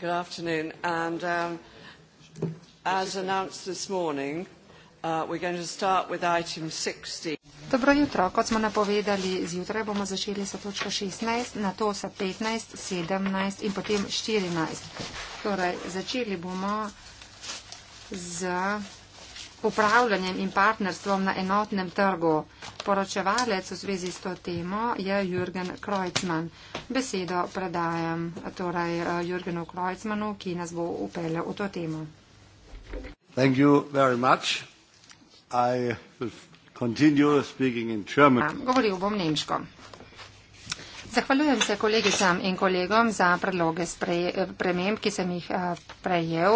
Good afternoon. And um, as announced this morning, uh, we're going to start with item 60. Dobro jutro. Kot smo napovedali, zjutraj bomo začeli sa točko 16, na to sa 15, 17 in potem 14. Torej, začeli bomo za upravljanjem in partnerstvom na enotnem trgu. Poročevalec v zvezi s to temo je Jürgen Kreutzmann. Besedo predajam torej eh, Jürgenu Kreutzmannu, ki nas bo upeljal v to temo. Ehm, govoril bom nemško. Zahvaljujem se kolegicam in kolegom za predloge sprej, eh, premem, ki sem jih eh, prejel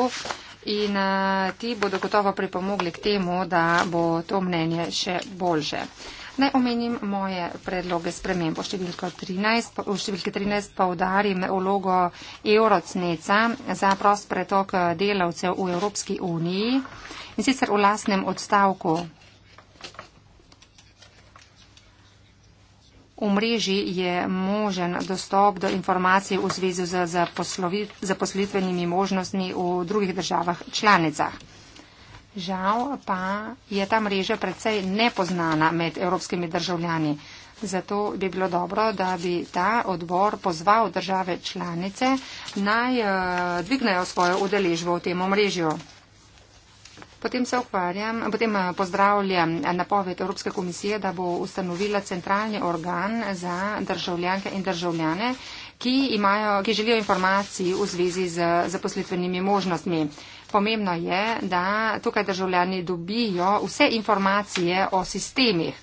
in uh, ti bodo gotovo pripomogli k temu, da bo to mnenje še boljše. Naj omenim moje predloge sprememb. V številki 13 pa udarim vlogo Eurocneca za prost pretok eh, delavcev v Evropski uniji in sicer v lasnem odstavku omrežij je možen dostop do informacij v zvezi z zaposlitvenimi možnostmi v drugih državah članicah. Žal pa je ta mreža predvsej nepoznana med evropskimi državljani. Zato bi bilo dobro, da bi ta odbor pozval države članice naj eh, dvignejo svojo udeležbo v tem omrežju. Potem se ukvarjam, potem eh, pozdravljam eh, napoved Evropske komisije, da bo ustanovila centralni organ za državljanke in državljane, ki, imajo, ki želijo informacij v zvezi z zaposlitvenimi možnostmi. Pomembno je, da tukaj državljani dobijo vse informacije o sistemih.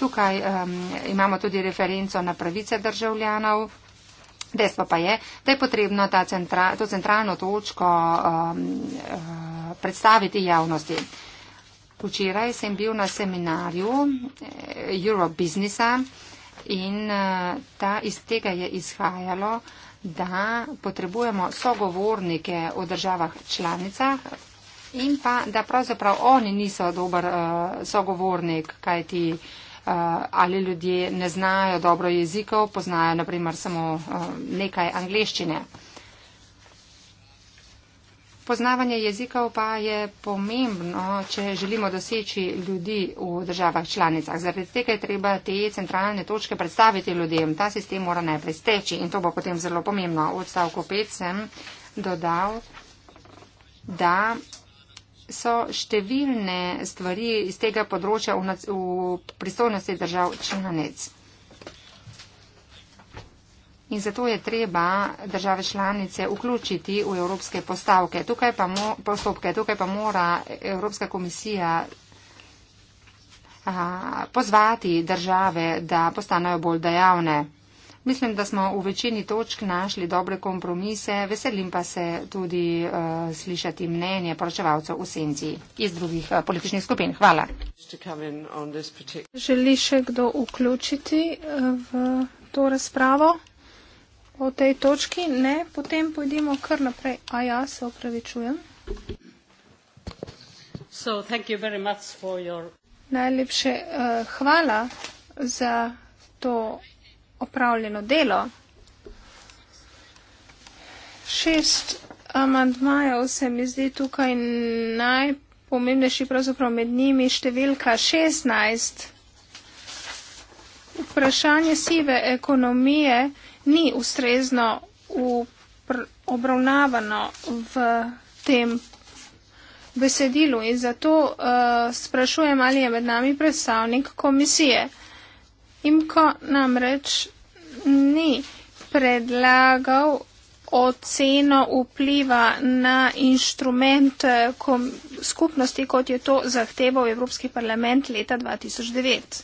Tukaj um, imamo tudi referenco na pravice državljanov. Dejstvo pa je, da je potrebno centra, to centralno točko um, uh, predstaviti javnosti. Včeraj sem bil na seminarju eh, Eurobiznisa in eh, ta, iz tega je izhajalo, da potrebujemo sogovornike v državah članicah in pa da pravzaprav oni niso dober uh, sogovornik, kaj ti uh, ali ljudje ne znajo dobro jezikov, poznajo naprimer samo uh, nekaj angliščine. Uh, Poznavanje jezikov pa je pomembno, če želimo doseči ljudi v državah članicah. Zaradi tega je treba te centralne točke predstaviti ljudem. Ta sistem mora najprej steči in to bo potem zelo pomembno. V odstavku 5 sem dodal, da so številne stvari iz tega področja v pristojnosti držav članic in zato je treba države članice vključiti v evropske postavke. Tukaj pa, mo, postopke, tukaj pa mora Evropska komisija a, pozvati države, da postanejo bolj dejavne. Mislim, da smo v večini točk našli dobre kompromise, veselim pa se tudi uh, slišati mnenje poročevalcev v senci iz drugih uh, političnih skupin. Hvala. Želi še kdo vključiti eh, v to razpravo? o tej točki, ne, potem pojdimo kar naprej. A ja, se opravičujem. So, thank you very much for your... Najlepše uh, hvala za to opravljeno delo. Šest amandmajev se mi zdi tukaj najpomembnejši, pravzaprav med njimi številka 16. Vprašanje sive ekonomije ni ustrezno obravnavano v tem besedilu in zato uh, sprašujem, ali je med nami predstavnik komisije. Imko namreč ni predlagal oceno vpliva na inštrument eh, kom, skupnosti, kot je to zahteval Evropski parlament leta 2009.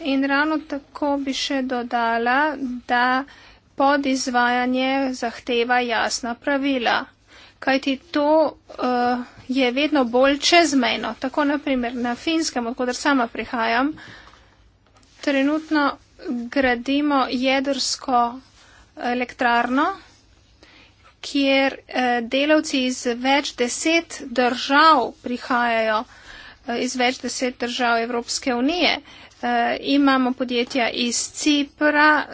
In ravno tako bi še dodala, da podizvajanje zahteva jasna pravila, kajti to uh, je vedno bolj čezmejno. Tako naprimer na finskem, odkudar sama prihajam, trenutno gradimo jedrsko elektrarno, kjer uh, delavci iz več deset držav prihajajo, uh, iz več deset držav Evropske unije. Uh, Eh, imamo podjetja iz Cipra,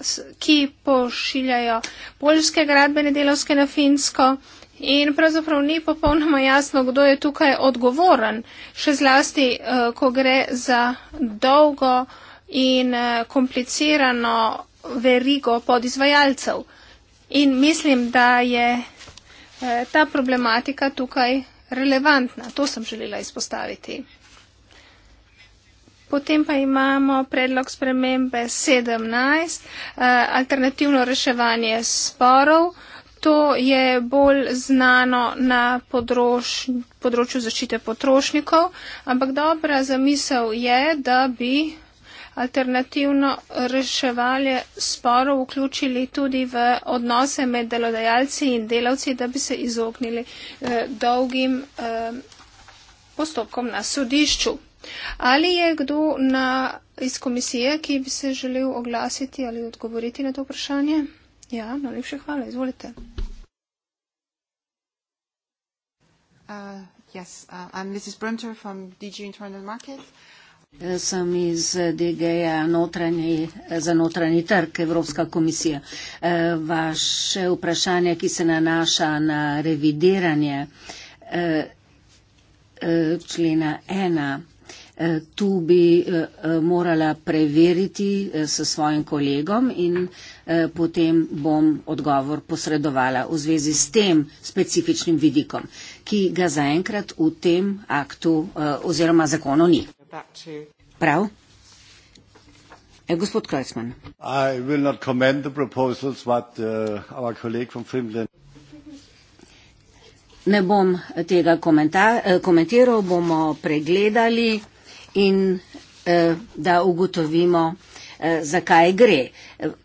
ki pošiljajo polske gradbene delovske na Finsko. In pravzaprav ni popolnoma jasno, kdo je tukaj odgovoren, še zlasti, eh, ko gre za dolgo in eh, komplicirano verigo podizvajalcev. In mislim, da je ta problematika tukaj relevantna. To sem želela izpostaviti. Potem pa imamo predlog spremembe 17, eh, alternativno reševanje sporov. To je bolj znano na področ, področju zaščite potrošnikov, ampak dobra zamisel je, da bi alternativno reševanje sporov vključili tudi v odnose med delodajalci in delavci, da bi se izognili eh, dolgim eh, postopkom na sodišču. Ali je kdo na, iz komisije, ki bi se želel oglasiti ali odgovoriti na to vprašanje? Ja, najlepše hvala, izvolite. Uh, yes, uh, Sem iz DG-ja za notranji trg Evropska komisija. Eh, vaše vprašanje, ki se nanaša na revidiranje eh, eh, člena 1 tu bi eh, morala preveriti eh, s svojim kolegom in eh, potem bom odgovor posredovala v zvezi s tem specifičnim vidikom, ki ga zaenkrat v tem aktu oziroma zakonu ni. Prav? Gospod Kreuzman. Ne bom tega komentiral, bomo pregledali in eh, da ugotovimo, eh, zakaj gre.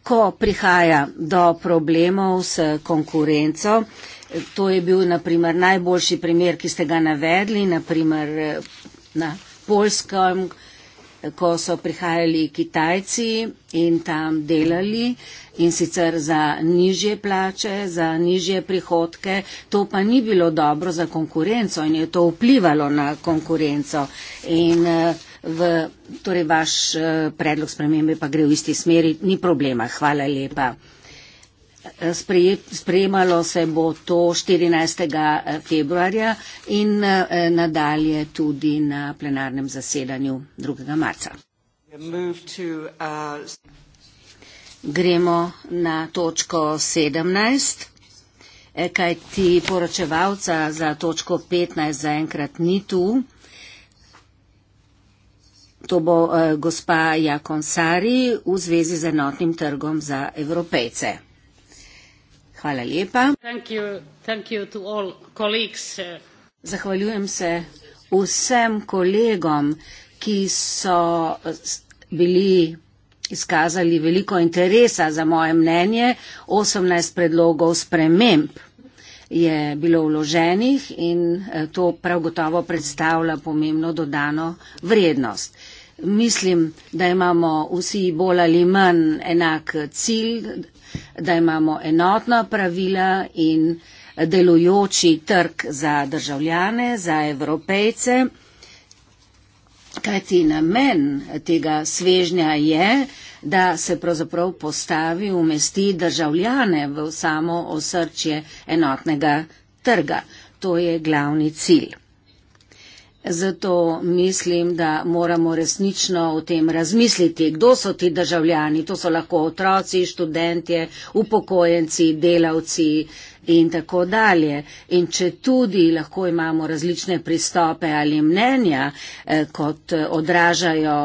Ko prihaja do problemov s konkurenco, eh, to je bil naprimer najboljši primer, ki ste ga navedli, naprimer na polskem eh, ko so prihajali Kitajci in tam delali in sicer za nižje plače, za nižje prihodke. To pa ni bilo dobro za konkurenco in je to vplivalo na konkurenco. In, eh, v, torej vaš eh, predlog spremembe pa gre v isti smeri, ni problema. Hvala lepa. Sprejemalo se bo to 14. Eh, februarja in eh, nadalje tudi na plenarnem zasedanju 2. marca. Uh, Gremo na točko 17, kaj ti poročevalca za točko 15 zaenkrat ni tu. To bo eh, gospa Jakonsari v zvezi z enotnim trgom za evropejce. Hvala lepa. Uh, Zahvaljujem se vsem kolegom, ki so uh, bili izkazali veliko interesa za moje mnenje. 18 predlogov sprememb je bilo vloženih in eh, to prav gotovo predstavlja pomembno dodano vrednost. Mislim, da imamo vsi bolj ali manj enak cilj da imamo enotna pravila in delujoči trg za državljane, za evropejce. Kajti namen tega svežnja je, da se pravzaprav postavi, umesti državljane v samo osrčje enotnega trga. To je glavni cilj. Zato mislim, da moramo resnično o tem razmisliti, kdo so ti državljani. To so lahko otroci, študentje, upokojenci, delavci in tako dalje. In če tudi lahko imamo različne pristope ali mnenja, eh, kot eh, odražajo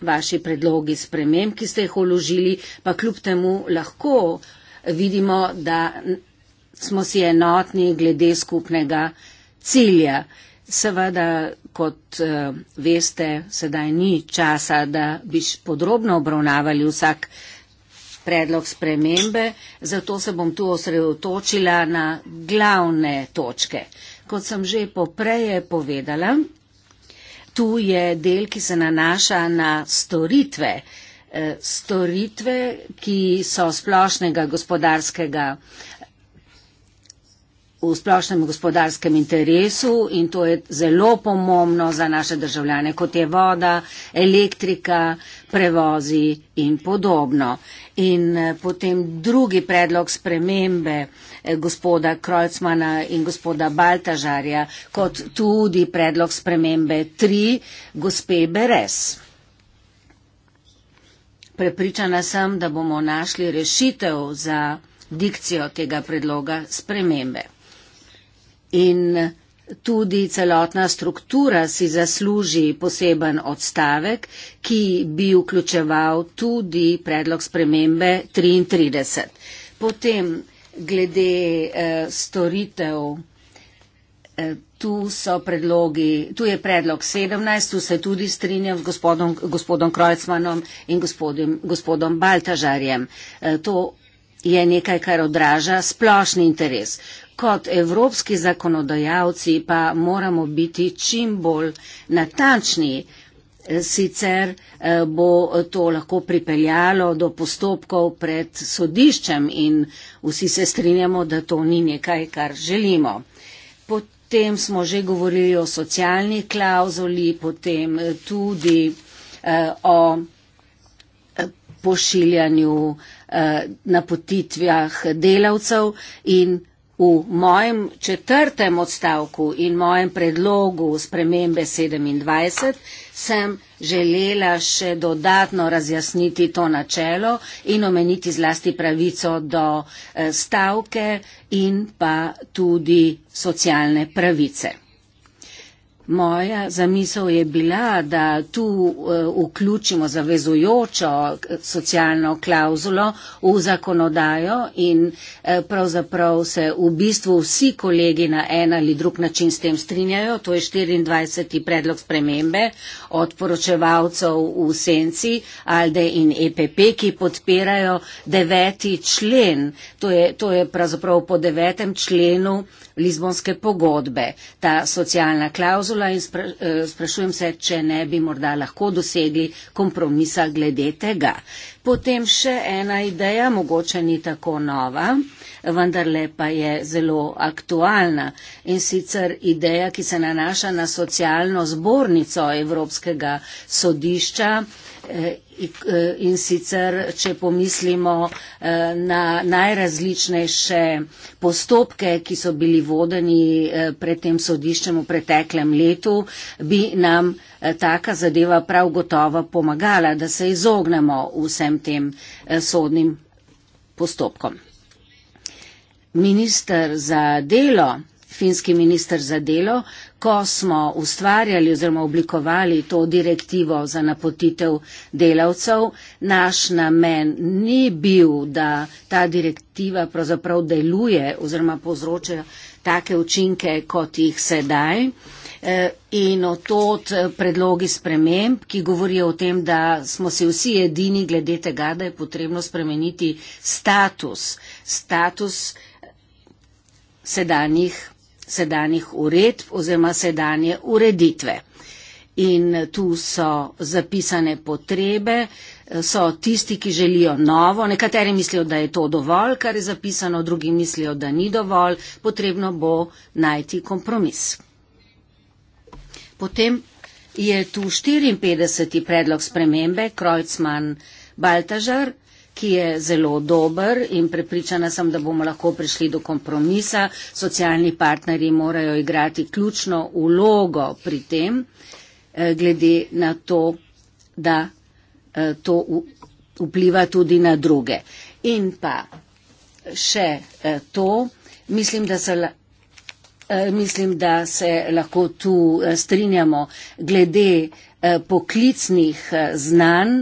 vaši predlogi sprememb, ki ste jih uložili, pa kljub temu lahko vidimo, da smo si enotni glede skupnega cilja. Seveda, kot eh, veste, sedaj ni časa, da bi podrobno obravnavali vsak predlog spremembe, zato se bom tu osredotočila na glavne točke. Kot sem že popreje povedala, tu je del, ki se nanaša na storitve. Eh, storitve, ki so splošnega gospodarskega v splošnem gospodarskem interesu in to je zelo pomembno za naše državljane, kot je voda, elektrika, prevozi in podobno. In eh, potem drugi predlog spremembe eh, gospoda Krojcmana in gospoda Baltažarja, kot tudi predlog spremembe tri gospe Beres. Prepričana sem, da bomo našli rešitev za dikcijo tega predloga spremembe in tudi celotna struktura si zasluži poseben odstavek, ki bi vključeval tudi predlog spremembe 33. Potem glede eh, storitev. Eh, tu, predlogi, tu je predlog 17, tu se tudi strinjam z gospodom, gospodom Krojcmanom in gospodim, gospodom Baltažarjem. Eh, to je nekaj, kar odraža splošni interes kot evropski zakonodajalci pa moramo biti čim bolj natančni, sicer eh, bo to lahko pripeljalo do postopkov pred sodiščem in vsi se strinjamo, da to ni nekaj, kar želimo. Potem smo že govorili o socialni klauzuli, potem eh, tudi eh, o pošiljanju napotitvah delavcev in V mojem četrtem odstavku in mojem predlogu spremembe 27 sem želela še dodatno razjasniti to načelo in omeniti zlasti pravico do eh, stavke in pa tudi socialne pravice. Moja zamisel je bila, da tu e, vključimo zavezujočo e, socialno klauzulo v zakonodajo in e, pravzaprav se v bistvu vsi kolegi na en ali drug način s tem strinjajo. To je 24. predlog spremembe od poročevalcev v Senci, Alde in EPP, ki podpirajo deveti člen. To je, to je pravzaprav po devetem členu Lizbonske pogodbe, ta socialna klauzula in spra, eh, sprašujem se, če ne bi morda lahko dosegli kompromisa glede tega. Potem še ena ideja, mogoče ni tako nova, vendar lepa je zelo aktualna in sicer ideja, ki se nanaša na socialno zbornico Evropskega sodišča, Eh, eh, in sicer, če pomislimo eh, na najrazličnejše postopke, ki so bili vodeni pred tem sodiščem v preteklem letu, bi nam taka zadeva prav gotovo pomagala, da se izognemo vsem tem sodnim postopkom. Minister za delo finski minister za delo, ko smo ustvarjali oziroma oblikovali to direktivo za napotitev delavcev. Naš namen ni bil, da ta direktiva pravzaprav deluje oziroma povzroča take učinke, kot jih sedaj. E, in otod e, predlogi sprememb, ki govorijo o tem, da smo si vsi edini glede tega, da je potrebno spremeniti status, status sedanjih sedanjih uredb oziroma sedanje ureditve. In tu so zapisane potrebe, so tisti, ki želijo novo, nekateri mislijo, da je to dovolj, kar je zapisano, drugi mislijo, da ni dovolj, potrebno bo najti kompromis. Potem je tu 54. predlog spremembe, Krojcman Baltažar, ki je zelo dober in prepričana sem, da bomo lahko prišli do kompromisa. Socialni partnerji morajo igrati ključno ulogo pri tem, eh, glede na to, da eh, to vpliva tudi na druge. In pa še eh, to, mislim, da se. Mislim, da se lahko tu strinjamo glede Eh, poklicnih eh, znanj,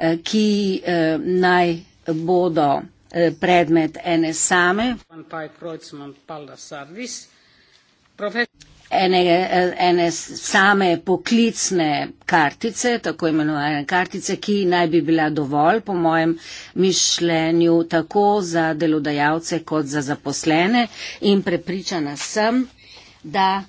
eh, ki naj bodo predmet ene same, ene, ene same poklicne kartice, tako imenovane kartice, ki naj bi bila dovolj, po mojem mišljenju, tako za delodajalce kot za zaposlene in prepričana sem, da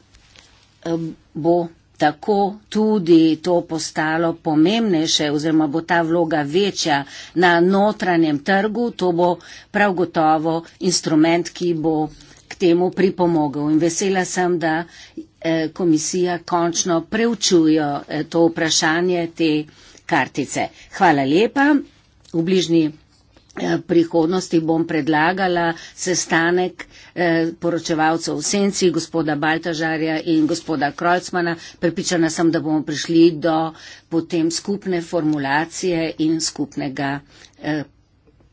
bo tako tudi to postalo pomembnejše oziroma bo ta vloga večja na notranjem trgu, to bo prav gotovo instrument, ki bo k temu pripomogel. In vesela sem, da eh, komisija končno preučuje eh, to vprašanje te kartice. Hvala lepa. V bližnji eh, prihodnosti bom predlagala sestanek eh, poročevalcev v senci, gospoda Baltažarja in gospoda Krojcmana. Pripričana sem, da bomo prišli do potem skupne formulacije in skupnega eh,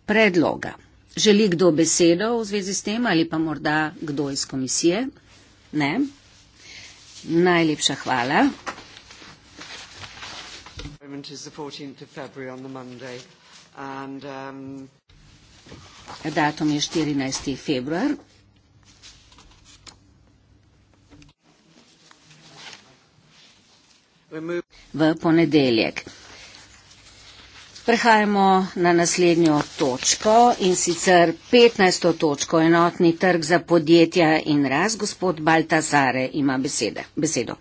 predloga. Želi kdo besedo v zvezi s tem ali pa morda kdo iz komisije? Ne? Najlepša hvala. Um, Datum je 14. februar. v ponedeljek. Prehajamo na naslednjo točko in sicer 15. točko enotni trg za podjetja in raz. Gospod Baltazare ima besede, besedo.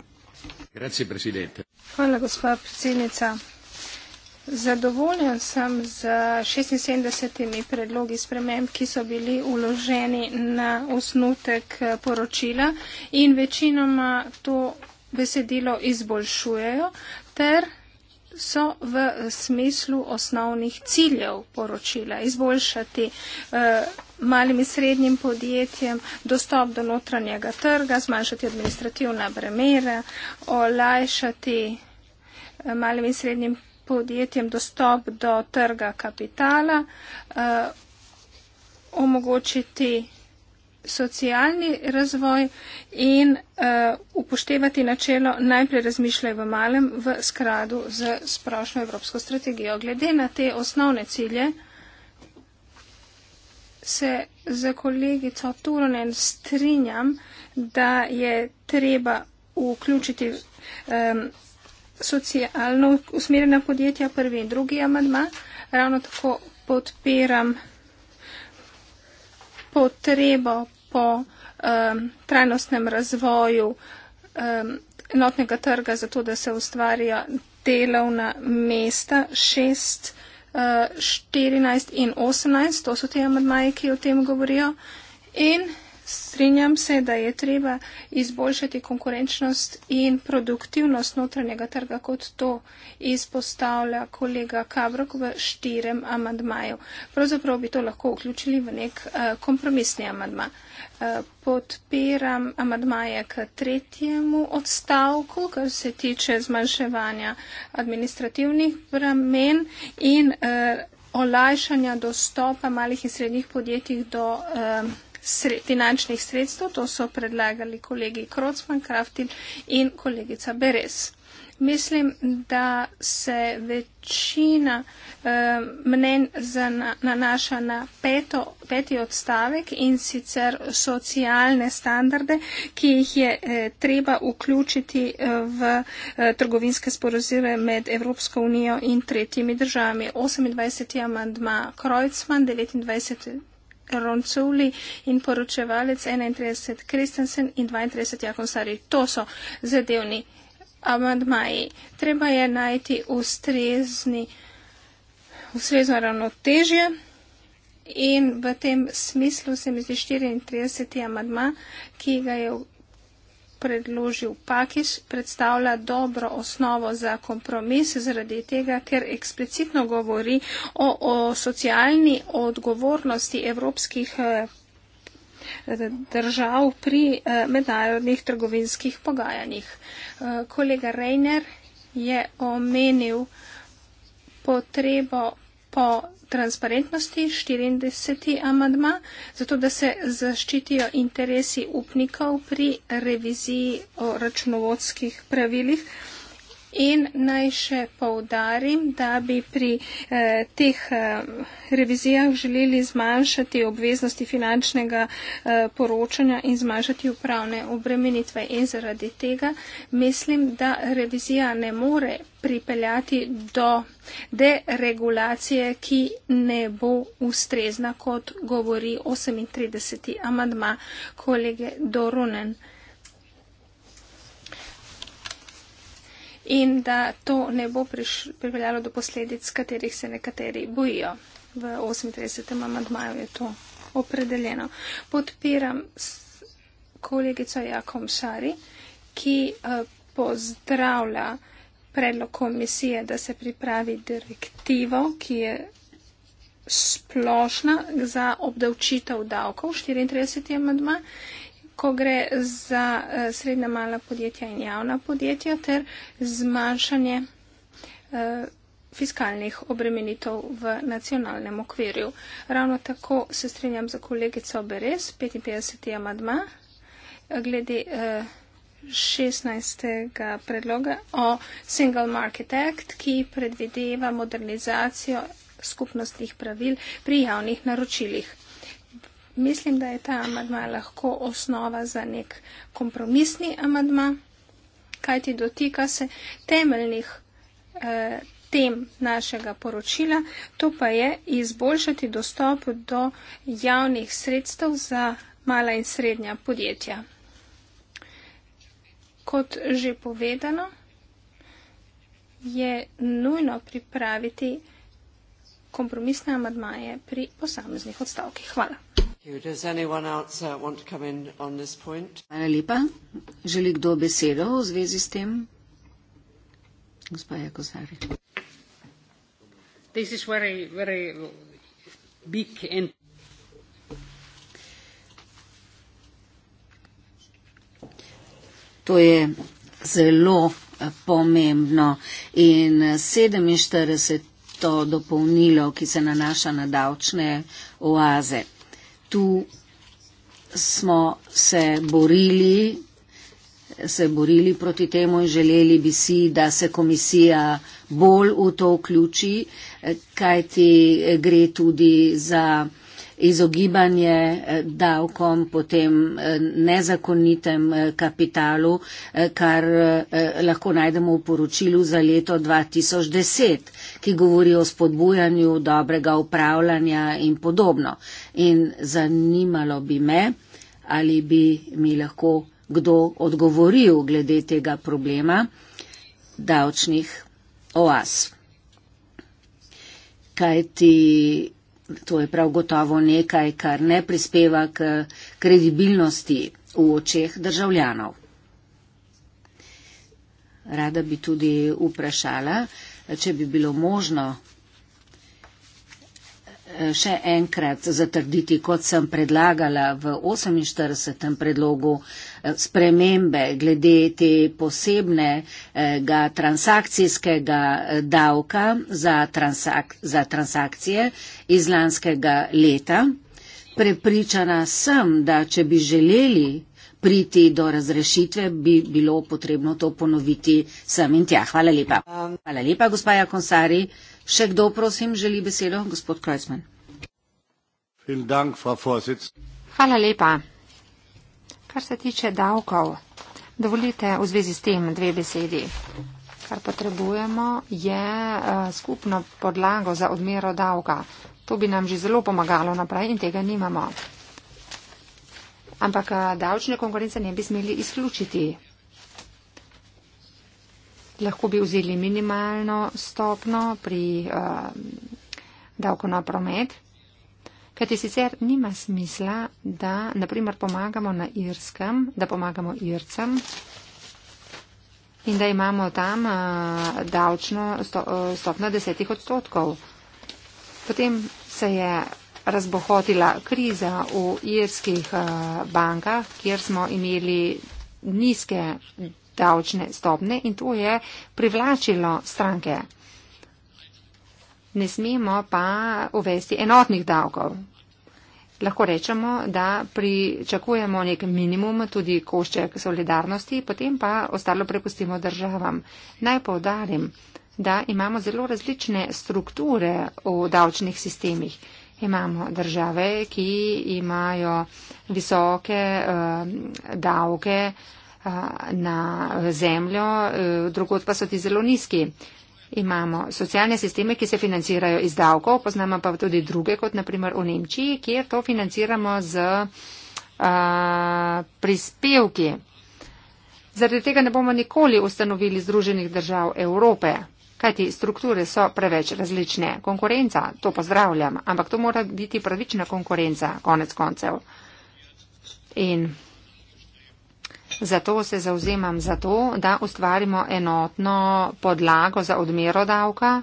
Hvala, gospa predsednica. Zadovoljen sem z 76 predlogi sprememb, ki so bili vloženi na osnutek eh, poročila in večinoma to besedilo izboljšujejo ter so v smislu osnovnih ciljev poročila izboljšati eh, malim in srednjim podjetjem dostop do notranjega trga, zmanjšati administrativna bremere, olajšati eh, malim in srednjim podjetjem dostop do trga kapitala, eh, omogočiti socialni razvoj in uh, upoštevati načelo najprej razmišljaj v malem v skladu z splošno evropsko strategijo. Glede na te osnovne cilje se za kolegico Turonen strinjam, da je treba vključiti um, socialno usmerjena podjetja prvi in drugi amadma. Ravno tako podpiram potrebo po um, trajnostnem razvoju um, enotnega trga za to, da se ustvarja delovna mesta 6, uh, 14 in 18, to so ti amadmaji, ki o tem govorijo. In Strinjam se, da je treba izboljšati konkurenčnost in produktivnost notranjega trga, kot to izpostavlja kolega Kabrok v štirem amadmaju. Pravzaprav bi to lahko vključili v nek uh, kompromisni amadma. Uh, eh, podpiram amadmaje k tretjemu odstavku, kar se tiče zmanjševanja administrativnih bremen in uh, olajšanja dostopa malih in srednjih podjetij do. Uh, sre, finančnih sredstev. To so predlagali kolegi Krocman, Kraftin in kolegica Beres. Mislim, da se večina eh, mnen za, na, nanaša na peto, peti odstavek in sicer socialne standarde, ki jih je eh, treba vključiti eh, v eh, trgovinske sporozive med Evropsko unijo in tretjimi državami. 28. amandma Krojcman, 29. Ronculi in poročevalec 31 Kristensen in 32 Jakonsari. To so zadevni amadmaji. Treba je najti ustrezni, ustrezno ravnotežje in v tem smislu se mi zdi 34. amadma, ki ga je predložil Pakis, predstavlja dobro osnovo za kompromis zaradi tega, ker eksplicitno govori o, o socialni odgovornosti evropskih eh, držav pri eh, mednarodnih trgovinskih pogajanjih. Eh, kolega Reiner je omenil potrebo po transparentnosti 40. amadma, zato da se zaščitijo interesi upnikov pri reviziji o računovodskih pravilih. In naj še poudarim, da bi pri eh, teh eh, revizijah želeli zmanjšati obveznosti finančnega eh, poročanja in zmanjšati upravne obremenitve. In zaradi tega mislim, da revizija ne more pripeljati do deregulacije, ki ne bo ustrezna, kot govori 38. amadma kolege Dorunen. in da to ne bo pripeljalo do posledic, katerih se nekateri bojijo. V 38. amadmaju je to opredeljeno. Podpiram kolegico Jakom Šari, ki eh, pozdravlja predlog komisije, da se pripravi direktivo, ki je splošna za obdavčitev davkov, 34. amadmaju ko gre za eh, srednja mala podjetja in javna podjetja ter zmanjšanje eh, fiskalnih obremenitev v nacionalnem okvirju. Ravno tako se strinjam za kolegico Beres, 55. amadma, glede 16. Eh, predloga o Single Market Act, ki predvideva modernizacijo skupnostnih pravil pri javnih naročilih. Mislim, da je ta amadma lahko osnova za nek kompromisni amadma, kajti dotika se temeljnih eh, tem našega poročila, to pa je izboljšati dostop do javnih sredstev za mala in srednja podjetja. Kot že povedano, je nujno pripraviti kompromisne amadmaje pri posameznih odstavkih. Hvala. Uh, Hvala lepa. Želi kdo besedo v zvezi s tem? Gospa Jakosari. To je zelo eh, pomembno in 47. Eh, to dopolnilo, ki se nanaša na davčne oaze tu smo se borili, se borili proti temu in želeli bi si, da se komisija bolj v to vključi, kajti gre tudi za izogibanje eh, davkom, potem eh, nezakonitem eh, kapitalu, kar lahko najdemo v poročilu za leto 2010, ki govori o spodbujanju dobrega upravljanja in podobno. In zanimalo bi me, ali bi mi lahko kdo odgovoril glede tega problema davčnih oas. Kaj ti to je prav gotovo nekaj, kar ne prispeva k kredibilnosti v očeh državljanov. Rada bi tudi vprašala, če bi bilo možno Eh, še enkrat zatrditi, kot sem predlagala v 48. predlogu eh, spremembe glede te posebnega transakcijskega eh, davka za, transak za transakcije iz lanskega leta. Prepričana sem, da če bi želeli priti do razrešitve, bi bilo potrebno to ponoviti sem in tja. Hvala lepa. Hvala lepa, gospa Jakonsari. Še kdo, prosim, želi besedo? Gospod Krojcman. Hvala lepa. Kar se tiče davkov, dovolite v zvezi s tem dve besedi. Kar potrebujemo je eh, skupno podlago za odmero davka. To bi nam že zelo pomagalo naprej in tega nimamo ampak davčne konkurence ne bi smeli izključiti. Lahko bi vzeli minimalno stopno pri uh, davko na promet, kajti sicer nima smisla, da naprimer pomagamo na Irskem, da pomagamo Ircem in da imamo tam uh, davčno sto, uh, stopno desetih odstotkov. Potem se je razbohotila kriza v irskih eh, bankah, kjer smo imeli nizke davčne stopne in to je privlačilo stranke. Ne smemo pa uvesti enotnih davkov. Lahko rečemo, da pričakujemo nek minimum, tudi košček solidarnosti, potem pa ostalo prepustimo državam. Naj povdarim, da imamo zelo različne strukture v davčnih sistemih. Imamo države, ki imajo visoke uh, davke uh, na zemljo, uh, eh, drugot pa so ti zelo nizki. Imamo socialne sisteme, ki se financirajo iz davkov, poznamo pa tudi druge, kot naprimer v Nemčiji, kjer to financiramo z uh, prispevki. Zaradi tega ne bomo nikoli ustanovili Združenih držav Evrope kajti strukture so preveč različne. Konkurenca, to pozdravljam, ampak to mora biti pravična konkurenca, konec koncev. In zato se zauzemam za to, da ustvarimo enotno podlago za odmero davka.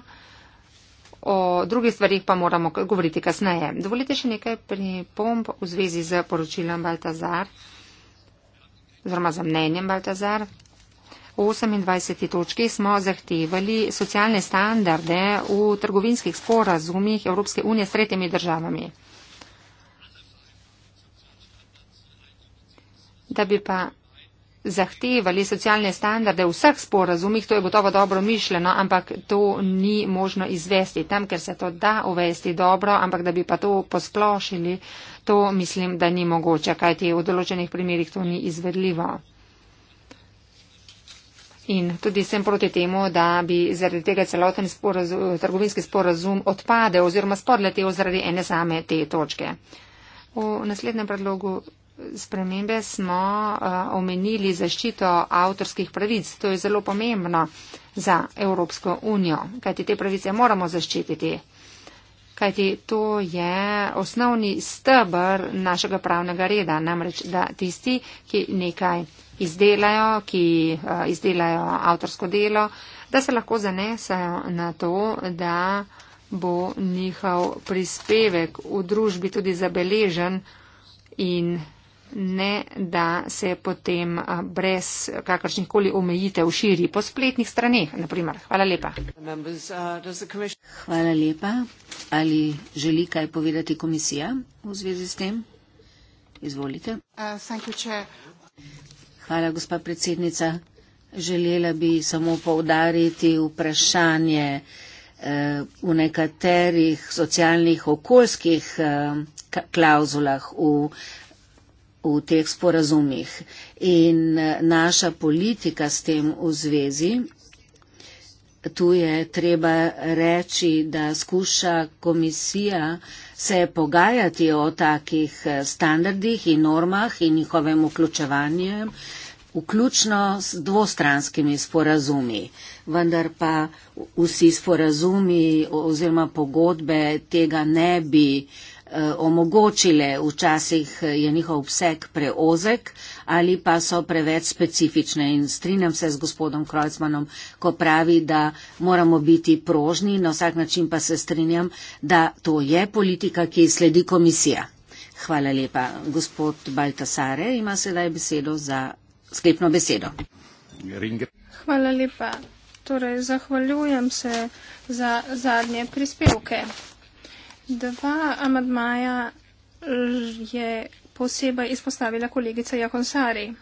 O drugih stvarih pa moramo govoriti kasneje. Dovolite še nekaj pripomb v zvezi z poročilom Baltazar, oziroma za mnenjem Baltazar. 28. točki smo zahtevali socialne standarde v trgovinskih sporazumih Evropske unije s tretjimi državami. Da bi pa zahtevali socialne standarde v vseh sporazumih, to je gotovo dobro mišljeno, ampak to ni možno izvesti tam, ker se to da uvesti dobro, ampak da bi pa to posplošili, to mislim, da ni mogoče, kajti v določenih primerjih to ni izvedljivo in tudi sem proti temu, da bi zaradi tega celoten sporazum, trgovinski sporazum odpadel oziroma spor letel zaradi ene same te točke. V naslednjem predlogu spremembe smo uh, omenili zaščito avtorskih pravic. To je zelo pomembno za Evropsko unijo, kajti te pravice moramo zaščititi kajti to je osnovni stebr našega pravnega reda, namreč da tisti, ki nekaj izdelajo, ki eh, izdelajo avtorsko delo, da se lahko zanesajo na to, da bo njihov prispevek v družbi tudi zabeležen in ne da se potem brez kakršnih koli omejitev širi po spletnih straneh, naprimer. Hvala lepa. Hvala lepa. Ali želi kaj povedati komisija v zvezi s tem? Izvolite. Uh, Hvala, gospa predsednica. Želela bi samo povdariti vprašanje uh, v nekaterih socialnih okoljskih uh, klauzulah v v teh sporazumih. In eh, naša politika s tem v zvezi, tu je treba reči, da skuša komisija se pogajati o takih eh, standardih in normah in njihovem vključevanju, vključno s dvostranskimi sporazumi. Vendar pa vsi sporazumi oziroma pogodbe tega ne bi uh, Eh, omogočile, včasih eh, je njihov obseg preozek ali pa so preveč specifične. In strinjam se z gospodom Krojcmanom, ko pravi, da moramo biti prožni, na vsak način pa se strinjam, da to je politika, ki sledi komisija. Hvala lepa. Gospod Baltasare ima sedaj besedo za sklepno besedo. Hvala lepa. Torej, zahvaljujem se za zadnje prispevke. Dva amadmaja je posebej izpostavila kolegica Jakonsari.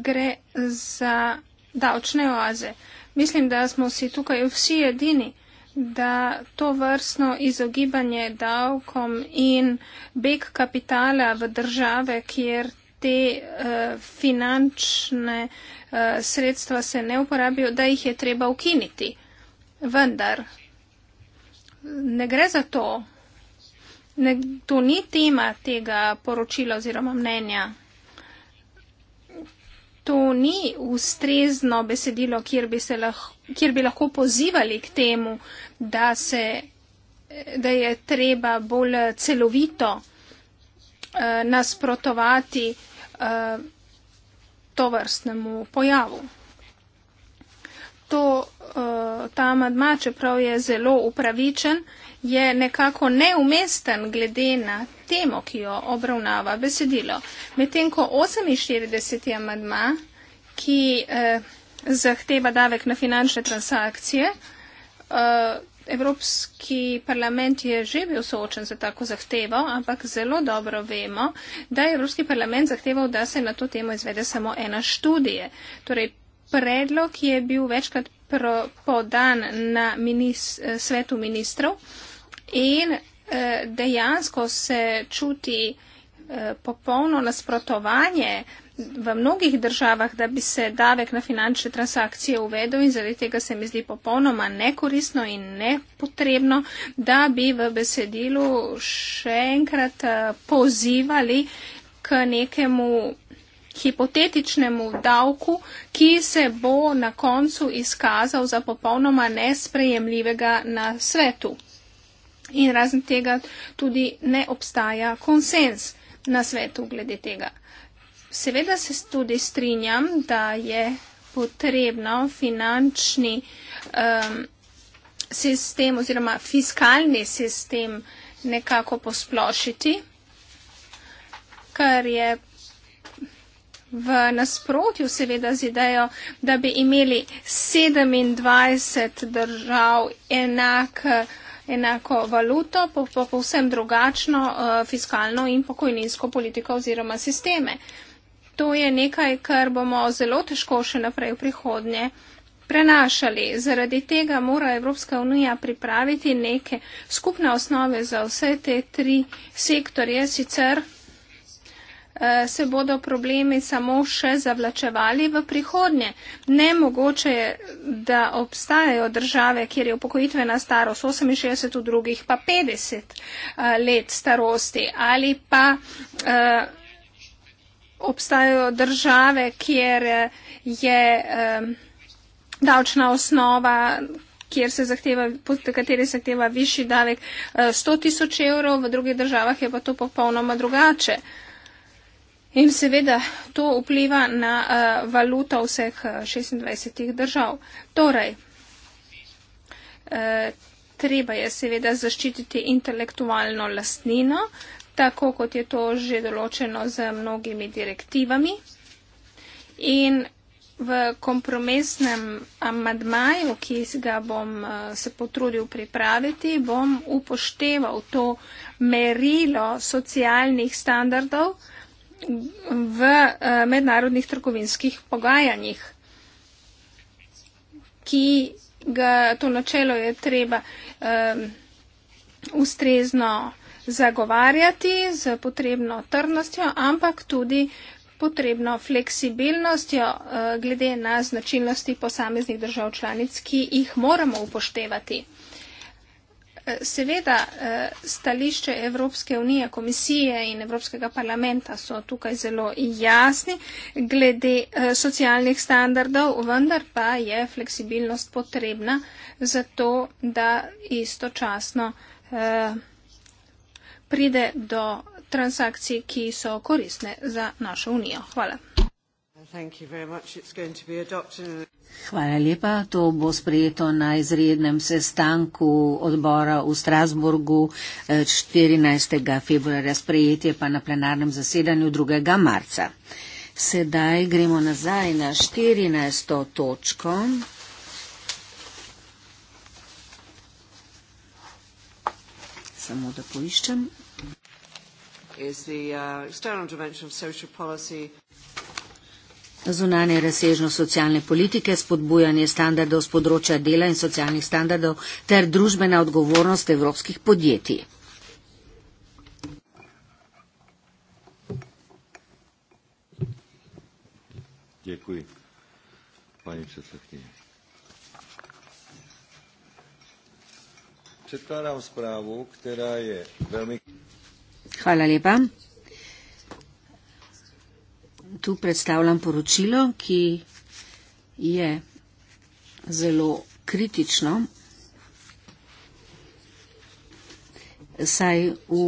Gre za davčne oaze. Mislim, da smo si tukaj vsi edini, da to vrstno izogibanje davkom in beg kapitala v države, kjer te uh, finančne uh, sredstva se ne uporabijo, da jih je treba ukiniti. Vendar ne gre za to. Ne, to ni tema tega poročila oziroma mnenja. To ni ustrezno besedilo, kjer bi, lahko, kjer bi lahko pozivali k temu, da, se, da je treba bolj celovito eh, nasprotovati eh, to vrstnemu pojavu to, eh, ta amadma, čeprav je zelo upravičen, je nekako neumesten glede na temo, ki jo obravnava besedilo. Medtem ko 48. amadma, ki eh, zahteva davek na finančne transakcije, eh, Evropski parlament je že bil soočen za tako zahtevo, ampak zelo dobro vemo, da je Evropski parlament zahteval, da se na to temo izvede samo ena študija. Torej, predlog je bil večkrat pro, podan na minis, eh, svetu ministrov in eh, dejansko se čuti eh, popolno nasprotovanje v mnogih državah, da bi se davek na finančne transakcije uvedel in zaradi tega se mi zdi popolnoma nekoristno in nepotrebno, da bi v besedilu še enkrat pozivali k nekemu hipotetičnemu davku, ki se bo na koncu izkazal za popolnoma nesprejemljivega na svetu. In razen tega tudi ne obstaja konsens na svetu glede tega. Seveda se tudi strinjam, da je potrebno finančni um, sistem oziroma fiskalni sistem nekako posplošiti, kar je v nasprotju seveda z idejo, da bi imeli 27 držav enak, enako valuto, pa po, povsem po drugačno uh, fiskalno in pokojninsko politiko oziroma sisteme. To je nekaj, kar bomo zelo težko še naprej v prihodnje prenašali. Zaradi tega mora Evropska unija pripraviti neke skupne osnove za vse te tri sektorje, sicer Eh, se bodo problemi samo še zavlačevali v prihodnje. Nemogoče je, da obstajajo države, kjer je upokojitvena starost 68, v drugih pa 50 eh, let starosti ali pa eh, obstajajo države, kjer je davčna osnova kjer se zahteva, pod kateri se zahteva višji davek 100 tisoč evrov, v drugih državah je pa to popolnoma drugače. In seveda to vpliva na uh, valuto vseh 26 eh, držav. Torej, uh, treba je seveda zaščititi intelektualno lastnino, tako kot je to že določeno z mnogimi direktivami. In v kompromisnem amadmaju, ki ga bom se potrudil pripraviti, bom upošteval to merilo socialnih standardov, v eh, mednarodnih trgovinskih pogajanjih, ki ga to načelo je treba um, ustrezno zagovarjati z potrebno trdnostjo, ampak tudi potrebno fleksibilnostjo uh, glede na značilnosti posameznih držav članic, ki jih moramo upoštevati. Seveda, eh, stališče Evropske unije, komisije in Evropskega parlamenta so tukaj zelo jasni glede eh, socialnih standardov, vendar pa je fleksibilnost potrebna za to, da istočasno eh, pride do transakcij, ki so koristne za našo unijo. Hvala. Hvala lepa. To bo sprejeto na izrednem sestanku odbora v Strasburgu 14. Eh, februarja. Sprejetje pa na plenarnem zasedanju 2. marca. Sedaj gremo nazaj na 14. točko. Samo da poiščem. Is the uh, external dimension of social policy zunanje razsežno socialne politike, spodbujanje standardov z področja dela in socialnih standardov ter družbena odgovornost evropskih podjetij. Děkuji. Paní předsedkyně. Předkládám zprávu, která je velmi. Hvala lepa tu predstavljam poročilo, ki je zelo kritično, saj v,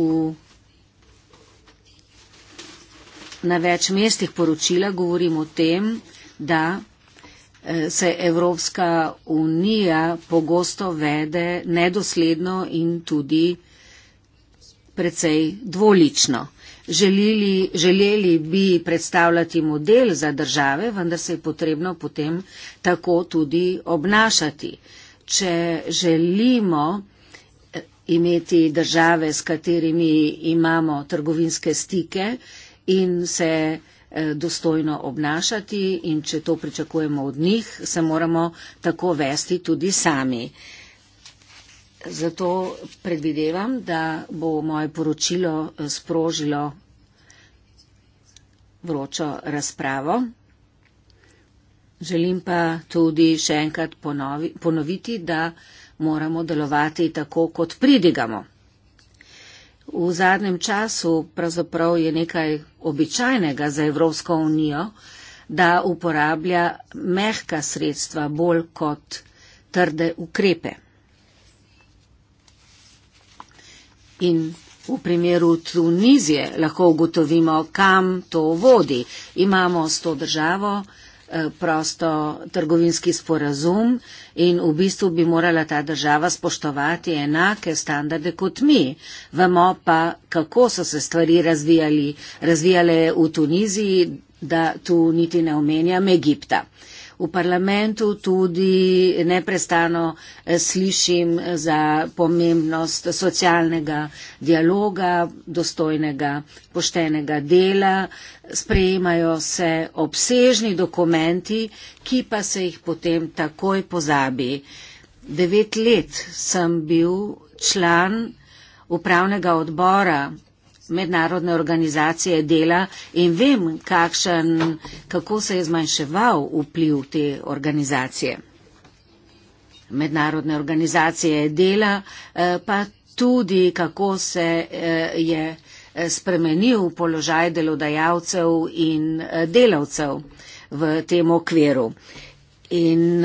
na več mestih poročila govorim o tem, da eh, se Evropska unija pogosto vede nedosledno in tudi precej dvolično. Želili, želeli bi predstavljati model za države, vendar se je potrebno potem tako tudi obnašati. Če želimo eh, imeti države, s katerimi imamo trgovinske stike in se eh, dostojno obnašati in če to pričakujemo od njih, se moramo tako vesti tudi sami. Zato predvidevam, da bo moje poročilo eh, sprožilo vročo razpravo. Želim pa tudi še enkrat ponovi, ponoviti, da moramo delovati tako, kot pridigamo. V zadnjem času pravzaprav je nekaj običajnega za Evropsko unijo, da uporablja mehka sredstva bolj kot trde ukrepe. In v primeru Tunizije lahko ugotovimo, kam to vodi. Imamo s to državo eh, prosto trgovinski sporazum in v bistvu bi morala ta država spoštovati enake standarde kot mi. Vemo pa, kako so se stvari razvijali, razvijale v Tuniziji, da tu niti ne omenjam Egipta v parlamentu tudi neprestano eh, slišim eh, za pomembnost socialnega dialoga, dostojnega, poštenega dela. Sprejemajo se obsežni dokumenti, ki pa se jih potem takoj pozabi. Devet let sem bil član upravnega odbora mednarodne organizacije dela in vem, kakšen, kako se je zmanjševal vpliv te organizacije. Mednarodne organizacije dela eh, pa tudi, kako se eh, je eh, spremenil položaj delodajalcev in delavcev v tem okviru. In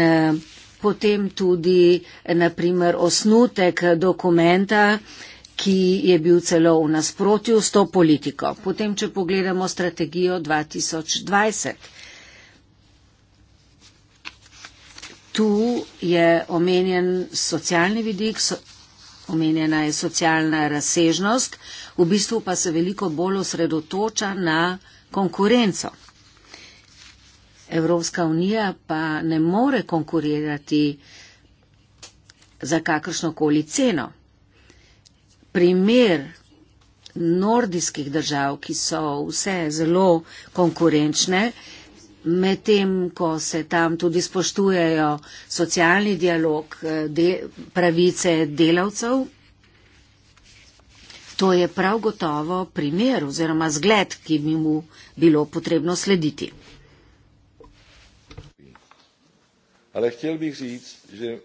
potem tudi, naprimer, osnutek dokumenta, ki je bil celo v nasprotju s to politiko. Potem, če pogledamo strategijo 2020, tu je omenjen socialni vidik, so, omenjena je socialna razsežnost, v bistvu pa se veliko bolj osredotoča na konkurenco. Evropska unija pa ne more konkurirati za kakršnokoli ceno primer nordijskih držav, ki so vse zelo konkurenčne, medtem ko se tam tudi spoštujejo socialni dialog, de, pravice delavcev. To je prav gotovo primer oziroma zgled, ki bi mu bilo potrebno slediti. Ampak htjel bi reči, da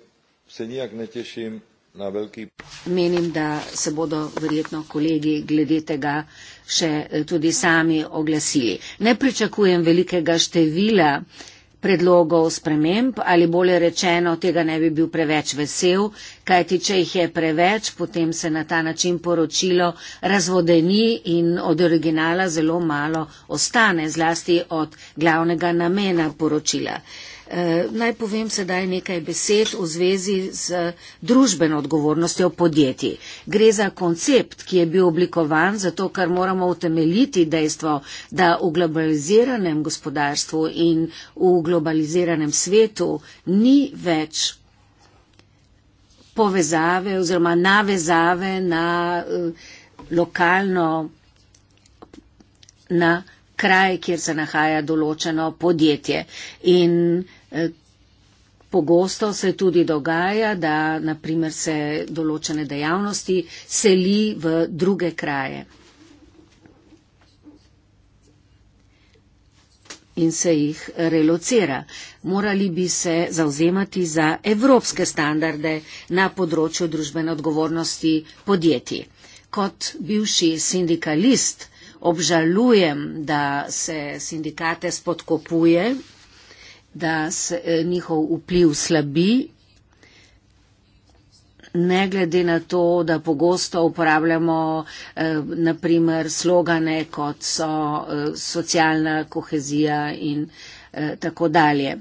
se nijak ne tešim na veliki. Menim, da se bodo verjetno kolegi glede tega še eh, tudi sami oglasili. Ne pričakujem velikega števila predlogov sprememb ali bolje rečeno, tega ne bi bil preveč vesel, kajti če jih je preveč, potem se na ta način poročilo razvodeni in od originala zelo malo ostane, zlasti od glavnega namena poročila. Eh, naj povem sedaj nekaj besed v zvezi z družbeno odgovornostjo podjetij. Gre za koncept, ki je bil oblikovan zato, ker moramo utemeljiti dejstvo, da v globaliziranem gospodarstvu in v globaliziranem svetu ni več povezave oziroma navezave na eh, lokalno, na kraj, kjer se nahaja določeno podjetje. In E, pogosto se tudi dogaja, da naprimer se določene dejavnosti seli v druge kraje in se jih relocira. Morali bi se zauzemati za evropske standarde na področju družbene odgovornosti podjetij. Kot bivši sindikalist obžalujem, da se sindikate spodkopuje da se eh, njihov vpliv slabi, ne glede na to, da pogosto uporabljamo eh, naprimer slogane, kot so eh, socialna kohezija in tako dalje.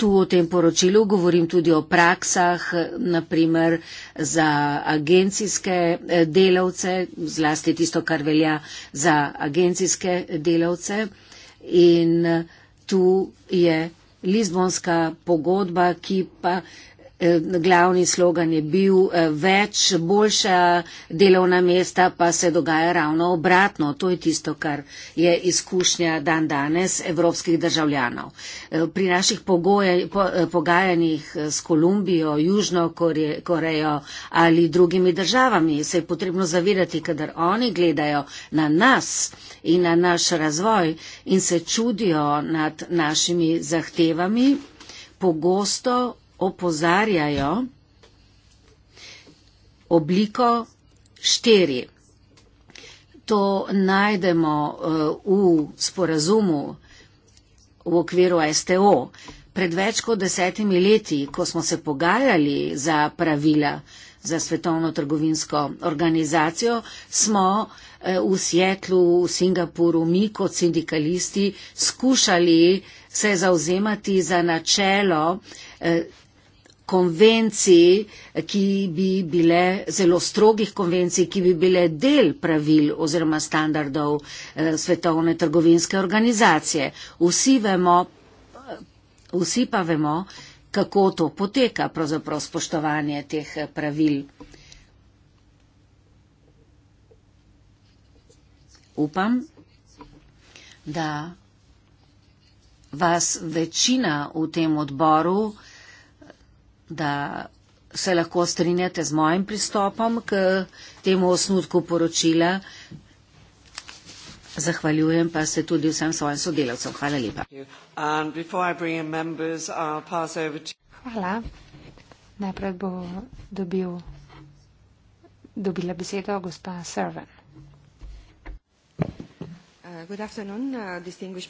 Tu v tem poročilu govorim tudi o praksah, naprimer za agencijske delavce, zlasti tisto, kar velja za agencijske delavce. In eh, tu je Lizbonska pogodba, ki pa Eh, glavni slogan je bil eh, več, boljša delovna mesta, pa se dogaja ravno obratno. To je tisto, kar je izkušnja dan danes evropskih državljanov. Eh, pri naših pogoje, po, pogajanjih s Kolumbijo, Južno Korejo ali drugimi državami se je potrebno zavedati, kadar oni gledajo na nas in na naš razvoj in se čudijo nad našimi zahtevami, pogosto opozarjajo obliko štiri. To najdemo eh, v sporazumu v okviru STO. Pred več kot desetimi leti, ko smo se pogajali za pravila za svetovno trgovinsko organizacijo, smo eh, v Sjetlu, v Singapuru, mi kot sindikalisti skušali se zauzemati za načelo eh, konvencij, ki bi bile zelo strogih konvencij, ki bi bile del pravil oziroma standardov eh, svetovne trgovinske organizacije. Vsi, vemo, eh, vsi pa vemo, kako to poteka, pravzaprav spoštovanje teh eh, pravil. Upam, da vas večina v tem odboru da se lahko strinjate z mojim pristopom k temu osnutku poročila. Zahvaljujem pa se tudi vsem svojim sodelavcem. Hvala lepa. Hvala. Najprej bo dobil, dobila besedo gospa Servan. Uh, uh,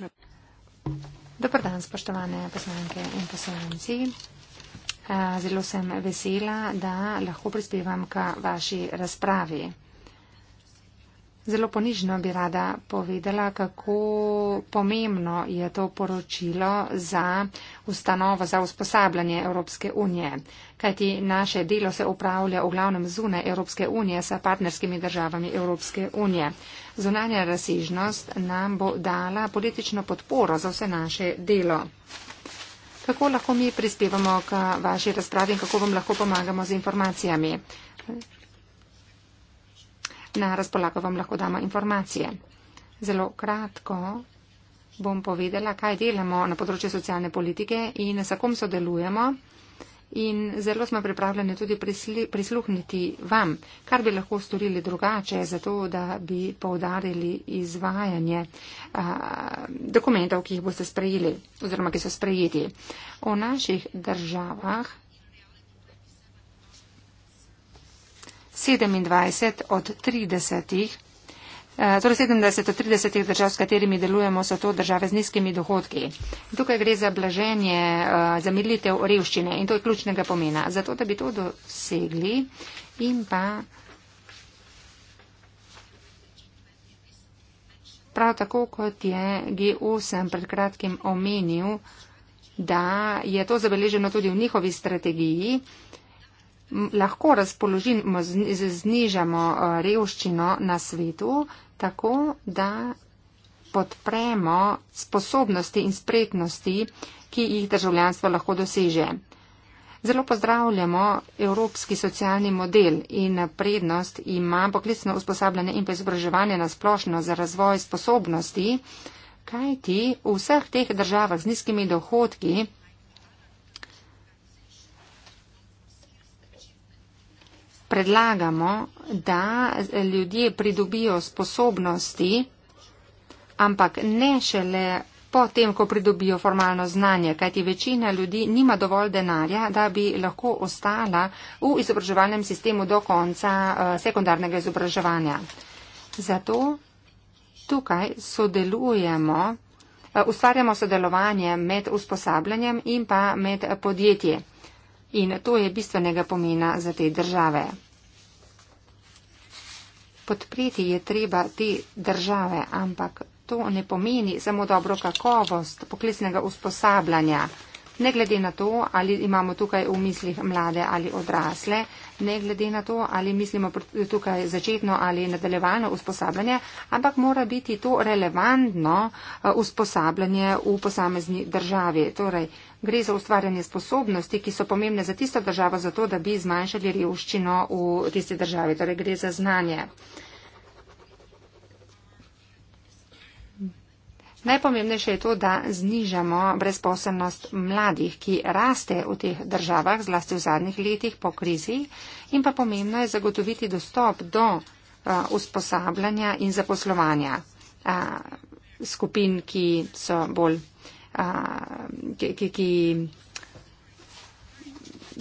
Dobr dan, spoštovane poslanke in poslanci. Eh, zelo sem vesela, da lahko prispevam k vaši razpravi. Zelo ponižno bi rada povedala, kako pomembno je to poročilo za ustanovo za usposabljanje Evropske unije. Kajti naše delo se upravlja v glavnem zune Evropske unije sa partnerskimi državami Evropske unije. Zunanja razsežnost nam bo dala politično podporo za vse naše delo kako lahko mi prispevamo k vaši razpravi in kako vam lahko pomagamo z informacijami. Na razpolago vam lahko damo informacije. Zelo kratko bom povedala, kaj delamo na področju socialne politike in s kom sodelujemo in zelo smo pripravljeni tudi prisli, prisluhniti vam, kar bi lahko storili drugače, zato da bi povdarili izvajanje a, dokumentov, ki jih boste sprejeli oziroma ki so sprejeti. O naših državah 27 od 30 Eh, torej 70 od 30 držav, s katerimi delujemo, so to države z nizkimi dohodki. Tukaj gre za blaženje, eh, za militev revščine in to je ključnega pomena. Zato, da bi to dosegli in pa prav tako, kot je G8 pred kratkim omenil, da je to zabeleženo tudi v njihovi strategiji, lahko razpoložimo, znižamo eh, revščino na svetu, tako da podpremo sposobnosti in spretnosti, ki jih državljanstvo lahko doseže. Zelo pozdravljamo evropski socialni model in prednost ima poklicno usposabljanje in pa izobraževanje na splošno za razvoj sposobnosti, kajti v vseh teh državah z nizkimi dohodki predlagamo, da ljudje pridobijo sposobnosti, ampak ne šele potem, ko pridobijo formalno znanje, kajti večina ljudi nima dovolj denarja, da bi lahko ostala v izobraževalnem sistemu do konca eh, sekundarnega izobraževanja. Zato tukaj sodelujemo, eh, ustvarjamo sodelovanje med usposabljanjem in pa med podjetji in to je bistvenega pomena za te države. Podpreti je treba te države, ampak to ne pomeni samo dobro kakovost poklicnega usposabljanja. Ne glede na to, ali imamo tukaj v mislih mlade ali odrasle, ne glede na to, ali mislimo tukaj začetno ali nadaljevalno usposabljanje, ampak mora biti to relevantno eh, usposabljanje v posamezni državi. Torej, gre za ustvarjanje sposobnosti, ki so pomembne za tisto državo, zato da bi zmanjšali revščino v tisti državi. Torej, gre za znanje. Najpomembnejše je to, da znižamo brezposobnost mladih, ki raste v teh državah, zlasti v zadnjih letih po krizi, in pa pomembno je zagotoviti dostop do uh, usposabljanja in zaposlovanja uh, skupin, ki so bolj. Uh, ki, ki, ki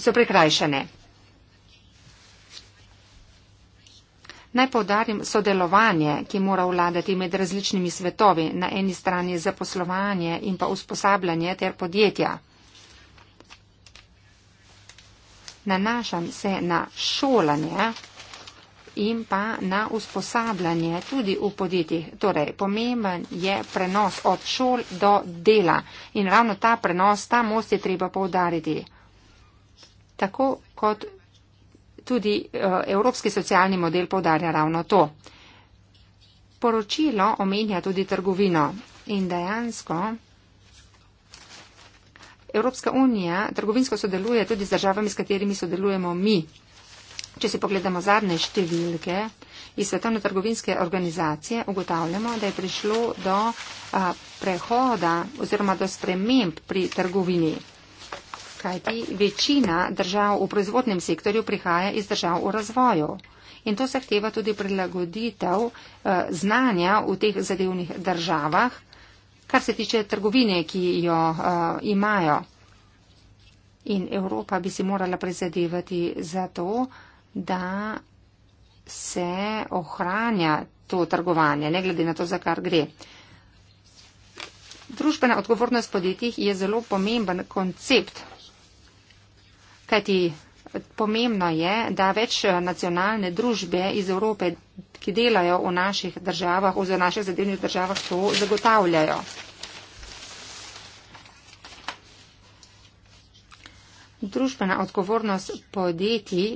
so prekrajšane. Naj povdarim sodelovanje, ki mora vladati med različnimi svetovi, na eni strani zaposlovanje in pa usposabljanje ter podjetja. Nanašam se na šolanje in pa na usposabljanje tudi v podjetjih. Torej, pomemben je prenos od šol do dela in ravno ta prenos, ta most je treba povdariti. Tako kot tudi eh, evropski socialni model povdarja ravno to. Poročilo omenja tudi trgovino in dejansko Evropska unija trgovinsko sodeluje tudi z državami, s katerimi sodelujemo mi. Če si pogledamo zadnje številke iz Svetovne trgovinske organizacije, ugotavljamo, da je prišlo do a, eh, prehoda oziroma do sprememb pri trgovini kajti večina držav v proizvodnem sektorju prihaja iz držav v razvoju. In to zahteva tudi prilagoditev eh, znanja v teh zadevnih državah, kar se tiče trgovine, ki jo eh, imajo. In Evropa bi si morala prizadevati za to, da se ohranja to trgovanje, ne glede na to, za kar gre. Družbena odgovornost podjetij je zelo pomemben koncept Kajti pomembno je, da več eh, nacionalne družbe iz Evrope, ki delajo v naših državah oziroma v naših zadevnih državah, to zagotavljajo. Družbena odgovornost podjetij,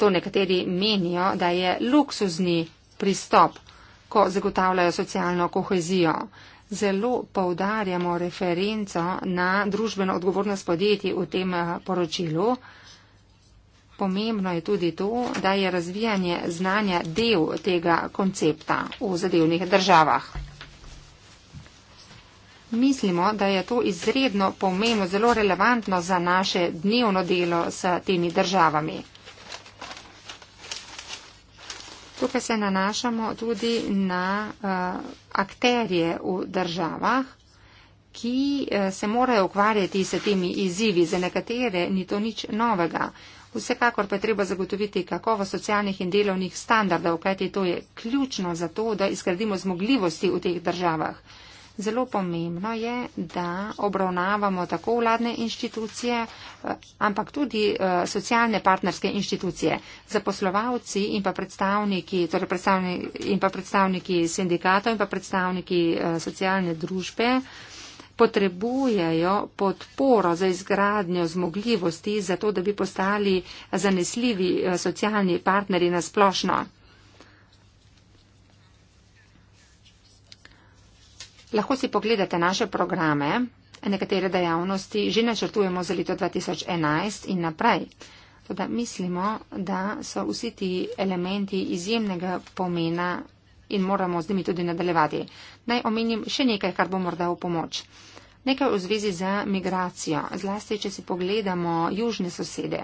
to nekateri menijo, da je luksuzni pristop, ko zagotavljajo socialno kohezijo zelo povdarjamo referenco na družbeno odgovornost podjetij v tem eh, poročilu. Pomembno je tudi to, da je razvijanje znanja del tega koncepta v zadevnih državah. Mislimo, da je to izredno pomembno, zelo relevantno za naše dnevno delo s temi državami. Tukaj se nanašamo tudi na uh, akterje v državah, ki uh, se morajo ukvarjati s temi izzivi. Za nekatere ni to nič novega. Vsekakor pa je treba zagotoviti kakovo socialnih in delovnih standardov, kajti to je ključno za to, da izgradimo zmogljivosti v teh državah. Zelo pomembno je, da obravnavamo tako vladne inštitucije, eh, ampak tudi eh, socialne partnerske inštitucije. Zaposlovalci in pa predstavniki, torej predstavniki, in pa predstavniki sindikatov in pa predstavniki eh, socialne družbe potrebujejo podporo za izgradnjo zmogljivosti, zato da bi postali zanesljivi socialni partneri na splošno. Lahko si pogledate naše programe, nekatere dejavnosti že načrtujemo za leto 2011 in naprej. Toda mislimo, da so vsi ti elementi izjemnega pomena in moramo z njimi tudi nadaljevati. Naj omenim še nekaj, kar bo morda v pomoč. Nekaj v zvezi z migracijo, zlasti, če si pogledamo južne sosede.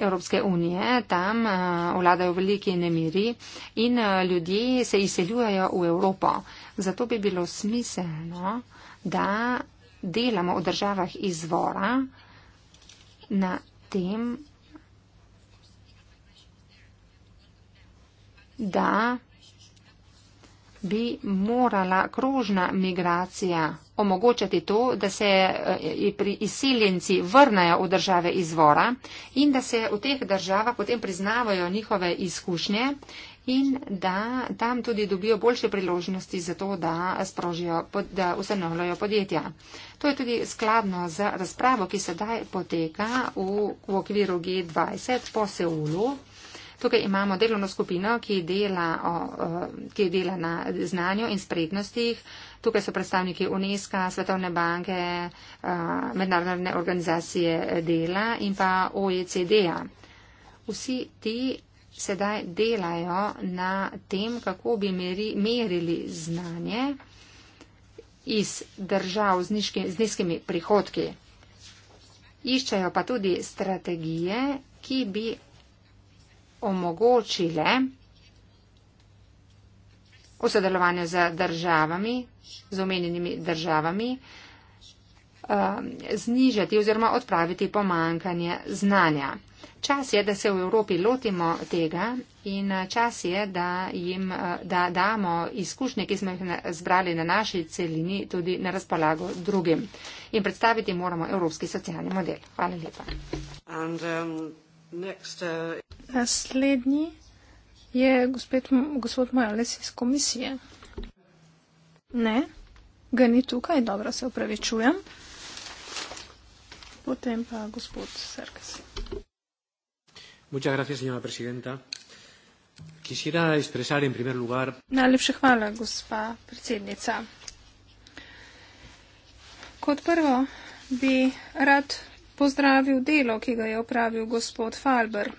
Evropske unije, tam eh, vladajo veliki nemiri in eh, ljudje se izseljujejo v Evropo. Zato bi bilo smiselno, da delamo v državah izvora na tem, da bi morala krožna migracija omogočati to, da se eh, izseljenci vrnajo v države izvora in da se v teh državah potem priznavajo njihove izkušnje in da tam tudi dobijo boljše priložnosti za to, da, sprožijo, da ustanovljajo podjetja. To je tudi skladno z razpravo, ki sedaj poteka v, v okviru G20 po Seulu. Tukaj imamo delovno skupino, ki dela, o, eh, ki dela na znanju in spretnostih Tukaj so predstavniki UNESCO, Svetovne banke, eh, Mednarodne organizacije dela in pa OECD-a. Vsi ti sedaj delajo na tem, kako bi meri, merili znanje iz držav z, nižki, z nizkimi prihodki. Iščejo pa tudi strategije, ki bi omogočile v sodelovanju z državami, z omenjenimi državami, um, znižati oziroma odpraviti pomankanje znanja. Čas je, da se v Evropi lotimo tega in uh, čas je, da jim uh, da damo izkušnje, ki smo jih zbrali na naši celini, tudi na razpolago drugim. In predstaviti moramo evropski socialni model. Hvala lepa. And, um, next, uh... Naslednji. Je gospod, gospod Morales iz komisije? Ne, ga ni tukaj, dobro se upravičujem. Potem pa gospod Serkes. Muchas gracias, señora presidenta. Quisiera expresar en primer lugar. Najlepša hvala, gospa predsednica. Kot prvo bi rad pozdravil delo, ki ga je opravil gospod Falber.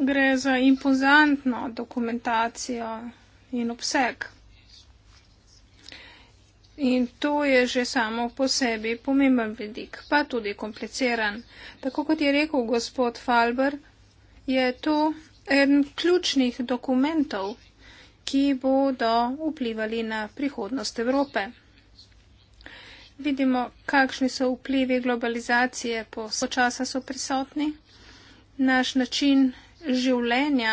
Gre za impozantno dokumentacijo in obseg. In to je že samo po sebi pomemben vidik, pa tudi kompliciran. Tako kot je rekel gospod Falber, je to eden ključnih dokumentov, ki bodo vplivali na prihodnost Evrope. Vidimo, kakšni so vplivi globalizacije po sočasa so prisotni. Naš način življenja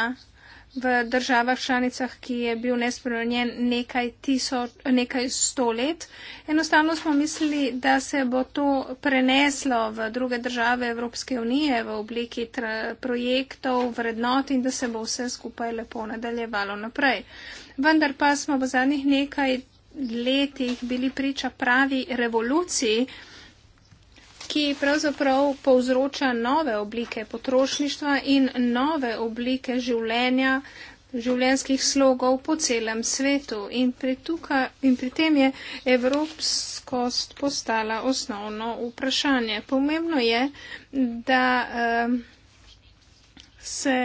v državah članicah, ki je bil nespremenjen nekaj, nekaj sto let. Enostavno smo mislili, da se bo to preneslo v druge države Evropske unije v obliki projektov, vrednot in da se bo vse skupaj lepo nadaljevalo naprej. Vendar pa smo v zadnjih nekaj letih bili priča pravi revoluciji, ki pravzaprav povzroča nove oblike potrošništva in nove oblike življenja, življenskih slogov po celem svetu. In pri, tukaj, in pri tem je evropskost postala osnovno vprašanje. Pomembno je, da eh, se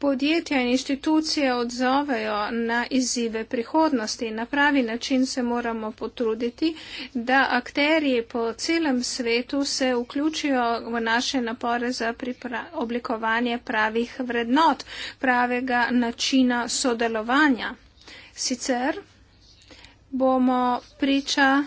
Podjetja in inštitucije odzovejo na izzive prihodnosti in na pravi način se moramo potruditi, da akterji po celem svetu se vključijo v naše napore za oblikovanje pravih vrednot, pravega načina sodelovanja. Sicer bomo priča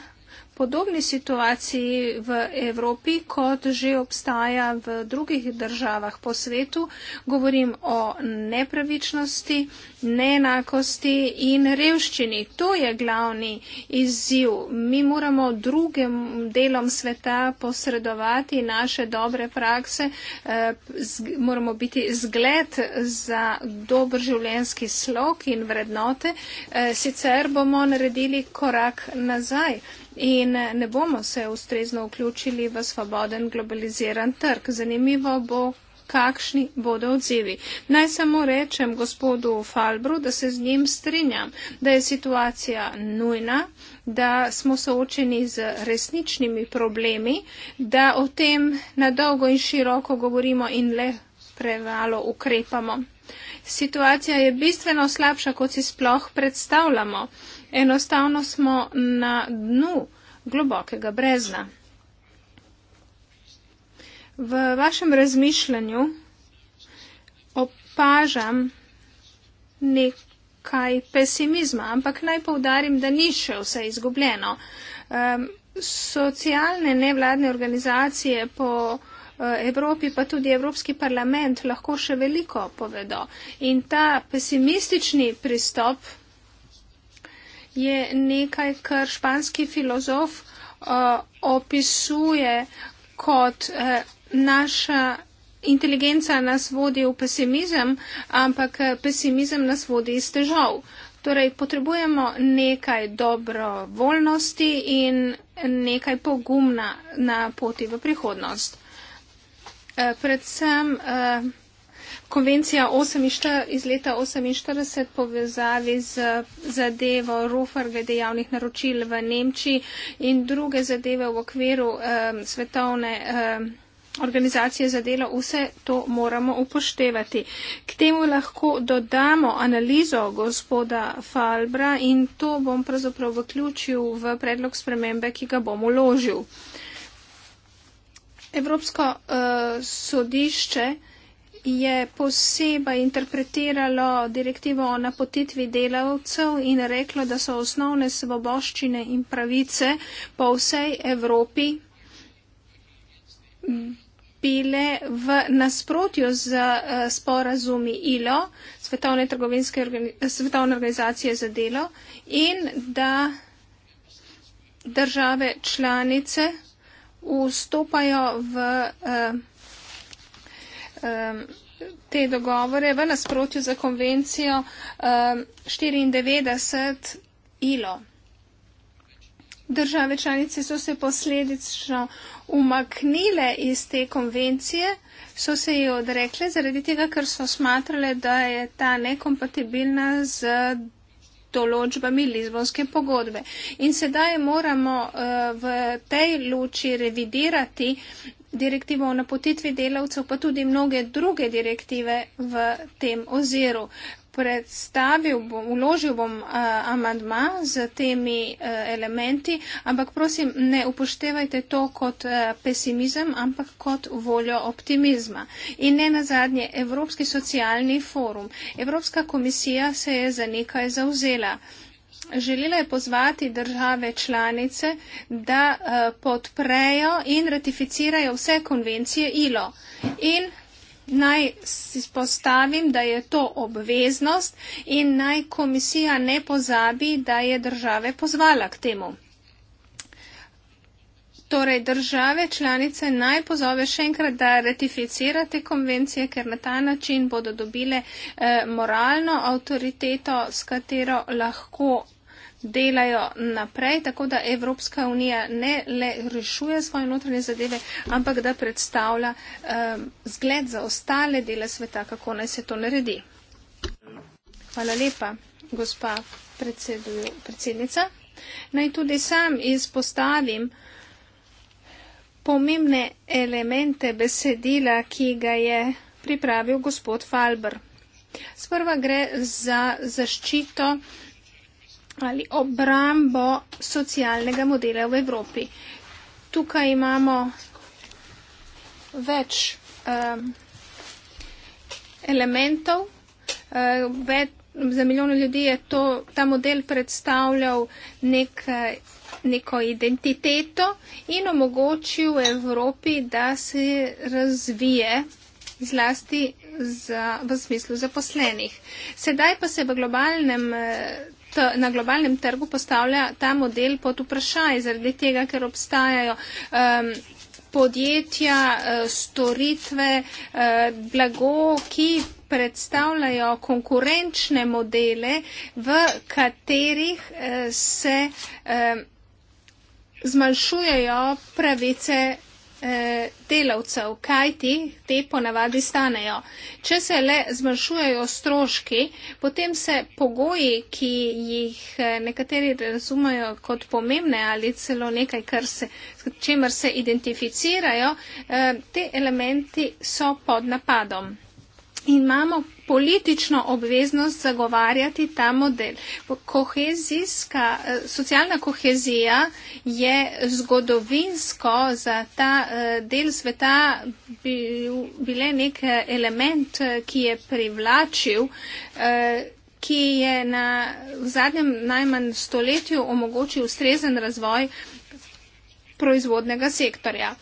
podobni situaciji v Evropi, kot že obstaja v drugih državah po svetu. Govorim o nepravičnosti, neenakosti in revščini. To je glavni izziv. Mi moramo drugim delom sveta posredovati naše dobre prakse, eh, moramo biti zgled za dober življenski slog in vrednote, eh, sicer bomo naredili korak nazaj in ne bomo se ustrezno vključili v svoboden globaliziran trg. Zanimivo bo, kakšni bodo odzivi. Naj samo rečem gospodu Falbru, da se z njim strinjam, da je situacija nujna, da smo soočeni z resničnimi problemi, da o tem na dolgo in široko govorimo in le prevalo ukrepamo. Situacija je bistveno slabša, kot si sploh predstavljamo. Enostavno smo na dnu globokega brezna. V vašem razmišljanju opažam nekaj pesimizma, ampak naj povdarim, da ni še vse izgubljeno. Um, socialne nevladne organizacije po e, Evropi pa tudi Evropski parlament lahko še veliko povedo. In ta pesimistični pristop je nekaj, kar španski filozof uh, opisuje kot uh, naša inteligenca nas vodi v pesimizem, ampak eh, pesimizem nas vodi iz težav. Torej, potrebujemo nekaj dobrovoljnosti in nekaj pogumna na poti v prihodnost. Uh, predvsem uh, Konvencija 48, iz leta 1948 povezavi z zadevo Rufar glede javnih naročil v Nemčiji in druge zadeve v okviru eh, svetovne. Eh, organizacije za delo, vse to moramo upoštevati. K temu lahko dodamo analizo gospoda Falbra in to bom pravzaprav vključil v predlog spremembe, ki ga bom uložil. Evropsko uh, sodišče uh, je posebej interpretiralo direktivo o napotitvi delavcev in reklo, da so osnovne svoboščine in pravice po vsej Evropi bile v nasprotju z eh, sporazumi ILO, Svetovne, organi Svetovne organizacije za delo, in da države članice vstopajo v. Uh, Ehm, te dogovore v nasprotju za konvencijo 94 ehm, ILO. Države članice so se posledično umaknile iz te konvencije, so se ji odrekle zaradi tega, ker so smatrale, da je ta nekompatibilna z določbami Lizbonske pogodbe. In sedaj moramo uh, v tej luči revidirati direktivo o napotitvi delavcev, pa tudi mnoge druge direktive v tem oziru. Predstavil bom, uložil bom uh, amadma z temi uh, elementi, ampak prosim, ne upoštevajte to kot uh, pesimizem, ampak kot voljo optimizma. In ne nazadnje, Evropski socialni forum. Evropska komisija se je za nekaj zauzela. Uh, Želela je pozvati države članice, da eh, podprejo in ratificirajo vse konvencije ILO. In naj spostavim, da je to obveznost in naj komisija ne pozabi, da je države pozvala k temu. Torej, države članice naj pozove še enkrat, da ratificirate konvencije, ker na ta način bodo dobile eh, moralno avtoriteto, s katero lahko delajo naprej, tako da Evropska unija ne le rešuje svoje notranje zadeve, ampak da predstavlja eh, zgled za ostale dele sveta, kako naj se to naredi. Hvala lepa, gospa predsednica. Naj tudi sam izpostavim pomembne elemente besedila, ki ga je pripravil gospod Falber. Sprva gre za zaščito ali obrambo socialnega modela v Evropi. Tukaj imamo več um, elementov. Uh, ve, za milijone ljudi je to, ta model predstavljal nek, neko identiteto in omogočil Evropi, da se razvije zlasti za, v smislu zaposlenih. Sedaj pa se v globalnem uh, na globalnem trgu postavlja ta model pod vprašaj, zaradi tega, ker obstajajo um, podjetja, e, storitve, e, blago, ki predstavljajo konkurenčne modele, v katerih e, se zmanjšujejo pravice Eh, delavcev, kaj ti te ponavadi stanejo. Če se le zmanjšujejo stroški, potem se pogoji, ki jih eh, nekateri razumejo kot pomembne ali celo nekaj, kar se, čemer se identificirajo, eh, te elementi so pod napadom in imamo politično obveznost zagovarjati ta model. Kohezijska, eh, socialna kohezija je zgodovinsko za ta eh, del sveta bil, bile nek eh, element, ki je privlačil, ki je na v zadnjem najmanj stoletju omogočil ustrezen razvoj proizvodnega sektorja.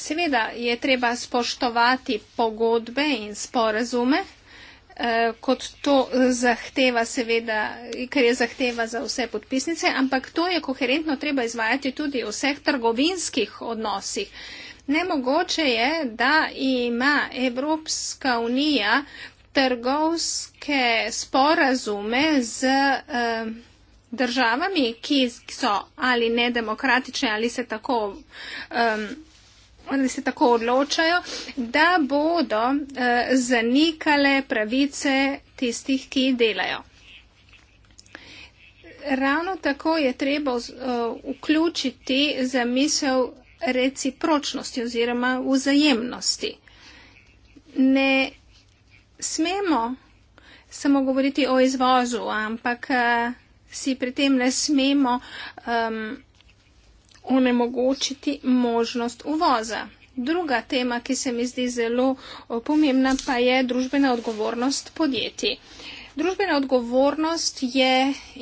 Seveda je treba spoštovati pogodbe in sporazume, eh, kot to zahteva seveda, ker je zahteva za vse podpisnice, ampak to je koherentno treba izvajati tudi v vseh trgovinskih odnosih. Nemogoče je, da ima Evropska unija trgovske sporazume z eh, državami, ki so ali nedemokratične ali se tako um, oni se tako odločajo, da bodo uh, zanikale pravice tistih, ki delajo. Ravno tako je treba uh, vključiti zamisel recipročnosti oziroma vzajemnosti. Ne smemo samo govoriti o izvozu, ampak uh, si pri tem ne smemo. Um, onemogočiti možnost uvoza. Druga tema, ki se mi zdi zelo pomembna, pa je družbena odgovornost podjetij. Družbena odgovornost je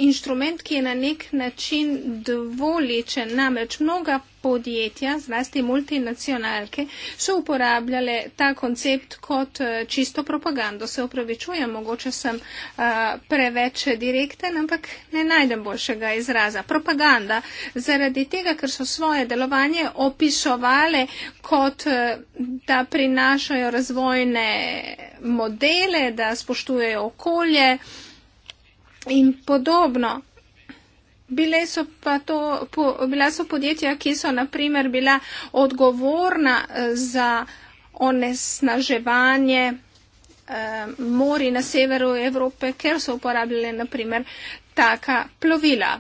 inštrument, ki je na nek način dvoličen, namreč mnoga podjetja, zlasti multinacionalke, so uporabljale ta koncept kot eh, čisto propagando. Se upravičujem, mogoče sem uh, preveč direkten, ampak ne najdem boljšega izraza. Propaganda zaradi tega, ker so svoje delovanje opisovale kot, eh, da prinašajo razvojne modele, da spoštujejo okolje. In podobno, Bile so pa to, po, bila so podjetja, ki so naprimer bila odgovorna eh, za onesnaževanje eh, mori na severu Evrope, ker so uporabljale naprimer taka plovila.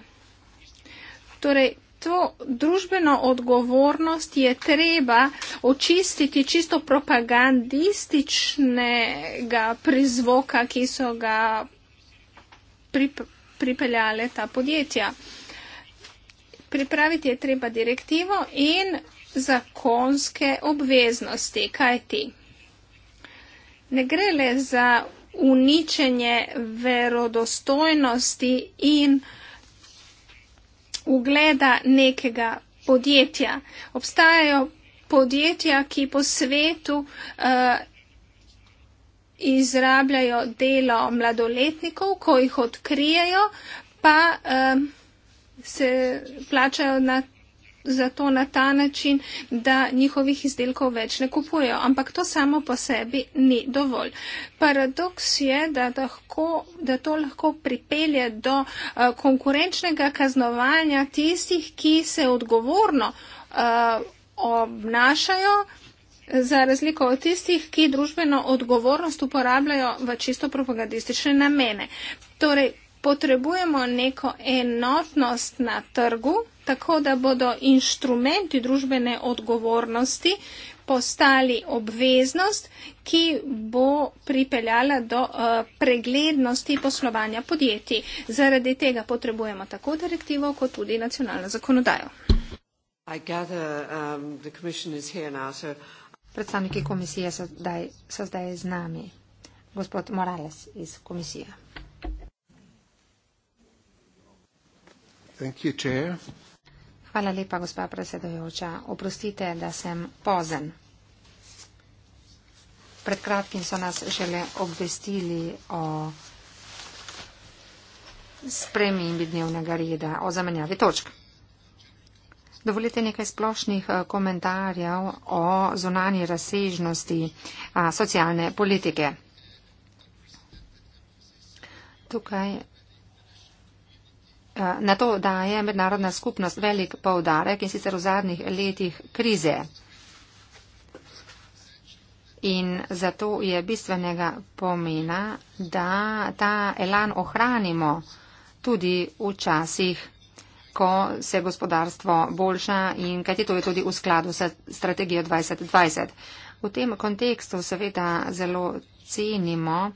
Torej, to družbeno odgovornost je treba očistiti čisto propagandističnega prizvoka, ki so ga pripravili pripeljale ta podjetja. Pripraviti je treba direktivo in zakonske obveznosti, kaj ti. Ne gre le za uničenje verodostojnosti in ugleda nekega podjetja. Obstajajo podjetja, ki po svetu uh, izrabljajo delo mladoletnikov, ko jih odkrijejo, pa um, se plačajo na, za to na ta način, da njihovih izdelkov več ne kupujejo. Ampak to samo po sebi ni dovolj. Paradoks je, da, lahko, da to lahko pripelje do uh, konkurenčnega kaznovanja tistih, ki se odgovorno uh, obnašajo. Uh, za razliko od tistih, ki družbeno odgovornost uporabljajo v čisto propagandistične namene. Torej, potrebujemo neko enotnost na trgu, tako da bodo inštrumenti družbene odgovornosti postali obveznost, ki bo pripeljala do uh, preglednosti poslovanja podjetij. Zaradi tega potrebujemo tako direktivo, kot tudi nacionalno zakonodajo. I gather um, the Commission is here now, so predstavniki komisije so zdaj, so zdaj z nami. Gospod Morales iz komisije. Thank you, chair. Hvala lepa, gospa predsedojoča. Oprostite, da sem pozen. Pred kratkim so nas šele obvestili o spremembi dnevnega reda, o zamenjavi točk. Dovolite nekaj splošnih eh, komentarjev o zunanji razsežnosti eh, socialne politike. Tukaj eh, na to daje mednarodna skupnost velik povdarek in sicer v zadnjih letih krize. In zato je bistvenega pomena, da ta elan ohranimo tudi v časih krize ko se gospodarstvo boljša in kajti to je tudi v skladu s strategijo 2020. V tem kontekstu seveda zelo cenimo,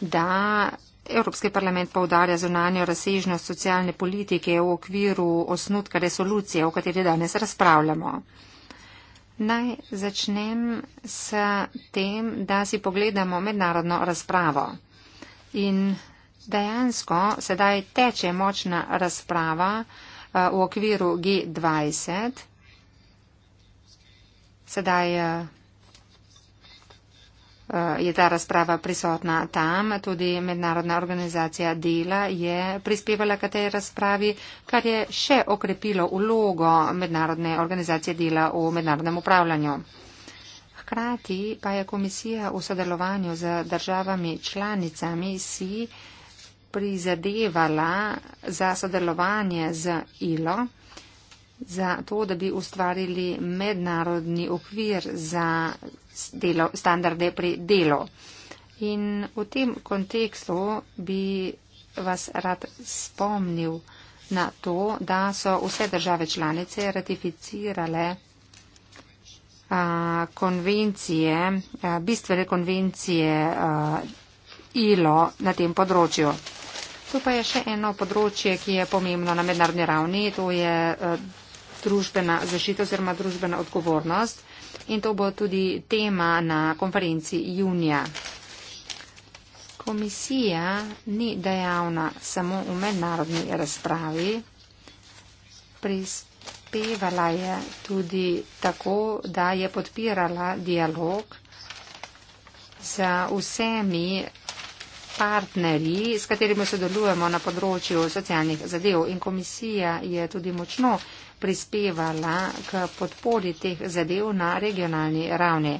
da Evropski parlament povdarja zunanjo razsežnost socialne politike v okviru osnutka resolucije, o kateri danes razpravljamo. Naj začnem s tem, da si pogledamo mednarodno razpravo. In dejansko sedaj teče močna razprava v okviru G20. Sedaj je ta razprava prisotna tam, tudi mednarodna organizacija dela je prispevala k tej razpravi, kar je še okrepilo vlogo mednarodne organizacije dela v mednarodnem upravljanju. Hkrati pa je komisija v sodelovanju z državami članicami si prizadevala za sodelovanje z ILO, za to, da bi ustvarili mednarodni okvir za delo, standarde pri delu. In v tem kontekstu bi vas rad spomnil na to, da so vse države članice ratificirale a, konvencije, a, bistvene konvencije a, ILO na tem področju. Tu pa je še eno področje, ki je pomembno na mednarodni ravni, to je eh, družbena zašita oziroma družbena odgovornost in to bo tudi tema na konferenci junija. Komisija ni dejavna samo v mednarodni razpravi, prispevala je tudi tako, da je podpirala dialog za vsemi partnerji, s katerimi sodelujemo na področju socialnih zadev in komisija je tudi močno prispevala k podpori teh zadev na regionalni ravni.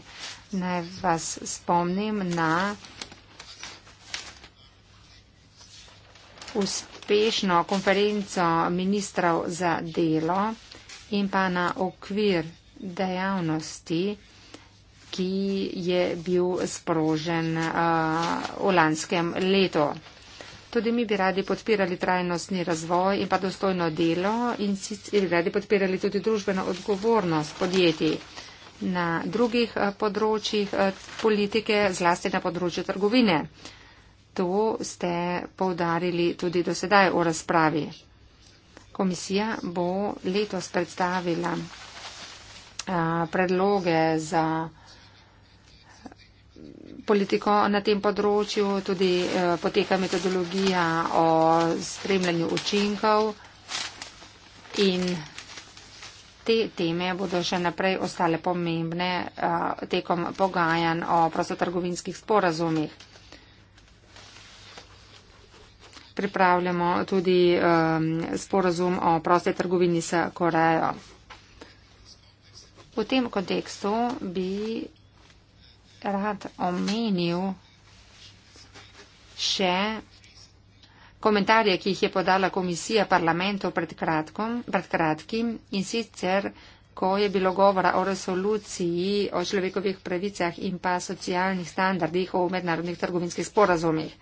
Naj vas spomnim na uspešno konferenco ministrov za delo in pa na okvir dejavnosti ki je bil sprožen v lanskem letu. Tudi mi bi radi podpirali trajnostni razvoj in pa dostojno delo in bi radi podpirali tudi družbeno odgovornost podjetij na drugih področjih politike, zlasti na področju trgovine. To ste povdarili tudi do sedaj v razpravi. Komisija bo letos predstavila predloge za politiko na tem področju, tudi eh, poteka metodologija o spremljanju učinkov in te teme bodo še naprej ostale pomembne eh, tekom pogajanj o prostotrgovinskih sporazumih. Pripravljamo tudi um, sporazum o proste trgovini s Korejo. V tem kontekstu bi rad omenil še komentarje, ki jih je podala komisija parlamentov pred, kratkom, pred kratkim in sicer, ko je bilo govora o resoluciji o človekovih pravicah in pa socialnih standardih o mednarodnih trgovinskih sporazumih.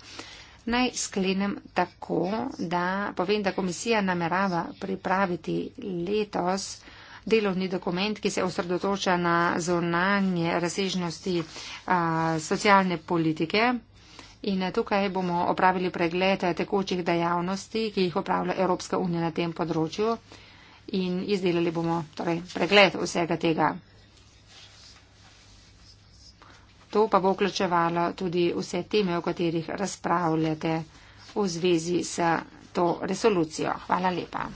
Naj sklenem tako, da povem, da komisija namerava pripraviti letos uh, delovni dokument, ki se osredotoča na zornanje razsežnosti a, socialne politike. In eh, tukaj bomo opravili pregled eh, tekočih dejavnosti, ki jih opravlja Evropska unija na tem področju in izdelali bomo torej, pregled vsega tega. To pa bo vključevalo tudi vse teme, o katerih razpravljate v zvezi s to resolucijo. Hvala lepa.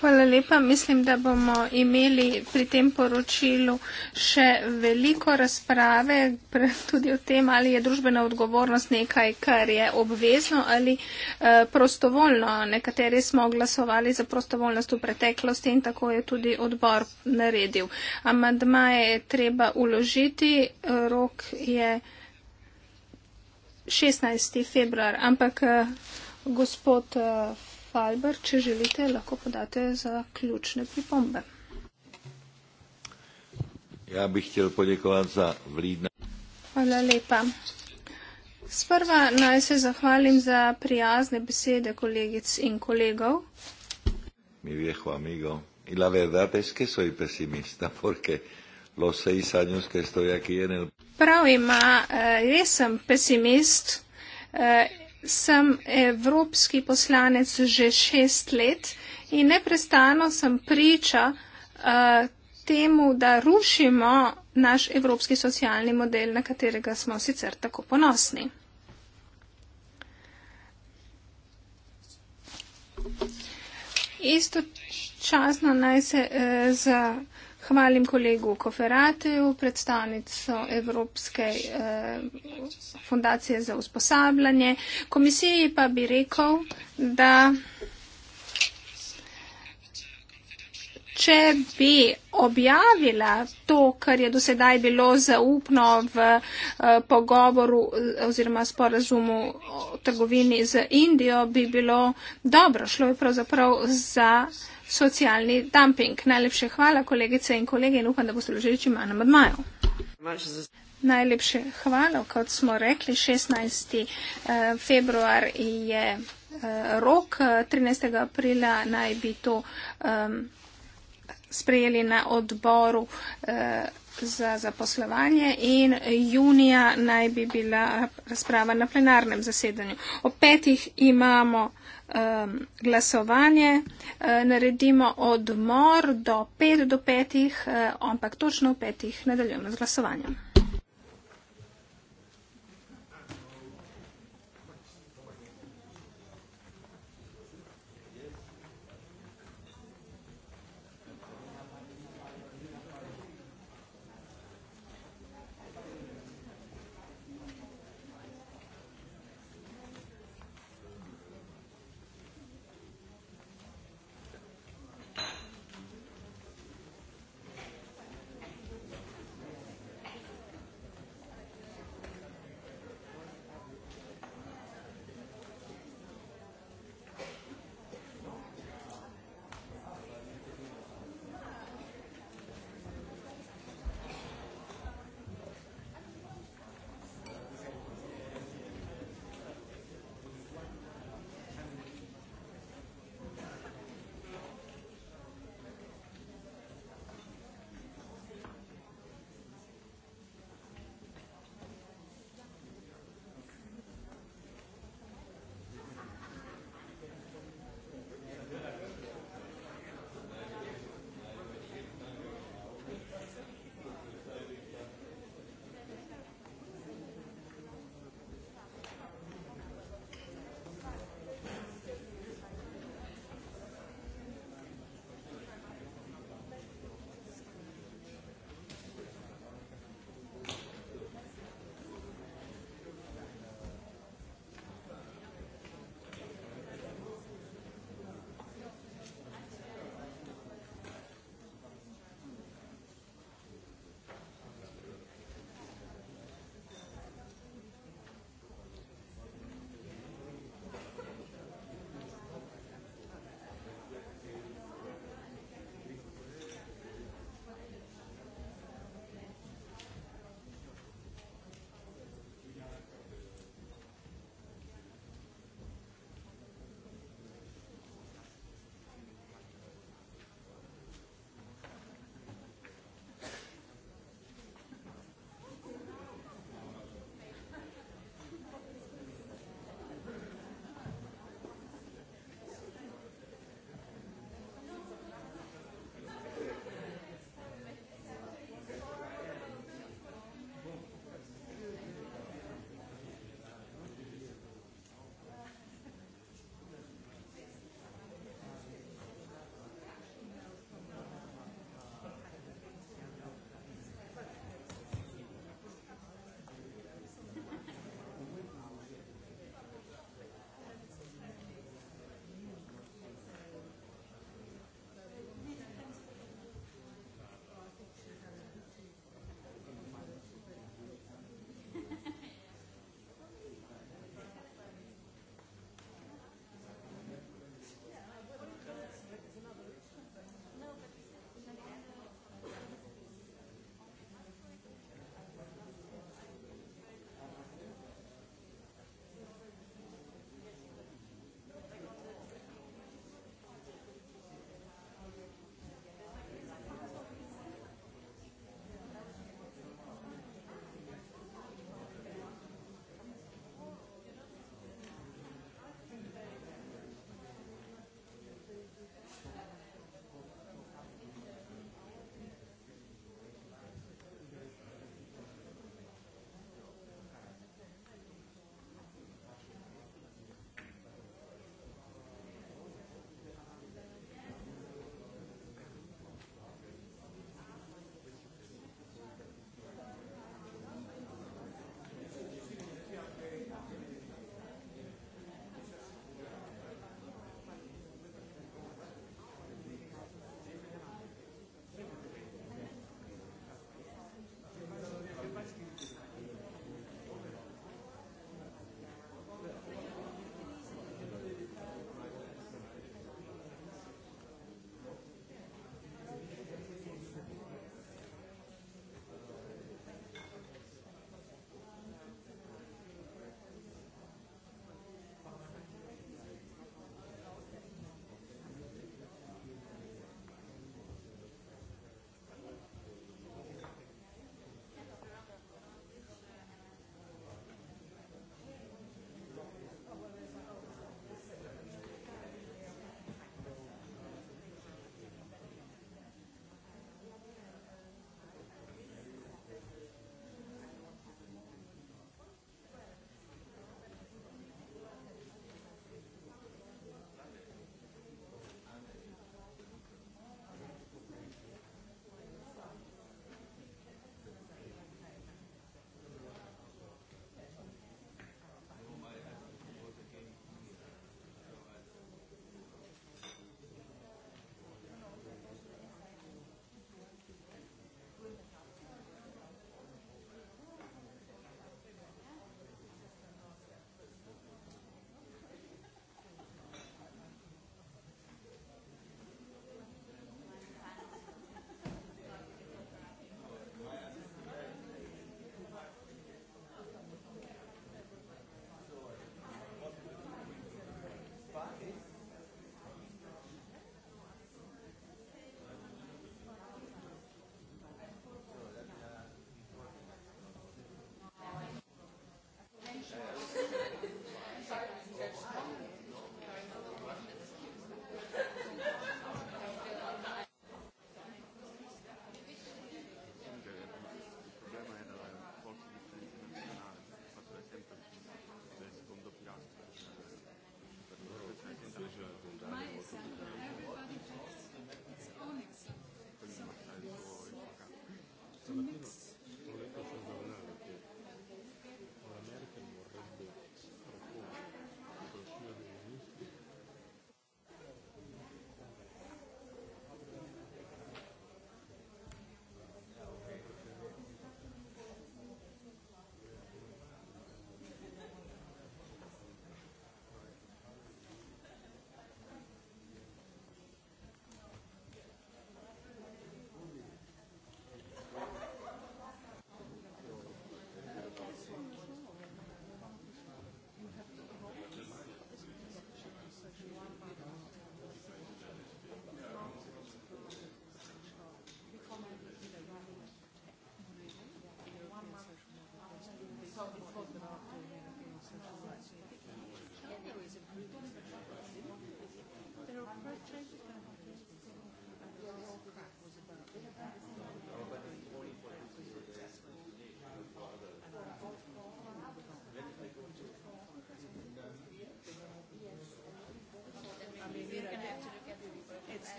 Hvala lepa. Mislim, da bomo imeli pri tem poročilu še veliko razprave tudi o tem, ali je družbena odgovornost nekaj, kar je obvezno ali eh, prostovoljno. Nekateri smo glasovali za prostovoljnost v preteklosti in tako je tudi odbor naredil. Amandma je treba uložiti, rok je 16. februar, ampak. Eh, Gospod eh, Falber, če želite, lahko podate za ključne pripombe. Ja, bi htjel podjekovati za vlidna. Hvala lepa. Sprva naj se zahvalim za prijazne besede kolegic in kolegov. Mi viejo amigo. In la verdad es que soy pesimista, porque los seis años que estoy aquí en el... Prav ima, eh, jaz sem pesimist. Eh, sem evropski poslanec že šest let in neprestano sem priča uh, temu, da rušimo naš evropski socialni model, na katerega smo sicer tako ponosni. Istočasno naj se uh, za. Hvalim kolegu Koferateju, predstavnico Evropske eh, fundacije za usposabljanje. Komisiji pa bi rekel, da če bi objavila to, kar je dosedaj bilo zaupno v eh, pogovoru eh, oziroma sporazumu o trgovini z Indijo, bi bilo dobro. Šlo je pravzaprav za. Eh, socialni dumping. Najlepše hvala, kolegice in kolege, in upam, da boste vložili čim manj amadmajev. Najlepše hvala, kot smo rekli, 16. Eh, februar je eh, rok, 13. Eh, aprila naj bi to um, sprejeli na odboru za zaposlovanje in junija naj bi bila razprava na plenarnem zasedanju. O petih imamo um, glasovanje, uh, naredimo odmor do 5 do 5, uh, ampak točno v 5 nadaljujemo z glasovanjem.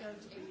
accountable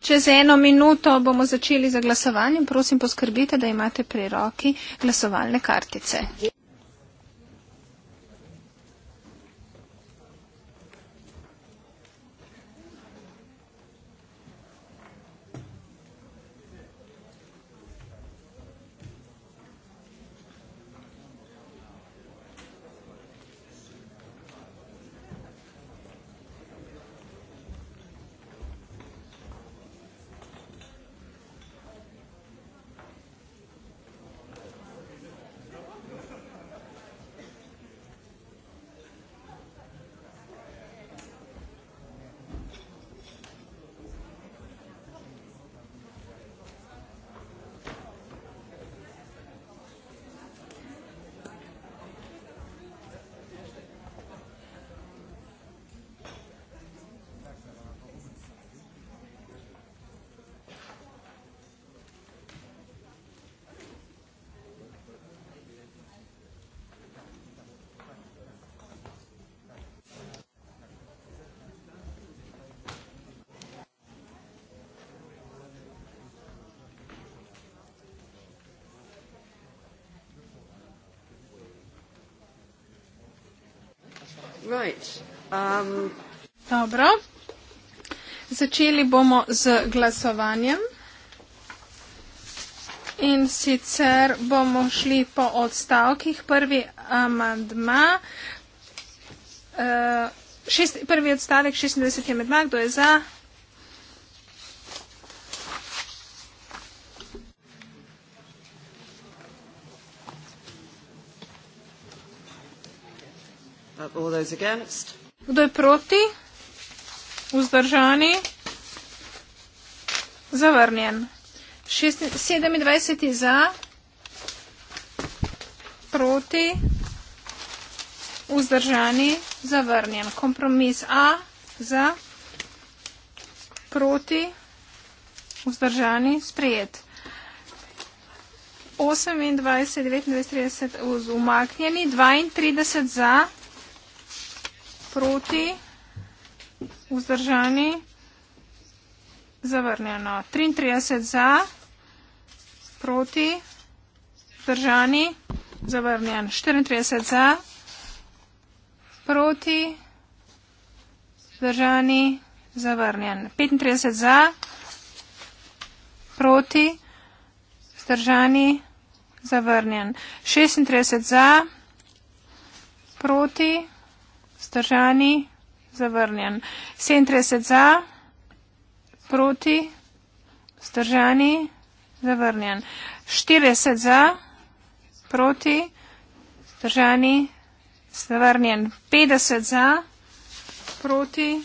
Čez eno minuto bomo začeli z glasovanjem. Prosim, poskrbite, da imate pri roki glasovalne kartice. Right. Um... Dobro. Začeli bomo z glasovanjem. In sicer bomo šli po odstavkih. Prvi amandma, uh, šest, prvi odstavek 60 je med mak, kdo je za? against. Kdo je proti? Vzdržani? Zavrnjen. 27 za, proti, vzdržani, zavrnjen. Kompromis A za, proti, vzdržani, sprejet. 28, 29, 30 umaknjeni, 32 za, proti, vzdržani, zavrnjeno. 33 za, proti, vzdržani, zavrnjen. 34 za, proti, vzdržani, zavrnjen. 35 za, proti, vzdržani, zavrnjen. 36 za, proti, vzdržani, zavrnjen. Vzdržani. Zavrnjen. 37 za. Proti. Vzdržani. Zavrnjen. 40 za. Proti. Vzdržani. Zavrnjen. 50 za. Proti.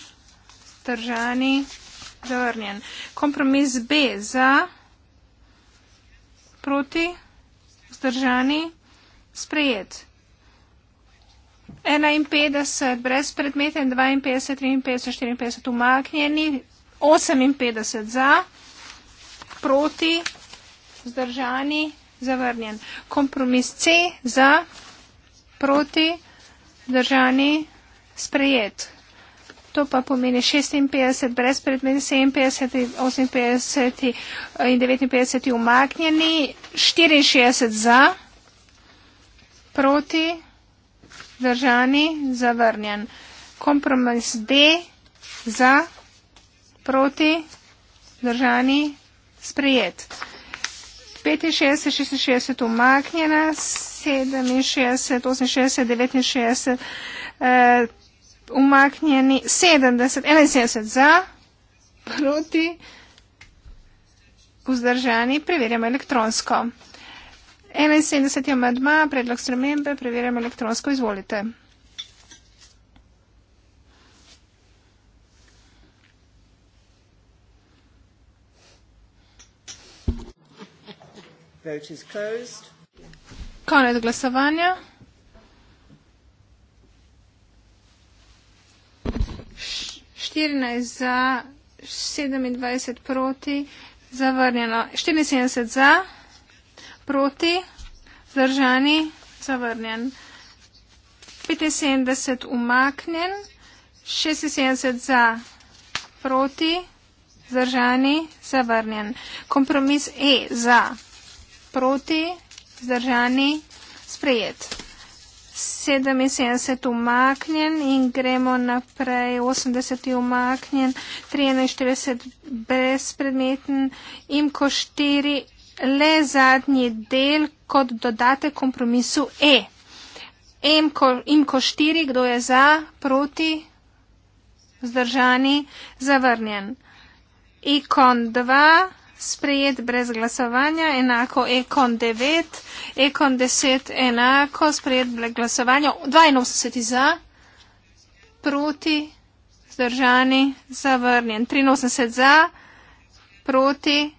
Vzdržani. Zavrnjen. Kompromis B za. Proti. Vzdržani. Sprejet. 51 brezpredmeten, 52, 53, 54 umaknjeni, 58 za, proti, zdržani, zavrnjen. Kompromis C za, proti, zdržani, sprejet. To pa pomeni 56 brezpredmeten, 57, 58 in 59 umaknjeni, 64 za, proti, zdržani vzdržani, zavrnjen. Kompromis B za, proti, vzdržani, sprejet. 65-66 umaknjena, 67-68-69 eh, umaknjeni, 70-71 za, proti, vzdržani, preverjamo elektronsko. 71. amadma, predlog spremembe, preverjamo elektronsko, izvolite. Konec glasovanja. 14 za, 27 proti, zavrnjeno. 74 za proti, zdržani, zavrnjen. 75 umaknjen, 76 za, proti, zdržani, zavrnjen. Kompromis E za, proti, zdržani, sprejet. 77 umaknjen in gremo naprej, 80 umaknjen, 43 brezpredmeten in ko 4 le zadnji del kot dodate kompromisu E. M ko 4, kdo je za, proti, vzdržani, zavrnjen. Ikon 2, sprejet brez glasovanja, enako ikon 9, ikon 10, enako, sprejet brez glasovanja, 82 za, proti, vzdržani, zavrnjen. 83 za, proti, vzdržani.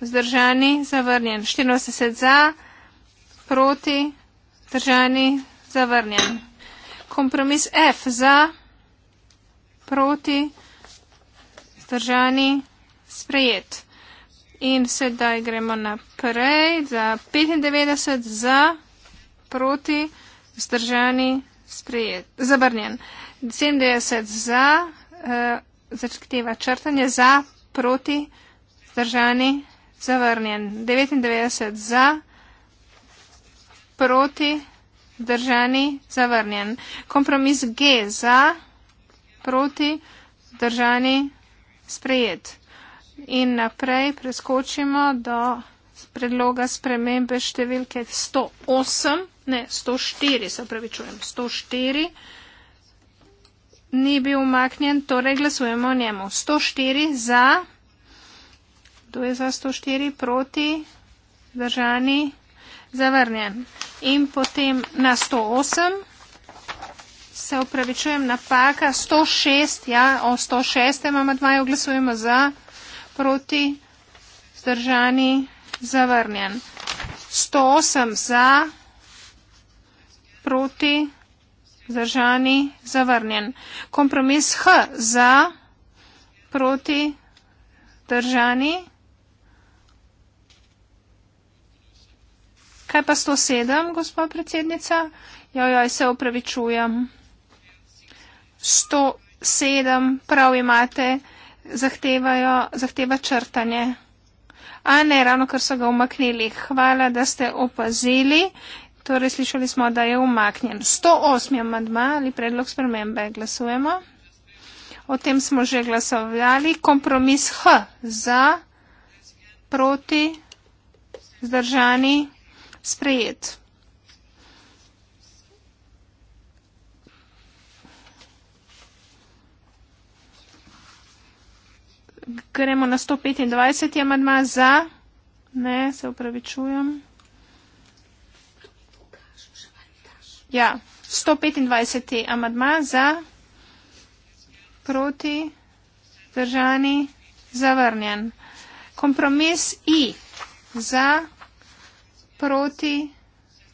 Vzdržani, zavrnjen. 84 za, proti, vzdržani, zavrnjen. Kompromis F za, proti, vzdržani, sprejet. In sedaj gremo naprej za 95 za, proti, vzdržani, sprejet, zavrnjen. 97 za, uh, eh, začkteva črtanje, za, proti, vzdržani, sprejet zavrnjen. 99 za, proti, držani, zavrnjen. Kompromis G za, proti, držani, sprejet. In naprej preskočimo do predloga spremembe številke 108, ne 104, se pravi čujem, 104. Ni bil umaknjen, torej glasujemo o njemu. 104 za. To je za 104 proti, držani, zavrnjen. In potem na 108, se upravičujem, napaka 106, ja, o 106 imamo dva, oglasujemo za, proti, zdržani, zavrnjen. 108 za, proti, zdržani, zavrnjen. Kompromis H za, proti, zdržani, zavrnjen. Kaj pa 107, gospod predsednica? Jo, jo, se upravičujem. 107, prav imate, zahtevajo, zahteva črtanje. A ne, ravno kar so ga umaknili. Hvala, da ste opazili. Torej, slišali smo, da je umaknjen. 108 amadma ali predlog spremembe glasujemo. O tem smo že glasovali. Kompromis H za, proti, zdržani sprejet. Gremo na 125. amadma za. Ne, se upravičujem. Ja, 125. amadma za. Proti. Držani. Zavrnjen. Kompromis I. Za proti,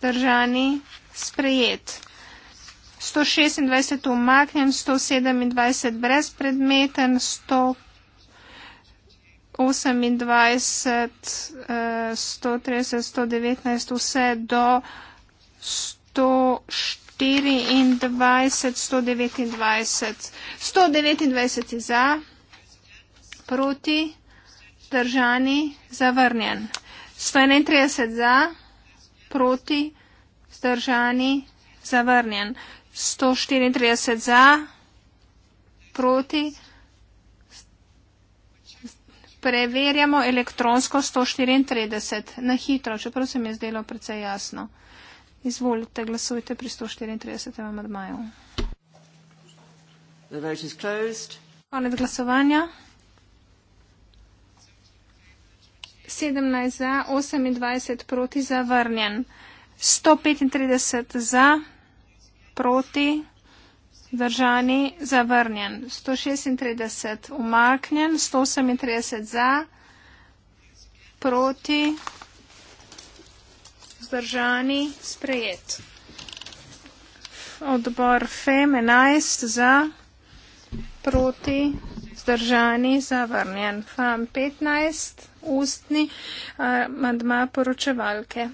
držani, sprejet. 126 umaknjen, 127 brezpredmeten, 128, 130, 119, vse do 124, 129. 129 je za, proti, držani, zavrnjen. 131 za, proti, zdržani, zavrnjen. 134 za, proti. Preverjamo elektronsko 134 na hitro, čeprav se mi je zdelo precej jasno. Izvolite, glasujte pri 134. amadmaju. Konec glasovanja. 17 za, 28 proti zavrnjen. 135 za, proti, držani, zavrnjen. 136 umaknjen, 138 za, proti, zdržani, sprejet. Odbor FEM 11 za, proti, zdržani, zavrnjen. FAM 15 ustni eh, mandma poročevalke.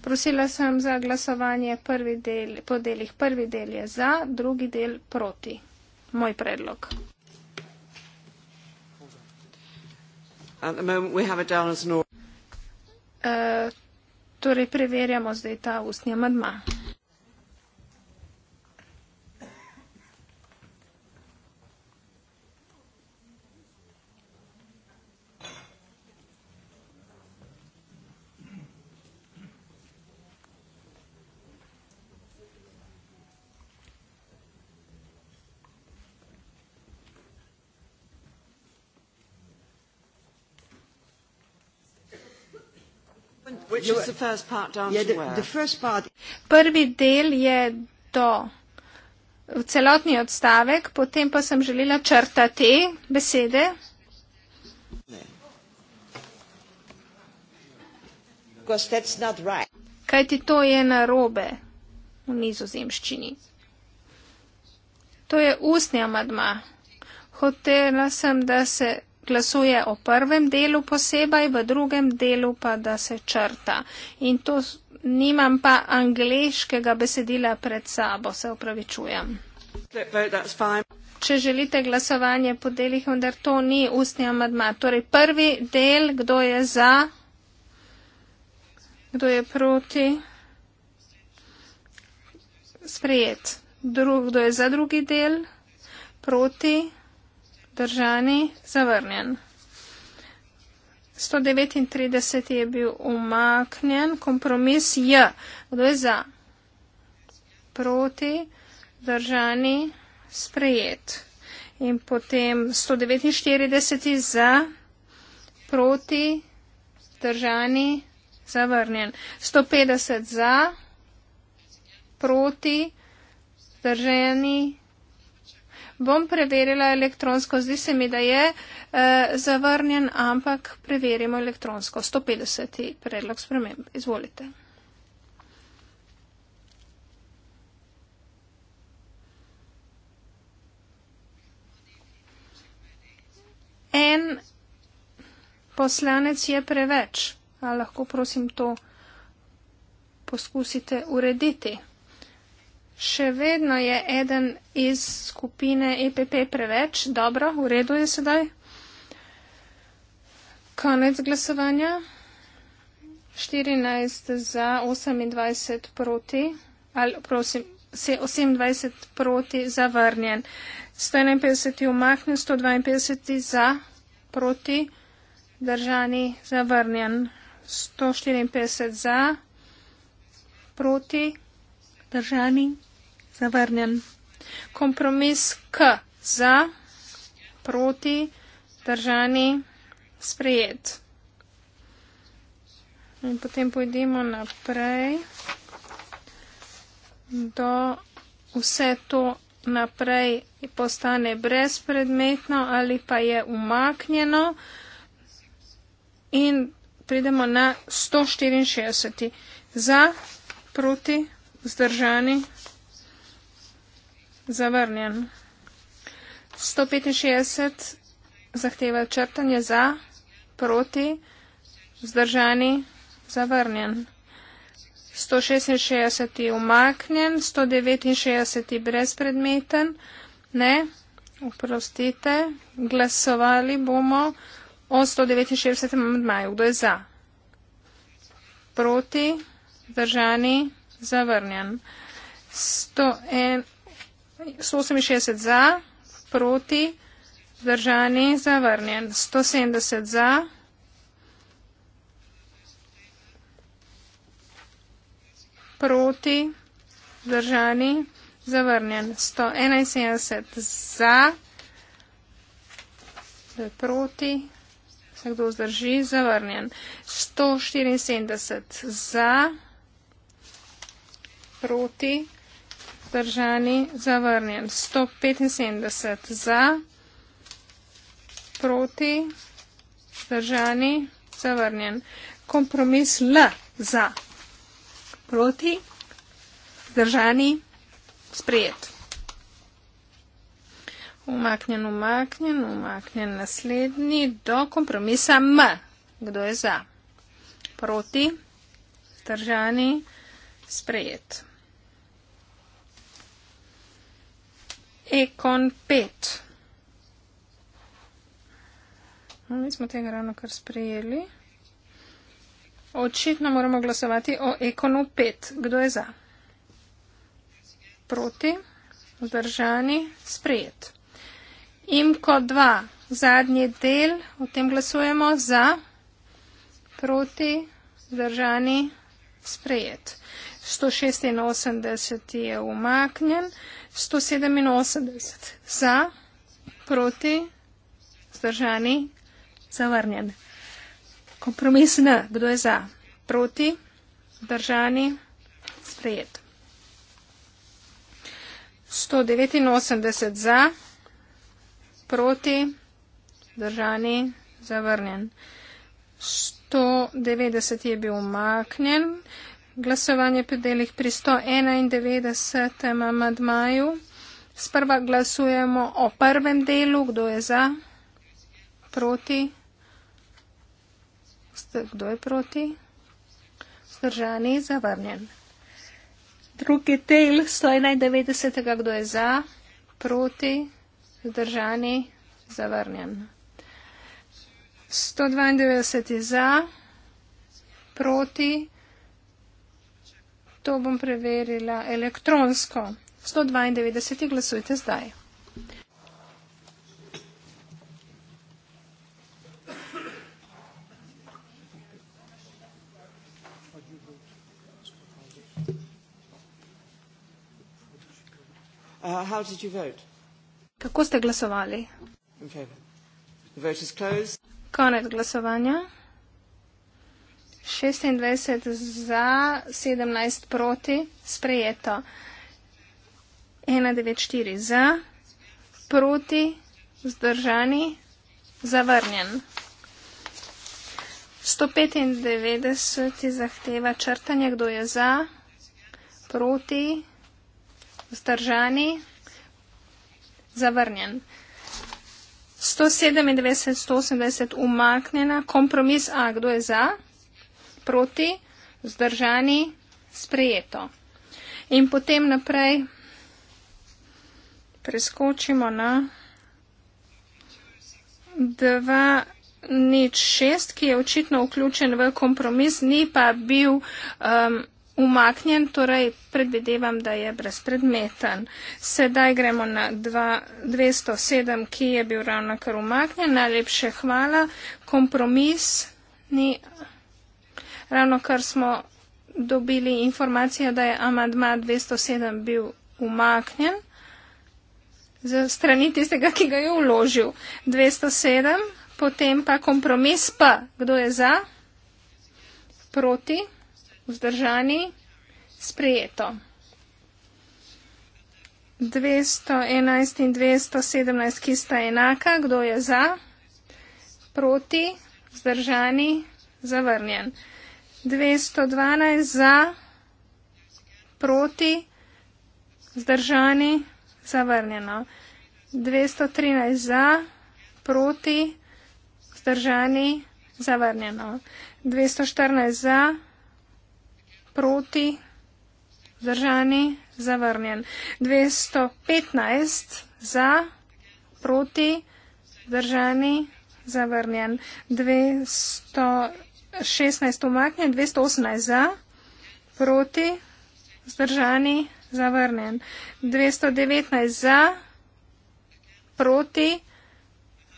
Prosila sem za glasovanje del, po delih. Prvi del je za, drugi del proti. Moj predlog. Uh, torej preverjamo zdaj ta ustni mandma. Prvi del je do celotni odstavek, potem pa sem želela črtati besede. Right. Kaj ti to je narobe v nizozemščini? To je ustni amadma. Hotela sem, da se glasuje o prvem delu posebej, v drugem delu pa da se črta. In to nimam pa angliškega besedila pred sabo, se upravičujem. Če želite glasovanje po delih, vendar to ni ustni amadma. Torej prvi del, kdo je za, kdo je proti, sprejet. Drug, kdo je za drugi del, proti vzdržani, zavrnjen. 139 je bil umaknjen, kompromis J. Kdo je za? Proti, vzdržani, sprejet. In potem 149 je za, proti, vzdržani, zavrnjen. 150 za, proti, vzdržani, zavrnjen bom preverila elektronsko, zdi se mi, da je eh, zavrnjen, ampak preverimo elektronsko. 150. predlog sprememb. Izvolite. En poslanec je preveč. A lahko prosim to poskusite urediti še vedno je eden iz skupine EPP preveč. Dobro, v redu je sedaj. Konec glasovanja. 14 za 28 proti, ali prosim, se 28 proti zavrnjen. 151 je umaknjen, 152 za proti, držani zavrnjen. 154 za proti, držani zavrnjen. Kompromis K za, proti, držani, sprejet. In potem pojdemo naprej do vse to naprej postane brezpredmetno ali pa je umaknjeno in pridemo na 164. Za, proti, vzdržani, Zavrnjen. 165 zahteva črtanje za, proti, vzdržani, zavrnjen. 166 je umaknjen, 169 je brezpredmeten, ne, uprostite, glasovali bomo o 169. amandmaju. Kdo je za? Proti, vzdržani, zavrnjen. 101. 168 za, proti, zdržani, zavrnjen. 170 za. Proti, zdržani, zavrnjen. 171 za, proti, se kdo zdrži, zavrnjen. 174 za, proti, zdržani vzdržani, zavrnjen. 175 za, proti, vzdržani, zavrnjen. Kompromis L za, proti, vzdržani, sprejet. Umaknjen, umaknjen, umaknjen naslednji do kompromisa M. Kdo je za? Proti, vzdržani, sprejet. Sprejet. Ekon 5. No, mi smo tega ravno kar sprejeli. Očitno moramo glasovati o Ekonu 5. Kdo je za? Proti, vzdržani, sprejet. Imko 2, zadnji del, o tem glasujemo za, proti, vzdržani, sprejet. 186 je umaknjen. 187 za, proti, zdržani, zavrnjen. Kompromis N, kdo je za, proti, zdržani, sprejet. 189 za, proti, zdržani, zavrnjen. 190 je bil umaknjen glasovanje pri delih pri 191. amadmaju. Sprva glasujemo o prvem delu, kdo je za, proti, kdo je proti, zdržani, zavrnjen. Drugi del 191. kdo je za, proti, zdržani, zavrnjen. 192 je za, proti, To bom preverila elektronsko. 192. glasujte zdaj. Uh, how did you vote? Kako ste glasovali? Okay. The vote is closed. Konec glasovanja. 26 za, 17 proti, sprejeto. 1,94 za, proti, zdržani, zavrnjen. 195 zahteva črtanje, kdo je za, proti, zdržani, zavrnjen. 197, 180 umaknjena, kompromis A, kdo je za proti, vzdržani, sprejeto. In potem naprej preskočimo na 206, ki je očitno vključen v kompromis, ni pa bil um, umaknjen, torej predvidevam, da je brezpredmeten. Sedaj gremo na 207, ki je bil ravno kar umaknjen. Najlepše hvala. Kompromis ni. Ravno kar smo dobili informacijo, da je amadma 207 bil umaknjen za strani tistega, ki ga je uložil. 207, potem pa kompromis pa, kdo je za, proti, vzdržani, sprejeto. 211 in 217, ki sta enaka, kdo je za, proti, vzdržani, zavrnjen. 212 za, proti, zdržani, zavrnjeno. 213 za, proti, zdržani, zavrnjeno. 214 za, proti, zdržani, zavrnjen. 215 za, proti, zdržani, zavrnjen. 200 16 umaknjen, 218 za, proti, zdržani, zavrnen. 219 za, proti,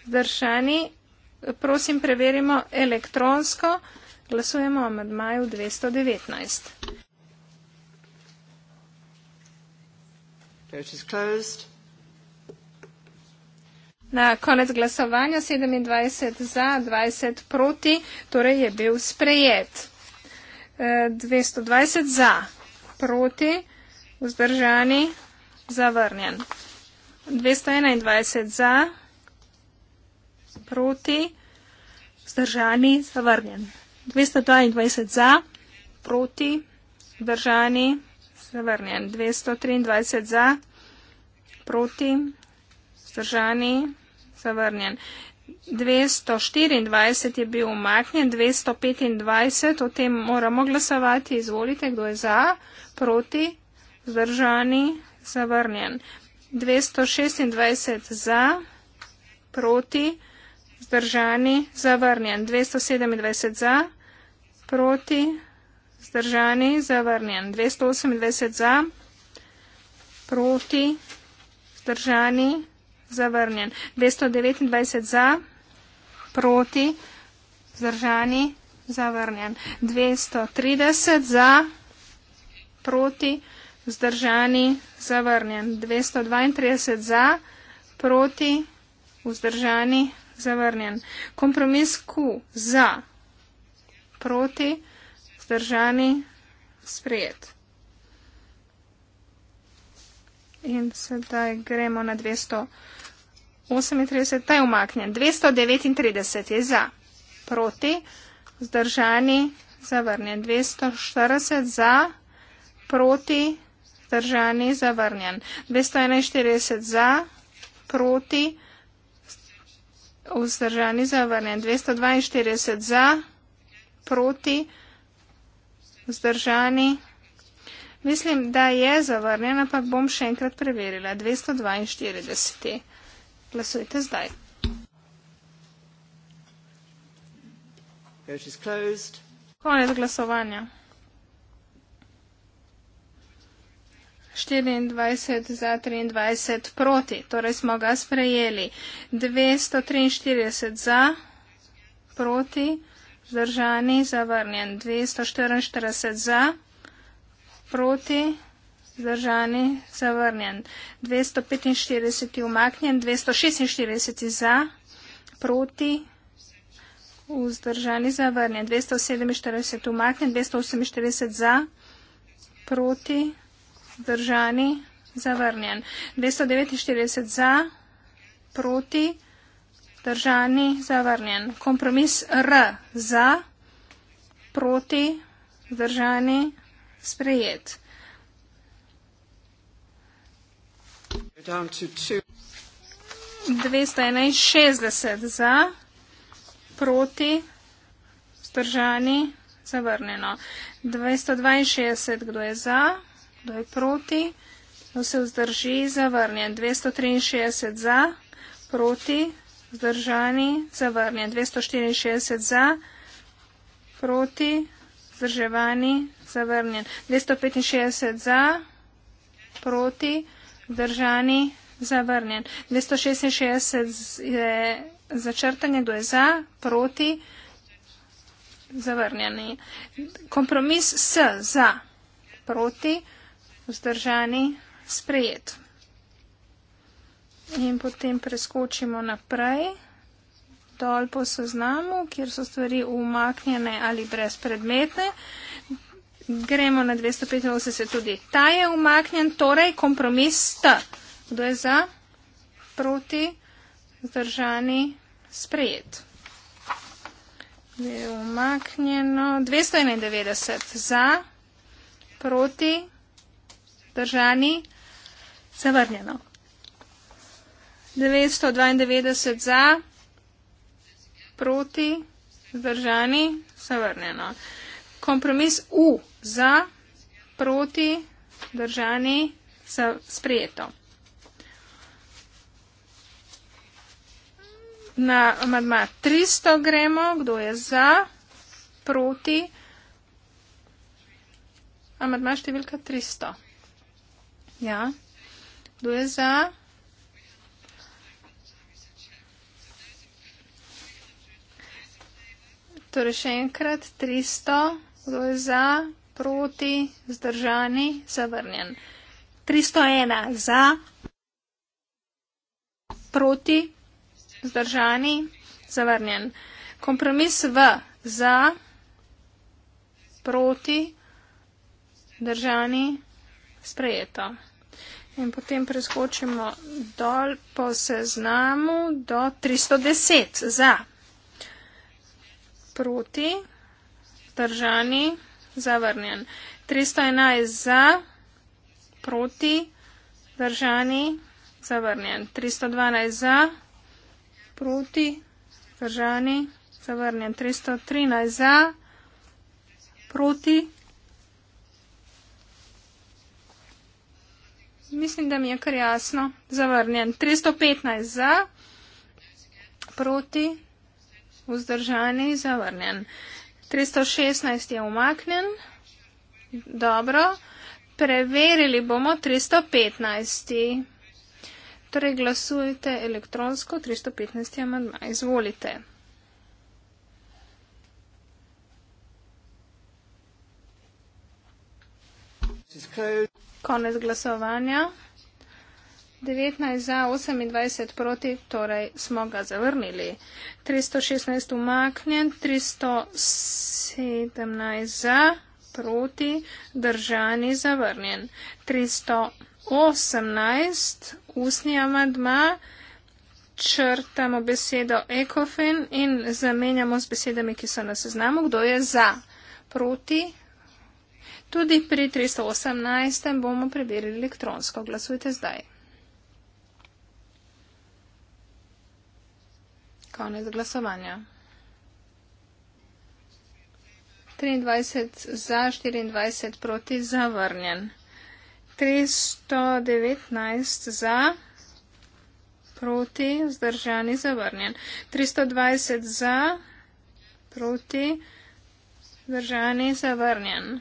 zdržani. Prosim, preverimo elektronsko. Glasujemo o medmaju 219. Vote is closed na konec glasovanja 27 za, 20 proti, torej je bil sprejet. 220 e, za, proti, vzdržani, zavrnjen. 221 za, proti, vzdržani, zavrnjen. 222 za, proti, vzdržani, zavrnjen. 223 za, proti, vzdržani, zavrnjen zavrnjen. 224 je bil umaknjen, 225, o tem moramo glasovati. Izvolite, kdo je za, proti, zdržani, zavrnjen. 226 za, proti, zdržani, zavrnjen. 227 za, proti, zdržani, zavrnjen. 228 za, proti, zdržani, zavrnjen zavrnjen. 229 za, proti, zdržani, zavrnjen. 230 za, proti, zdržani, zavrnjen. 232 za, proti, vzdržani, zavrnjen. Kompromis Q za, proti, zdržani, sprejet. In sedaj gremo na 200. 38 je umaknjen. 239 je za, proti, vzdržani, zavrnjen. 240 za, proti, vzdržani, zavrnjen. 241 za, proti, vzdržani, zavrnjen. 242 za, proti, vzdržani. Mislim, da je zavrnjena, pa bom še enkrat preverila. 242. Glasujte zdaj. Konec glasovanja. 24 za 23 proti, torej smo ga sprejeli. 243 za, proti, zdržani, zavrnjen. 244 za, proti vzdržani, zavrnjen. 245 umaknjen, 246 za, proti, vzdržani, zavrnjen. 247 umaknjen, 248 za, proti, vzdržani, zavrnjen. 249 za, proti, vzdržani, zavrnjen. Kompromis R za, proti, vzdržani, sprejet. 261 za, proti, vzdržani, zavrnjeno. 262, kdo je za, kdo je proti, kdo se vzdrži, zavrnjen. 263 za, proti, vzdržani, zavrnjen. 264 za, proti, vzdrževani, zavrnjen. 265 za, proti, vzdržani, zavrnjen vzdržani, zavrnjen. 266 je začrtanje, kdo je za, proti, zavrnjeni. Kompromis s, za, proti, vzdržani, sprejet. In potem preskočimo naprej dol po seznamu, kjer so stvari umaknjene ali brezpredmetne. Gremo na 285, tudi ta je umaknjen, torej kompromis T. Kdo je za, proti, zdržani, sprejet. Je umaknjeno 291, za, proti, zdržani, zavrnjeno. 292 za, proti, zdržani, zavrnjeno kompromis U za proti držani se sprejeto. Na amadma 300 gremo, kdo je za, proti, amadma številka 300. Ja, kdo je za? Torej še enkrat 300 za, proti, zdržani, zavrnjen. 301 za, proti, zdržani, zavrnjen. Kompromis v za, proti, zdržani, sprejeto. In potem preskočimo dol po seznamu do 310 za, proti, zdržani. Zdržani. Zavrnjen. 311 za. Proti. Zdržani. Zavrnjen. 312 za. Proti. Zdržani. Zavrnjen. 313 za. Proti. Mislim, da mi je kar jasno. Zavrnjen. 315 za. Proti. Vzdržani. Zavrnjen. 313 za. 316 je umaknjen. Dobro. Preverili bomo 315. Torej glasujte elektronsko 315. amandma. Izvolite. Konec glasovanja. 19 za 28 proti, torej smo ga zavrnili. 316 umaknjen, 317 za proti, držani zavrnjen. 318 usni amadma, črtamo besedo ekofen in zamenjamo z besedami, ki so na seznamu, kdo je za proti. Tudi pri 318 bomo preverili elektronsko. Glasujte zdaj. Konec glasovanja. 23 za, 24 proti, zavrnjen. 319 za, proti, zdržani, zavrnjen. 320 za, proti, zdržani, zavrnjen.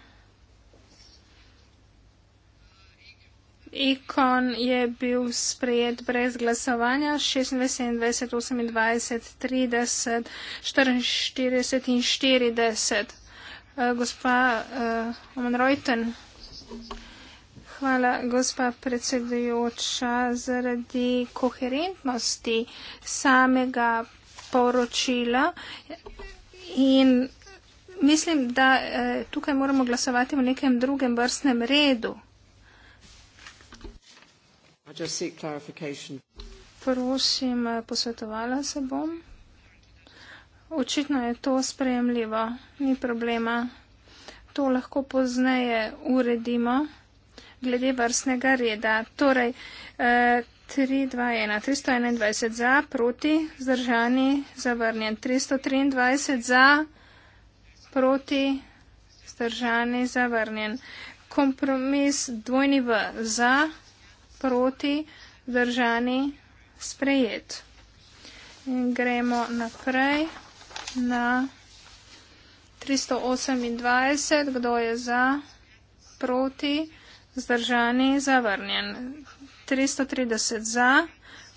Ikon je bil sprejet brez glasovanja 26, 28, 30, 44 in 40. Uh, eh, gospa uh, eh, Omanrojten. Hvala, gospa predsedujoča, zaradi koherentnosti samega poročila. In mislim, da eh, tukaj moramo glasovati v nekem drugem vrstnem redu. Prosim, posvetovala se bom. Očitno je to sprejemljivo, ni problema. To lahko pozneje uredimo glede vrstnega reda. Torej, 3, 2, 1, 321 za, proti, zdržani, zavrnjen. 323 za, proti, zdržani, zavrnjen. Kompromis dvojni v za proti, vzdržani, sprejet. In gremo naprej na 328, kdo je za, proti, vzdržani, zavrnjen. 330 za,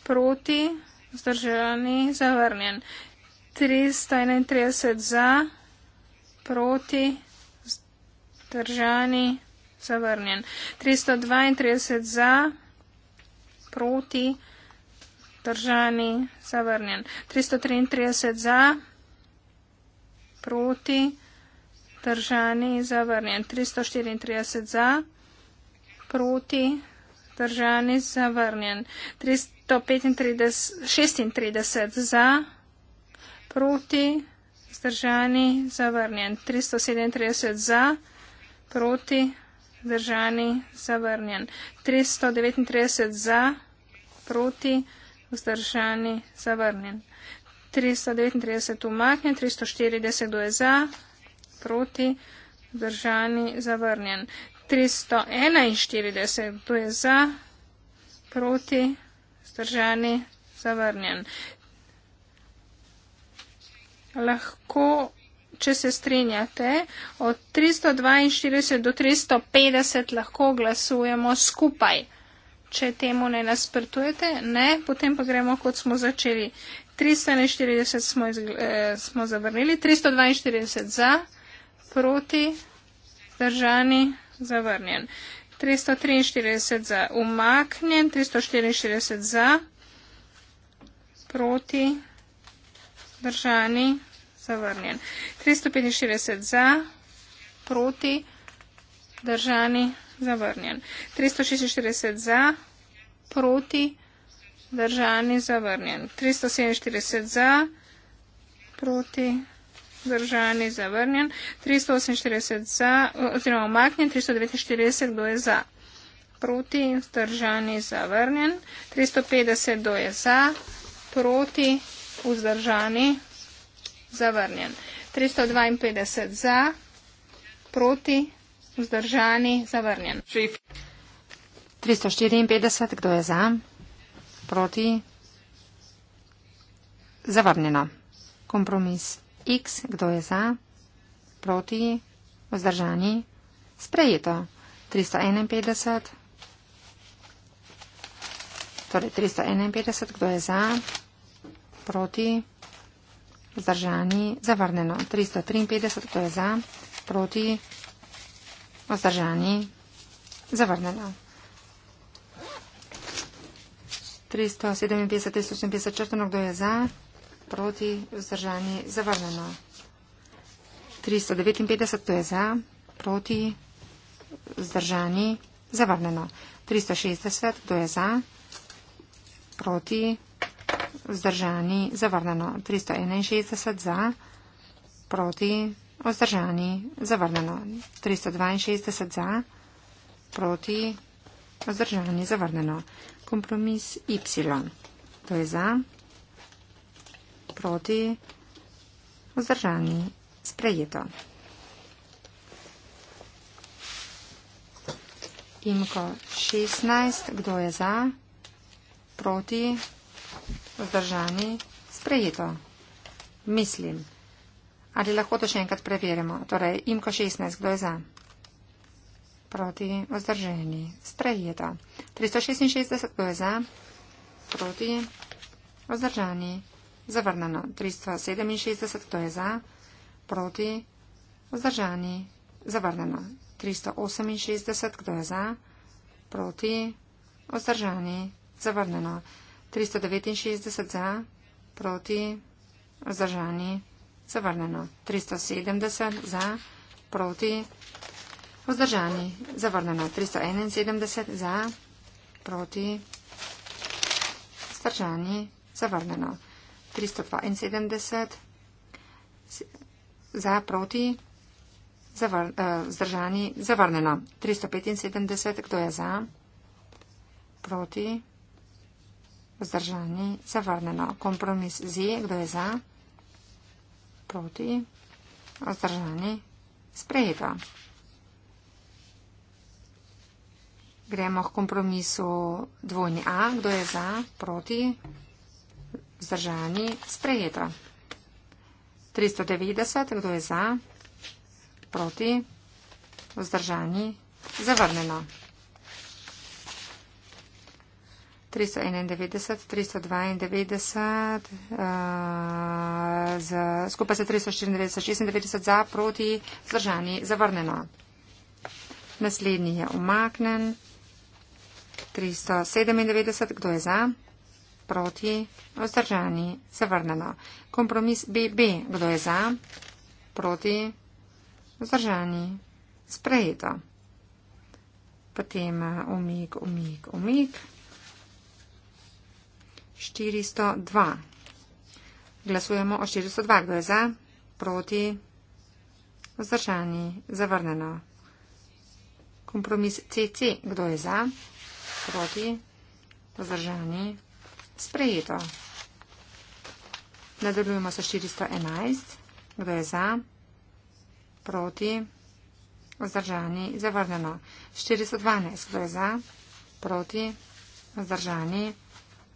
proti, vzdržani, zavrnjen. 331 za, proti, vzdržani, zavrnjen. 332 za, proti, držani, zavrnjen. 333 za, proti, držani, zavrnjen. 334 za, proti, držani, zavrnjen. 336 za, proti, zdržani, zavrnjen. 337 za, proti, zdržani, zavrnjen. 339 za, proti, vzdržani, zavrnjen. 339 umaknjen, 340 do je za, proti, vzdržani, zavrnjen. 341 do je za, proti, vzdržani, zavrnjen. Lahko, če se strinjate, od 342 do 350 lahko glasujemo skupaj če temu ne nasprtujete, ne, potem pa gremo, kot smo začeli. 342 smo, eh, smo zavrnili, 342 za, proti, držani, zavrnjen. 343 za, umaknjen, 344 za, proti, držani, zavrnjen. 345 za, proti, držani, zavrnjen zavrnjen. 346 za, proti, držani, zavrnjen. 347 za, proti, držani, zavrnjen. 348 za, oziroma omaknjen, 349, kdo je za, proti, vzdržani, zavrnjen. 350, kdo je za, proti, vzdržani, zavrnjen. 352 za, proti, Vzdržani, zavrnjen. 354, kdo je za? Proti? Zavrnjeno. Kompromis X, kdo je za? Proti? Vzdržani? Sprejeto. 351. Torej 351, kdo je za? Proti? Vzdržani? Zavrnjeno. 353, kdo je za? Proti? Воздержание. Завърнено. 370-350 чертанок до за. Проти. Воздържани. Завърнено. 359 то е за. Проти. Воздържани. Завърнено. 360 то е за. Проти. Воздържани. Завърнено. 361 за. Проти. Vzdržani, zavrnjeno. 362 za, proti, vzdržani, zavrnjeno. Kompromis Y. To je za, proti, vzdržani, sprejeto. Imko 16, kdo je za, proti, vzdržani, sprejeto. Mislim. Ali lahko to še enkrat preverimo? Torej, imko 16, kdo je za? Proti, vzdrženi, sprejeta. 366, kdo je za? Proti, vzdržani, zavrnjeno. 367, kdo je za? Proti, vzdržani, zavrnjeno. 368, kdo je za? Proti, vzdržani, zavrnjeno. 369 za, proti, vzdržani, Zavrnjeno. 370 za, proti, vzdržani. Zavrnjeno. 371 za, proti, vzdržani. Zavrnjeno. 372 za, proti, zavr, eh, vzdržani. Zavrnjeno. 375, kdo je za, proti, vzdržani. Zavrnjeno. Kompromis z, kdo je za proti, vzdržani, sprejeta. Gremo k kompromisu dvojni A, kdo je za, proti, vzdržani, sprejeta. 390, kdo je za, proti, vzdržani, zavrnjeno. 391, 392, uh, z, skupaj se 394, 96 za, proti, zdržani, zavrnjeno. Naslednji je umaknen. 397, kdo je za, proti, vzdržani, zavrnjeno. Kompromis BB, kdo je za, proti, vzdržani, sprejeto. Potem eh, umik, umik, umik. 402. Glasujemo o 402. Kdo je za? Proti? Vzdržani? Zavrneno. Kompromis CC. Kdo je za? Proti? Vzdržani? Sprejeto. Nadaljujemo sa 411. Kdo je za? Proti? Vzdržani? Zavrneno. 412. Kdo je za? Proti? Vzdržani? Vzdržani?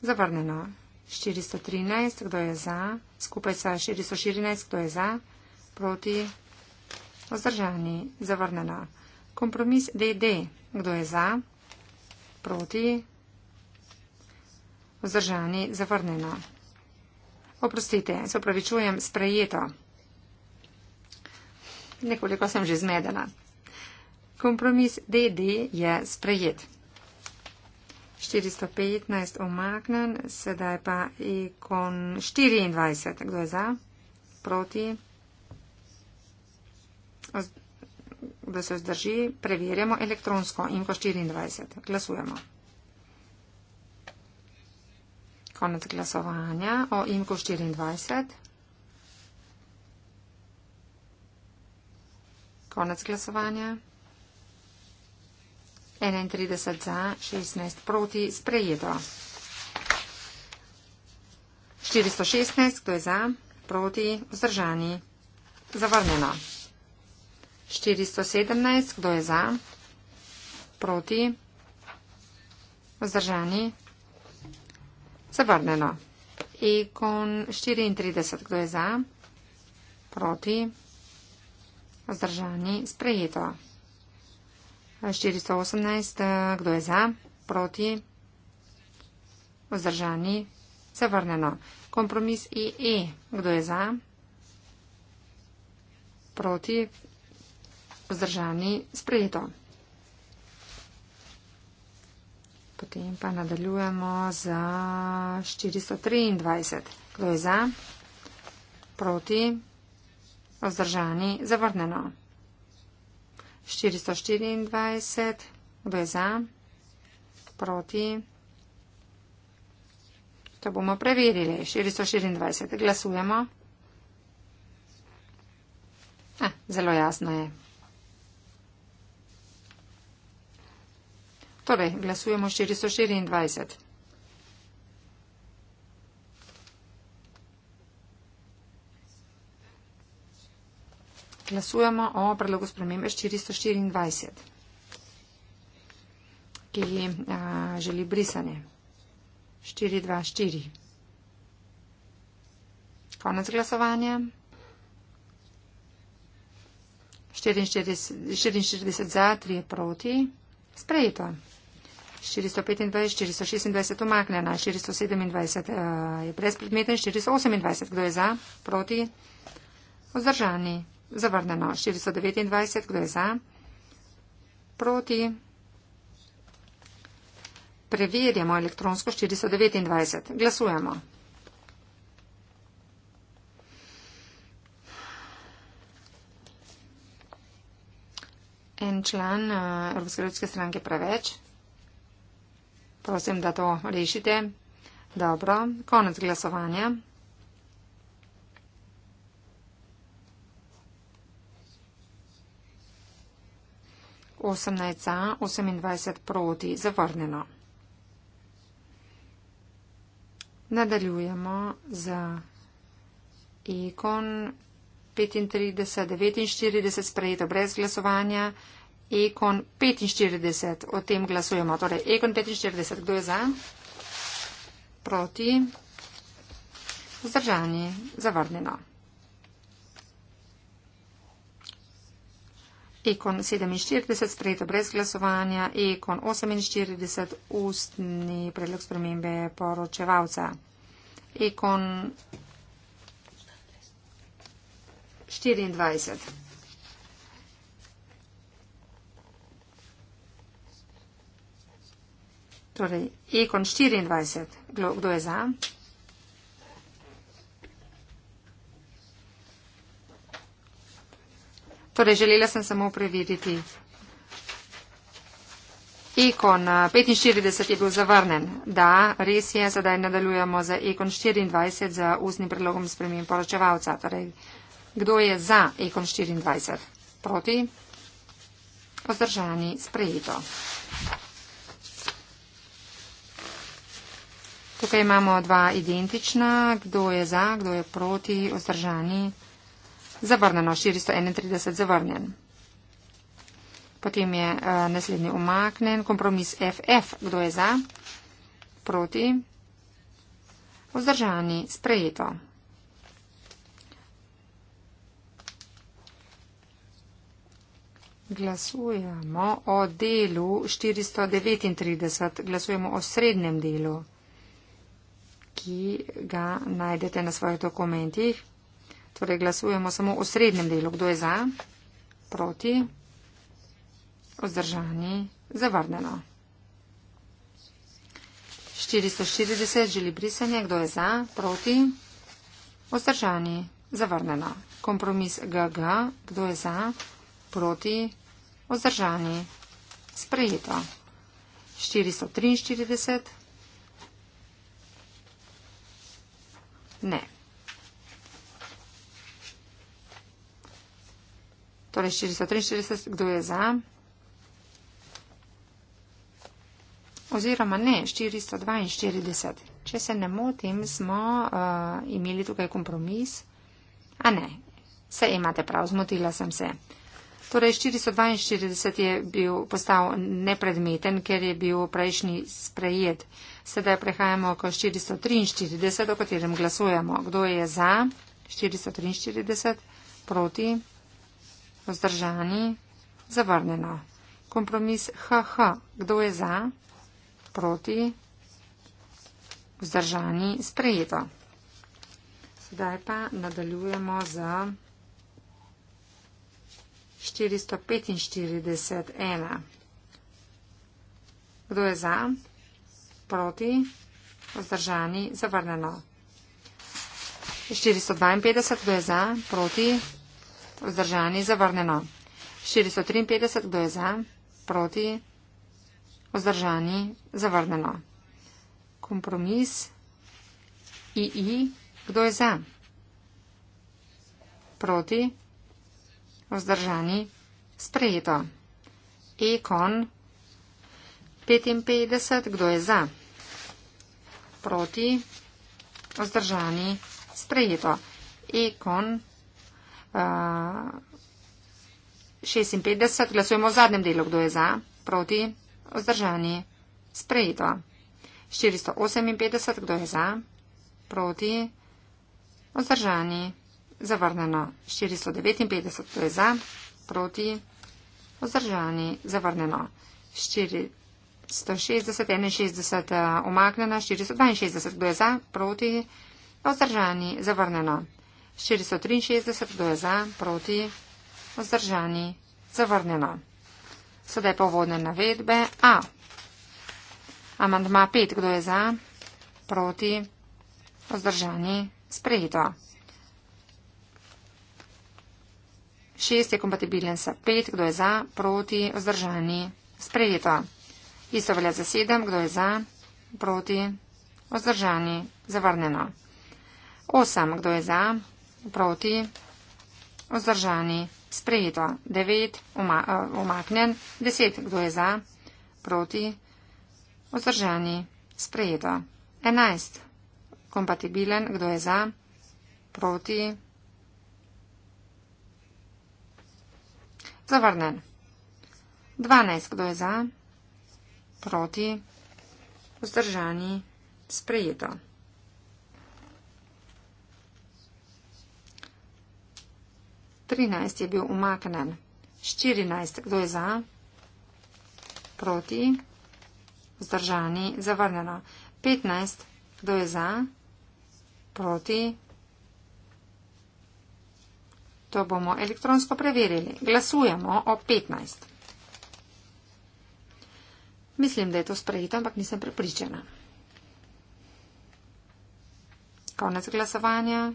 Zavrnjeno. 413, kdo je za? Skupaj sa 414, kdo je za? Proti. Ozdržani. Zavrnjeno. Kompromis DD, kdo je za? Proti. Ozdržani. Zavrnjeno. Oprostite, se opravičujem, sprejeto. Nekoliko sem že zmedena. Kompromis DD je sprejet. 415 omaknen, sedaj pa ikon 24. Kdo je za? Proti? Kdo se vzdrži? Preverjamo elektronsko in ko 24. Glasujemo. Konec glasovanja o imku 24. Konec glasovanja. 31 za, 16 proti, sprejeto. 416, kdo je za, proti, vzdržani, zavrnjeno. 417, kdo je za, proti, vzdržani, zavrnjeno. Ikon 34, kdo je za, proti, vzdržani, sprejeto. 418. Eh, kdo je za? Proti? Vzdržani? Zavrneno. Kompromis IE. Kdo je za? Proti? Vzdržani? Sprejeto. Potem pa nadaljujemo za 423. Kdo je za? Proti? Vzdržani? Zavrneno. 424, kdo je za, proti. To bomo preverili. 424, glasujemo. Ah, zelo jasno je. Torej, glasujemo 424. glasujemo o predlogu spremembe 424, ki a, eh, želi brisanje 424. Konec glasovanja. 44 za, 3 proti. Sprejeto. 425, 426 umaknjena, 427 uh, eh, je brezpredmeten, 428 kdo je za, proti, vzdržani. Zavrneno 429, kdo je za? Proti. Preverjamo elektronsko 429. Glasujemo. En član eh, Evropske ljudske stranke preveč. Prosim, da to rešite. Dobro, konec glasovanja. 18 za, 28 proti, zavrnjeno. Nadaljujemo z ikon 35, 49 sprejeto brez glasovanja. Ekon 45, o tem glasujemo. Torej, Ekon 45, kdo je za? Proti? Zdržanje, zavrnjeno. Ekon 47 sprejeto brez glasovanja, Ekon 48 ustni predlog spremembe poročevalca. Ekon 24. Torej, Ekon 24. Kdo je za? Torej, želela sem samo preveriti. Ekon 45 eh, je bil zavrnen. Da, res je, sedaj nadaljujemo za Ekon 24 za ustnim predlogom spremem poročevalca. Torej, kdo je za Ekon 24? Proti? Ozdržani sprejeto. Tukaj imamo dva identična. Kdo je za, kdo je proti? Ozdržani sprejeto zavrnjeno, 431 zavrnjen. Potem je uh, naslednji umaknen, kompromis FF, kdo je za, proti, vzdržani, sprejeto. Glasujemo o delu 439, glasujemo o srednjem delu, ki ga najdete na svojih dokumentih. Torej glasujemo samo o srednjem delu. Kdo je za? Proti? Ozdržani? Zavrneno. 440 želi brisanje. Kdo je za? Proti? Ozdržani? Zavrneno. Kompromis GG. Kdo je za? Proti? Ozdržani? Sprejeto. 443. Ne. Torej 443, kdo je za? Oziroma ne, 442. Če se ne motim, smo uh, imeli tukaj kompromis. A ne, se imate prav, zmotila sem se. Torej 442 je bil postal nepredmeten, ker je bil prejšnji sprejet. Sedaj prehajamo k 443, o katerem glasujemo. Kdo je za 443? Proti? Vzdržani? Zavrnjeno. Kompromis HH. Kdo je za? Proti? Vzdržani? Sprejeto. Sedaj pa nadaljujemo z 445.1. Kdo je za? Proti? Vzdržani? Zavrnjeno. 452. Kdo je za? Proti? Vzdržani zavrnjeno. 453, kdo je za? Proti. Vzdržani zavrnjeno. Kompromis. II, kdo je za? Proti. Vzdržani sprejeto. Ekon. 55, kdo je za? Proti. Vzdržani sprejeto. Ekon. 55. 56. Glasujemo v zadnjem delu, kdo je za, proti, vzdržani, sprejeto. 458. Kdo je za, proti, vzdržani, zavrnjeno. 459. Kdo je za, proti, vzdržani, zavrnjeno. 160, 61, umaknjeno. 462. Kdo je za, proti, vzdržani, zavrnjeno. 463, kdo je za, proti, vzdržani, zavrnjeno. Sedaj pa vodne navedbe. A. Amandma 5, kdo je za, proti, vzdržani, sprejeto. 6 je kompatibilen sa 5, kdo je za, proti, vzdržani, sprejeto. Isto velja za 7, kdo je za, proti, vzdržani, zavrnjeno. 8, kdo je za, proti, vzdržani, sprejeto, 9, omaknjen, uma, 10, eh, kdo je za, proti, vzdržani, sprejeto, 11, kompatibilen, kdo je za, proti, zavrnen, 12, kdo je za, proti, vzdržani, sprejeto. 13 je bil umaknen. 14, kdo je za? Proti? Zdržani? Zavrnjeno. 15, kdo je za? Proti? To bomo elektronsko preverili. Glasujemo o 15. Mislim, da je to sprejeto, ampak nisem prepričana. Konec glasovanja.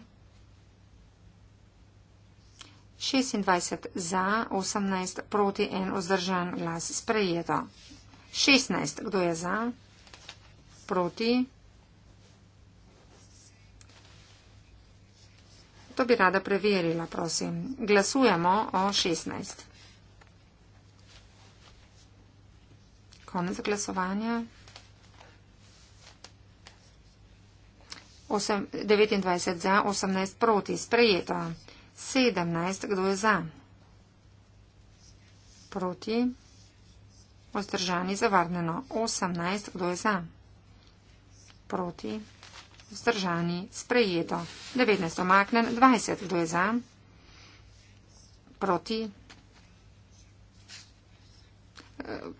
26 za, 18 proti, 1 vzdržan glas sprejeto. 16, kdo je za, proti. To bi rada preverila, prosim. Glasujemo o 16. Konec glasovanja. 8, 29 za, 18 proti. Sprejeto. 17, kdo je za? Proti. Vzdržani, zavarneno. 18, kdo je za? Proti. Vzdržani, sprejeto. 19, omaknen. 20, kdo je za? Proti.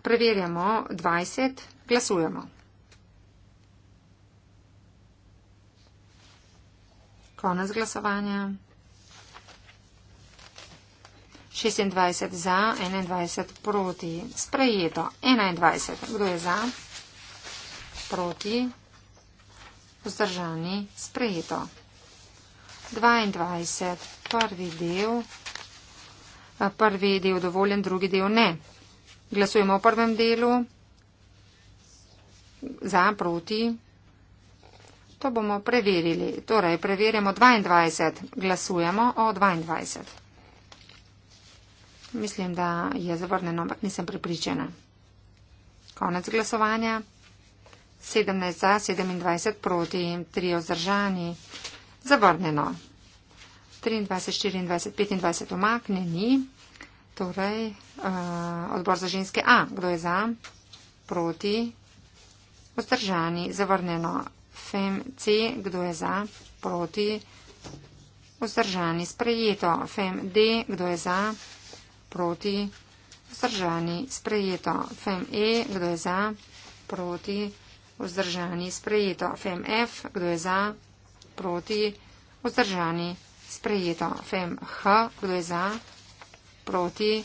Preverjamo 20, glasujemo. Konec glasovanja. 26 za, 21 proti. Sprejeto. 21. Kdo je za? Proti. Vzdržani. Sprejeto. 22. Prvi del. Prvi del dovoljen, drugi del ne. Glasujemo o prvem delu. Za, proti. To bomo preverili. Torej, preverjamo 22. Glasujemo o 22. Mislim, da je zavrnjeno, ampak nisem pripričana. Konec glasovanja. 17 za, 27 proti, 3 ozdržani. Zavrnjeno. 23, 24, 25 omaknjeni. Torej, uh, odbor za ženske A. Kdo je za? Proti. Ozdržani. Zavrnjeno. FEM C. Kdo je za? Proti. Vzdržani sprejeto. FMD, kdo je za? proti, vzdržani, sprejeto. Fem E, kdo je za, proti, vzdržani, sprejeto. Fem F, kdo je za, proti, vzdržani, sprejeto. Fem H, kdo je za, proti,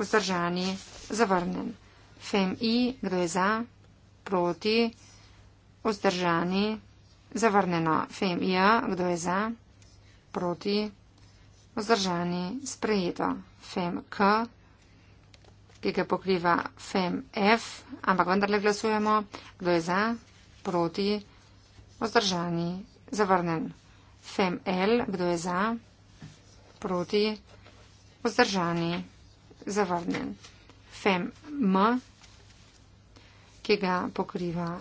vzdržani, zavrnen. Fem I, kdo je za, proti, vzdržani, zavrnjeno. Fem J, kdo je za, proti, vzdržani vzdržani sprejeto FEMK, ki ga pokriva FEMF, ampak vendarle glasujemo, kdo je za, proti, vzdržani, zavrnen. FEML, kdo je za, proti, vzdržani, zavrnen. FEMM, ki ga pokriva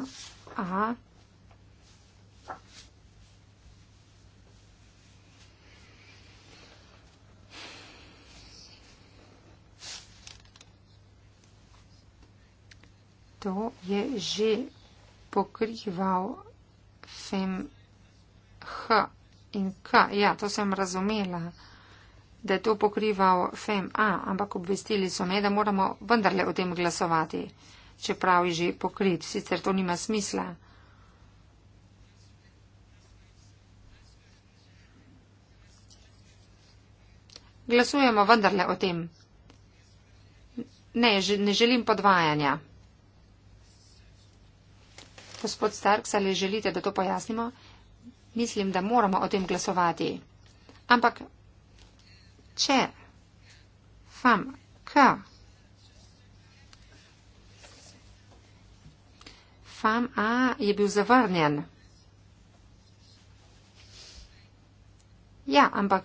A, to je že pokrival fem h in k. Ja, to sem razumela, da je to pokrival fem a, ampak obvestili so me, da moramo vendarle o tem glasovati, čeprav je že pokrit, sicer to nima smisla. Glasujemo vendarle o tem. Ne, ne želim podvajanja. Gospod Starks, ali želite, da to pojasnimo? Mislim, da moramo o tem glasovati. Ampak, če vam k. Fam A je bil zavrnjen. Ja, ampak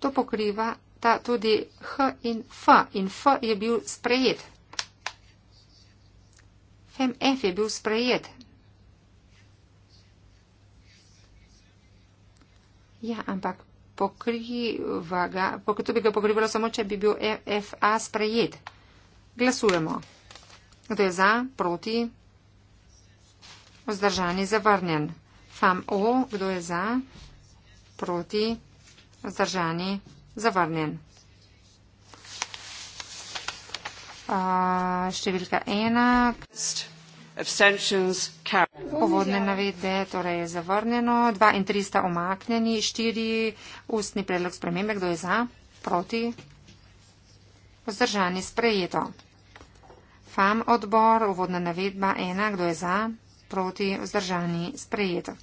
to pokriva ta tudi H in F in F je bil sprejet. Fem F je bil sprejet, Ja, ampak pokriva ga, to bi ga pokrivalo samo, če bi bil FA sprejet. Glasujemo. Kdo je za, proti, vzdržani, zavrnjen. FAMO, kdo je za, proti, vzdržani, zavrnjen. Uh, številka ena. Povodne navede torej je zavrnjeno, 2 in 300 omaknjeni, 4 ustni predlog spremembe, kdo je za, proti, vzdržani sprejeto. FAM odbor, uvodna navedba 1, kdo je za, proti, vzdržani sprejeto.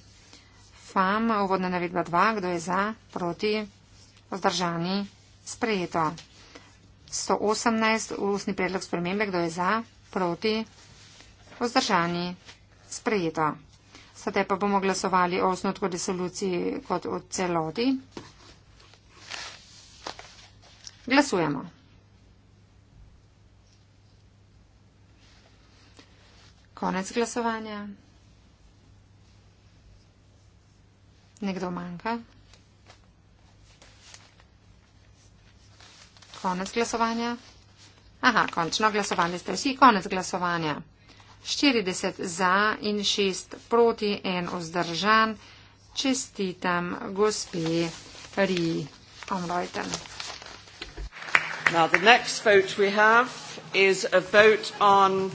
FAM, uvodna navedba 2, kdo je za, proti, vzdržani sprejeto. 118 ustni predlog spremembe, kdo je za, proti, vzdržani sprejeto. Vzdržani. Sprejeto. Sedaj pa bomo glasovali o osnutku resoluciji kot o celoti. Glasujemo. Konec glasovanja. Nekdo manjka. Konec glasovanja. Aha, končno glasovali ste vsi. Konec glasovanja. 40 za in 6 proti, en vzdržan. Čestitam gospe Ri Pomrojten. Now the next vote we have is a vote on uh,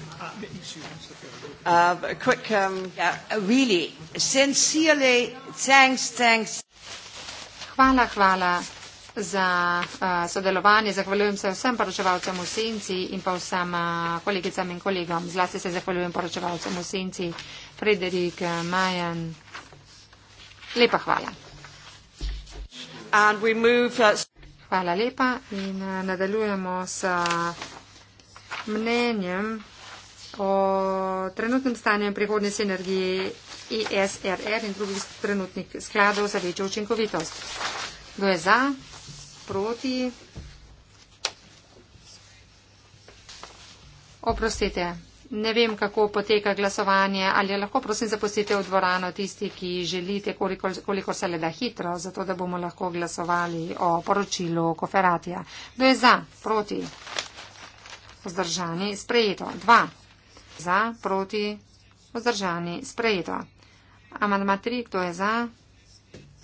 a quick um, yeah, uh, really sincerely thanks thanks Hvala hvala za uh, sodelovanje. Zahvaljujem se vsem poročevalcem v Senci in pa vsem uh, kolegicam in kolegom. Zlasti se zahvaljujem poročevalcem v Senci, Frederik, Majan. Lepa hvala. Uh, hvala lepa in nadaljujemo s mnenjem o trenutnem stanju prihodne sinergije ISRR in drugih trenutnih skladov za večjo učinkovitost. Kdo je za? proti. Oprostite, ne vem, kako poteka glasovanje, ali lahko prosim zapustite v dvorano tisti, ki želite, koliko, koliko se le da hitro, zato da bomo lahko glasovali o poročilu koferatija. Kdo je za, proti, vzdržani, sprejeto. Dva, za, proti, vzdržani, sprejeto. Amandma tri, kdo je za,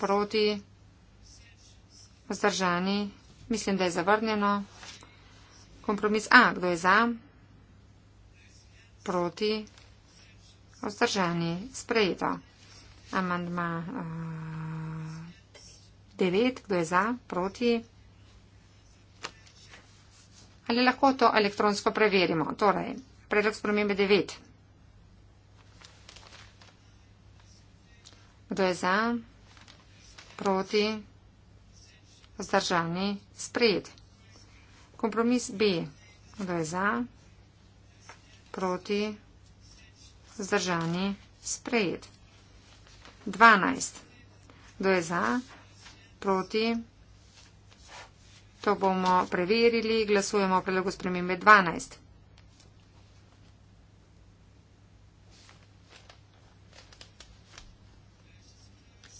proti, vzdržani. Vzdržani. Mislim, da je zavrnjeno. Kompromis. A, kdo je za? Proti. Vzdržani. Sprejeto. Amandma uh, eh, 9. Kdo je za? Proti. Ali lahko to elektronsko preverimo? Torej, predlog spremembe 9. Kdo je za? Proti. Zdržani sprejet. Kompromis B. Kdo je za? Proti. Zdržani sprejet. 12. Kdo je za? Proti. To bomo preverili. Glasujemo o predlogu spremembe 12.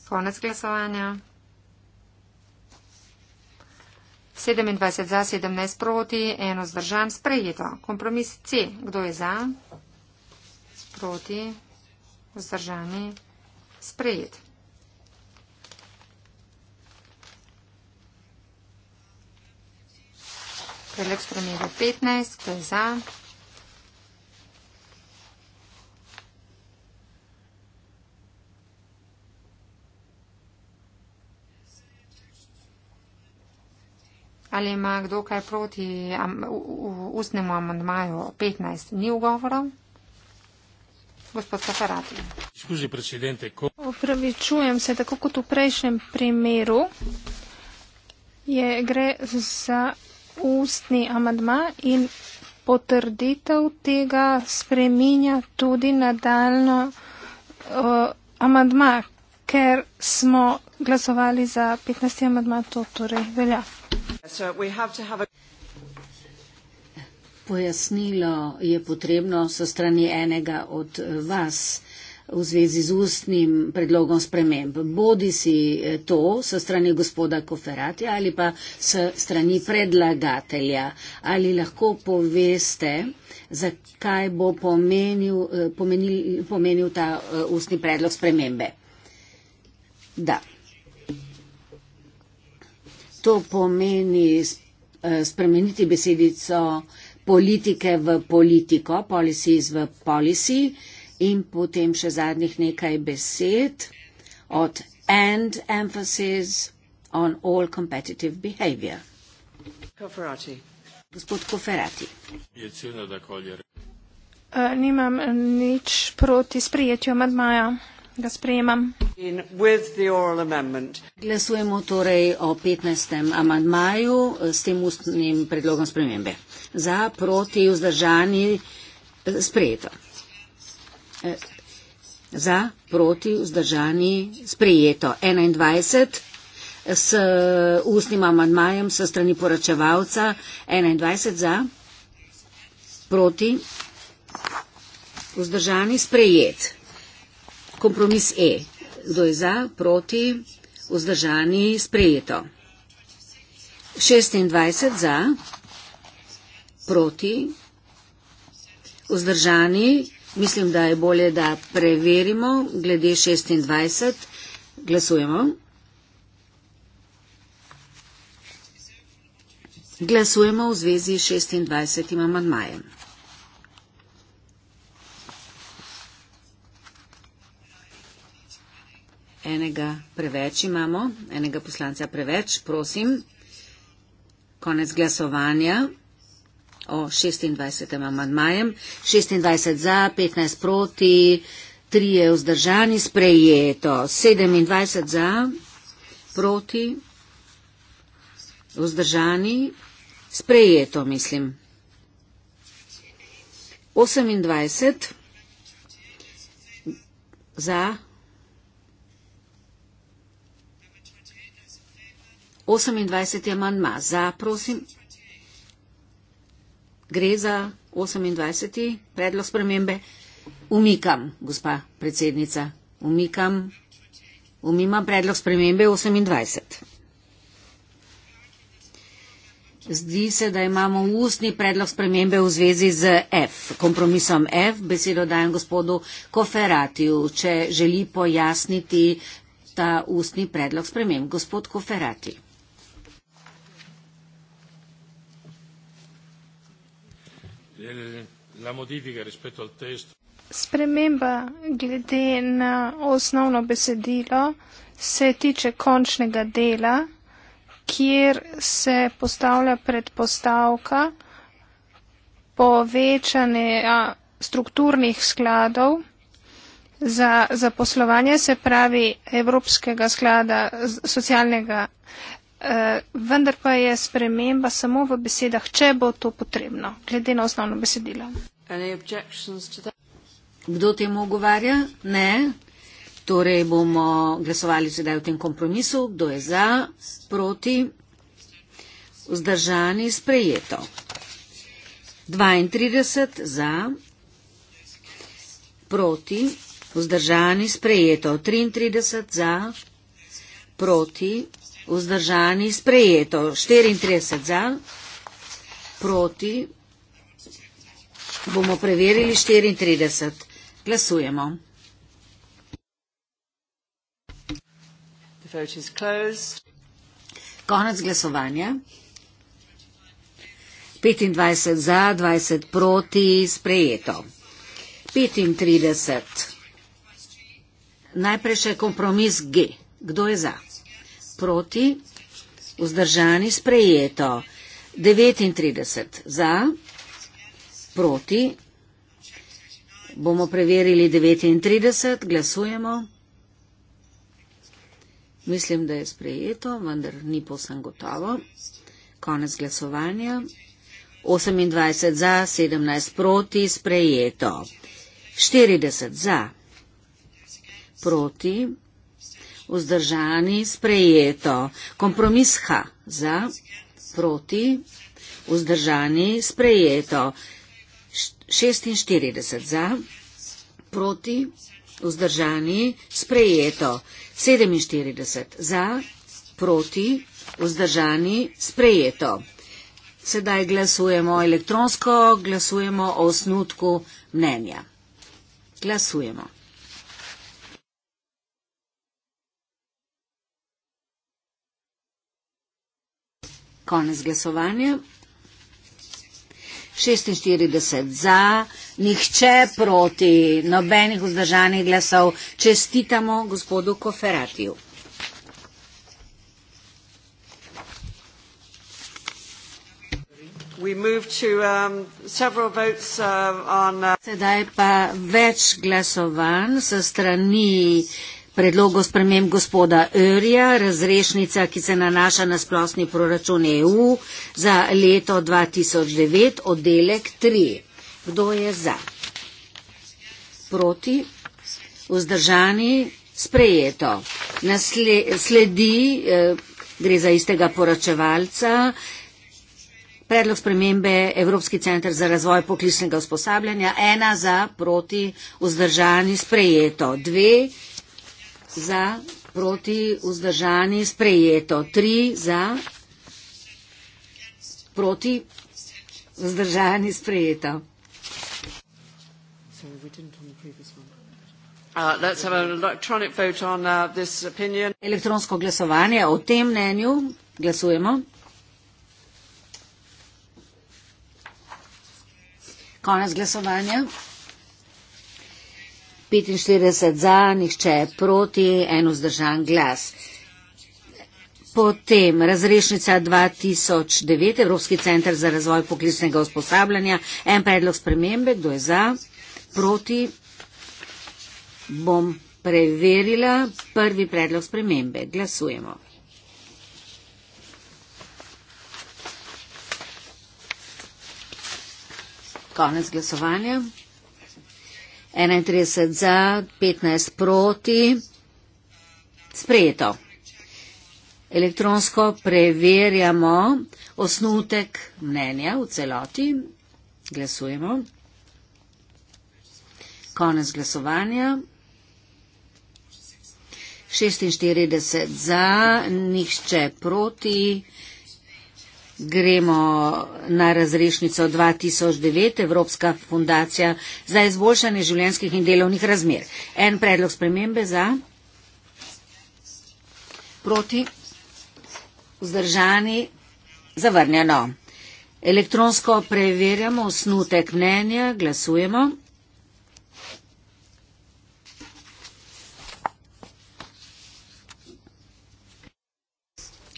Konec glasovanja. 27 za, 17 proti, eno zdržan, sprejeto. Kompromis C. Kdo je za? Proti, zdržani, sprejet. Predlog spremembe 15. Kdo je za? ali ima kdo kaj proti am, u, u, ustnemu amandmaju 15, ni ugovorov. Gospod Saferati. Skuzi, predsedente, ko... Upravičujem se, tako kot v prejšnjem primeru, je, gre za ustni amadma in potrditev tega spreminja tudi nadaljno uh, eh, amadma, ker smo glasovali za 15. amadma, to torej velja. Pojasnilo je potrebno so strani enega od vas v zvezi z ustnim predlogom sprememb. Bodi si eh, to so strani gospoda Koferatja ali pa so strani predlagatelja. Ali lahko poveste, zakaj bo pomenil, eh, pomenil, pomenil ta eh, ustni predlog spremembe? Da to pomeni eh, spremeniti besedico politike v politiko, policies v policy in potem še zadnjih nekaj besed od and emphasis on all competitive behavior. Koferati. Gospod Koferati. Je cena, da kolje. Uh, nimam nič proti sprijetju madmaja. Ga sprejemam. Glasujemo torej o 15. amandmaju s tem ustnim predlogom spremembe. Za, proti, vzdržani, sprejeto. E, za, proti, vzdržani, sprejeto. 21 s ustnim amandmajem s strani poračevalca. 21 za, proti, vzdržani, sprejeto kompromis E. Kdo je za, proti, vzdržani, sprejeto. 26 za, proti, vzdržani. Mislim, da je bolje, da preverimo glede 26. Glasujemo. Glasujemo v zvezi s 26. amandmajem. enega preveč imamo, enega poslanca preveč, prosim. Konec glasovanja o 26. amandmajem. 26 za, 15 proti, 3 je vzdržani, sprejeto. 27 za, proti, vzdržani, sprejeto, mislim. 28 za, 28. amandma. Za, prosim. Gre za 28. predlog spremembe. Umikam, gospa predsednica. Umikam. Umimam predlog spremembe 28. Zdi se, da imamo ustni predlog spremembe v zvezi z F. Kompromisom F besedo dajem gospodu Koferatiju, če želi pojasniti ta ustni predlog sprememb. Gospod Koferati. la modifica rispetto al testo. Sprememba glede na osnovno besedilo se tiče končnega dela, kjer se postavlja predpostavka povečanje strukturnih skladov za zaposlovanje, se pravi Evropskega sklada socialnega Eh, vendar pa je sprememba samo v besedah, če bo to potrebno, glede na osnovno besedilo. Kdo temu ogovarja? Ne. Torej bomo glasovali sedaj v tem kompromisu, kdo je za, proti, vzdržani, sprejeto. 32 za, proti, vzdržani, sprejeto. 33 za, proti, vzdržani, sprejeto 34 za, proti bomo preverili 34. Glasujemo. Konec glasovanja. 25 za, 20 proti, sprejeto. 35. Najprej še kompromis G. Kdo je za? proti, vzdržani sprejeto. 39 za, proti. Bomo preverili 39, glasujemo. Mislim, da je sprejeto, vendar ni posem gotovo. Konec glasovanja. 28 za, 17 proti, sprejeto. 40 za, proti vzdržani, sprejeto. Kompromis H za, proti, vzdržani, sprejeto. 46 za, proti, vzdržani, sprejeto. 47 za, proti, vzdržani, sprejeto. Sedaj glasujemo elektronsko, glasujemo o osnutku mnenja. Glasujemo. Konec glasovanja. 46 za, nihče proti, nobenih vzdržanih glasov. Čestitamo gospodu Koferatiju. Um, uh, uh, Sedaj pa več glasovanj se strani predlogu sprememb gospoda Örja, razrešnica, ki se nanaša na splošni proračun EU za leto 2009, oddelek 3. Kdo je za? Proti? Vzdržani? Sprejeto. Nasle, sledi, eh, gre za istega poročevalca, predlog spremembe Evropski centr za razvoj poklicnega usposabljanja, ena za, proti, vzdržani, sprejeto. Dve za, proti, vzdržani, sprejeto. Tri za, proti, vzdržani, sprejeto. Uh, uh, Elektronsko glasovanje o tem mnenju. Glasujemo. Konec glasovanja. 45 za, nihče proti, en vzdržan glas. Potem razrešnica 2009, Evropski centr za razvoj poklicnega usposabljanja, en predlog spremembe, kdo je za, proti, bom preverila prvi predlog spremembe. Glasujemo. Konec glasovanja. 31 za, 15 proti. Sprejeto. Elektronsko preverjamo osnutek mnenja v celoti. Glasujemo. Konec glasovanja. 46 za, nihče proti. Gremo na razrešnico 2009 Evropska fundacija za izboljšanje življenjskih in delovnih razmer. En predlog spremembe za? Proti? Vzdržani? Zavrnjeno. Elektronsko preverjamo osnutek mnenja, glasujemo.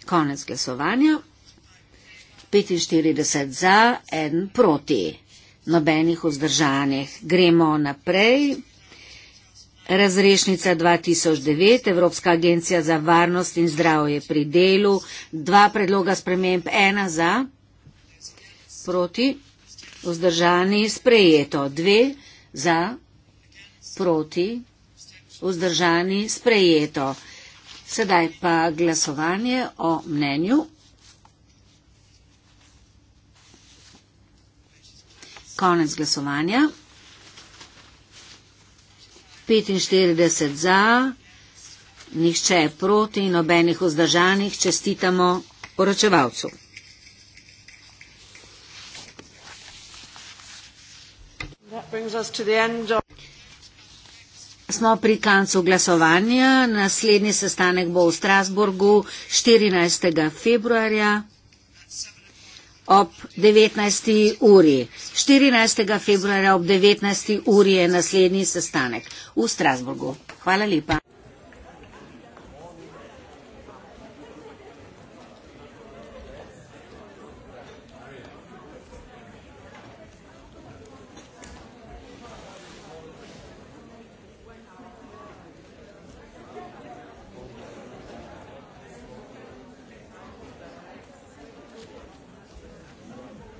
Konec glasovanja. 45 za, en proti. Nobenih vzdržanih. Gremo naprej. Razrešnica 2009, Evropska agencija za varnost in zdravje pri delu. Dva predloga sprememb, ena za, proti, vzdržani, sprejeto. Dve za, proti, vzdržani, sprejeto. Sedaj pa glasovanje o mnenju. Konec glasovanja. 45 za, nihče je proti in obenih vzdržanih čestitamo poročevalcu. Smo pri koncu glasovanja. Naslednji sestanek bo v Strasburgu 14. februarja ob 19. uri. 14. februarja ob 19. uri je naslednji sestanek v Strasburgu. Hvala lepa.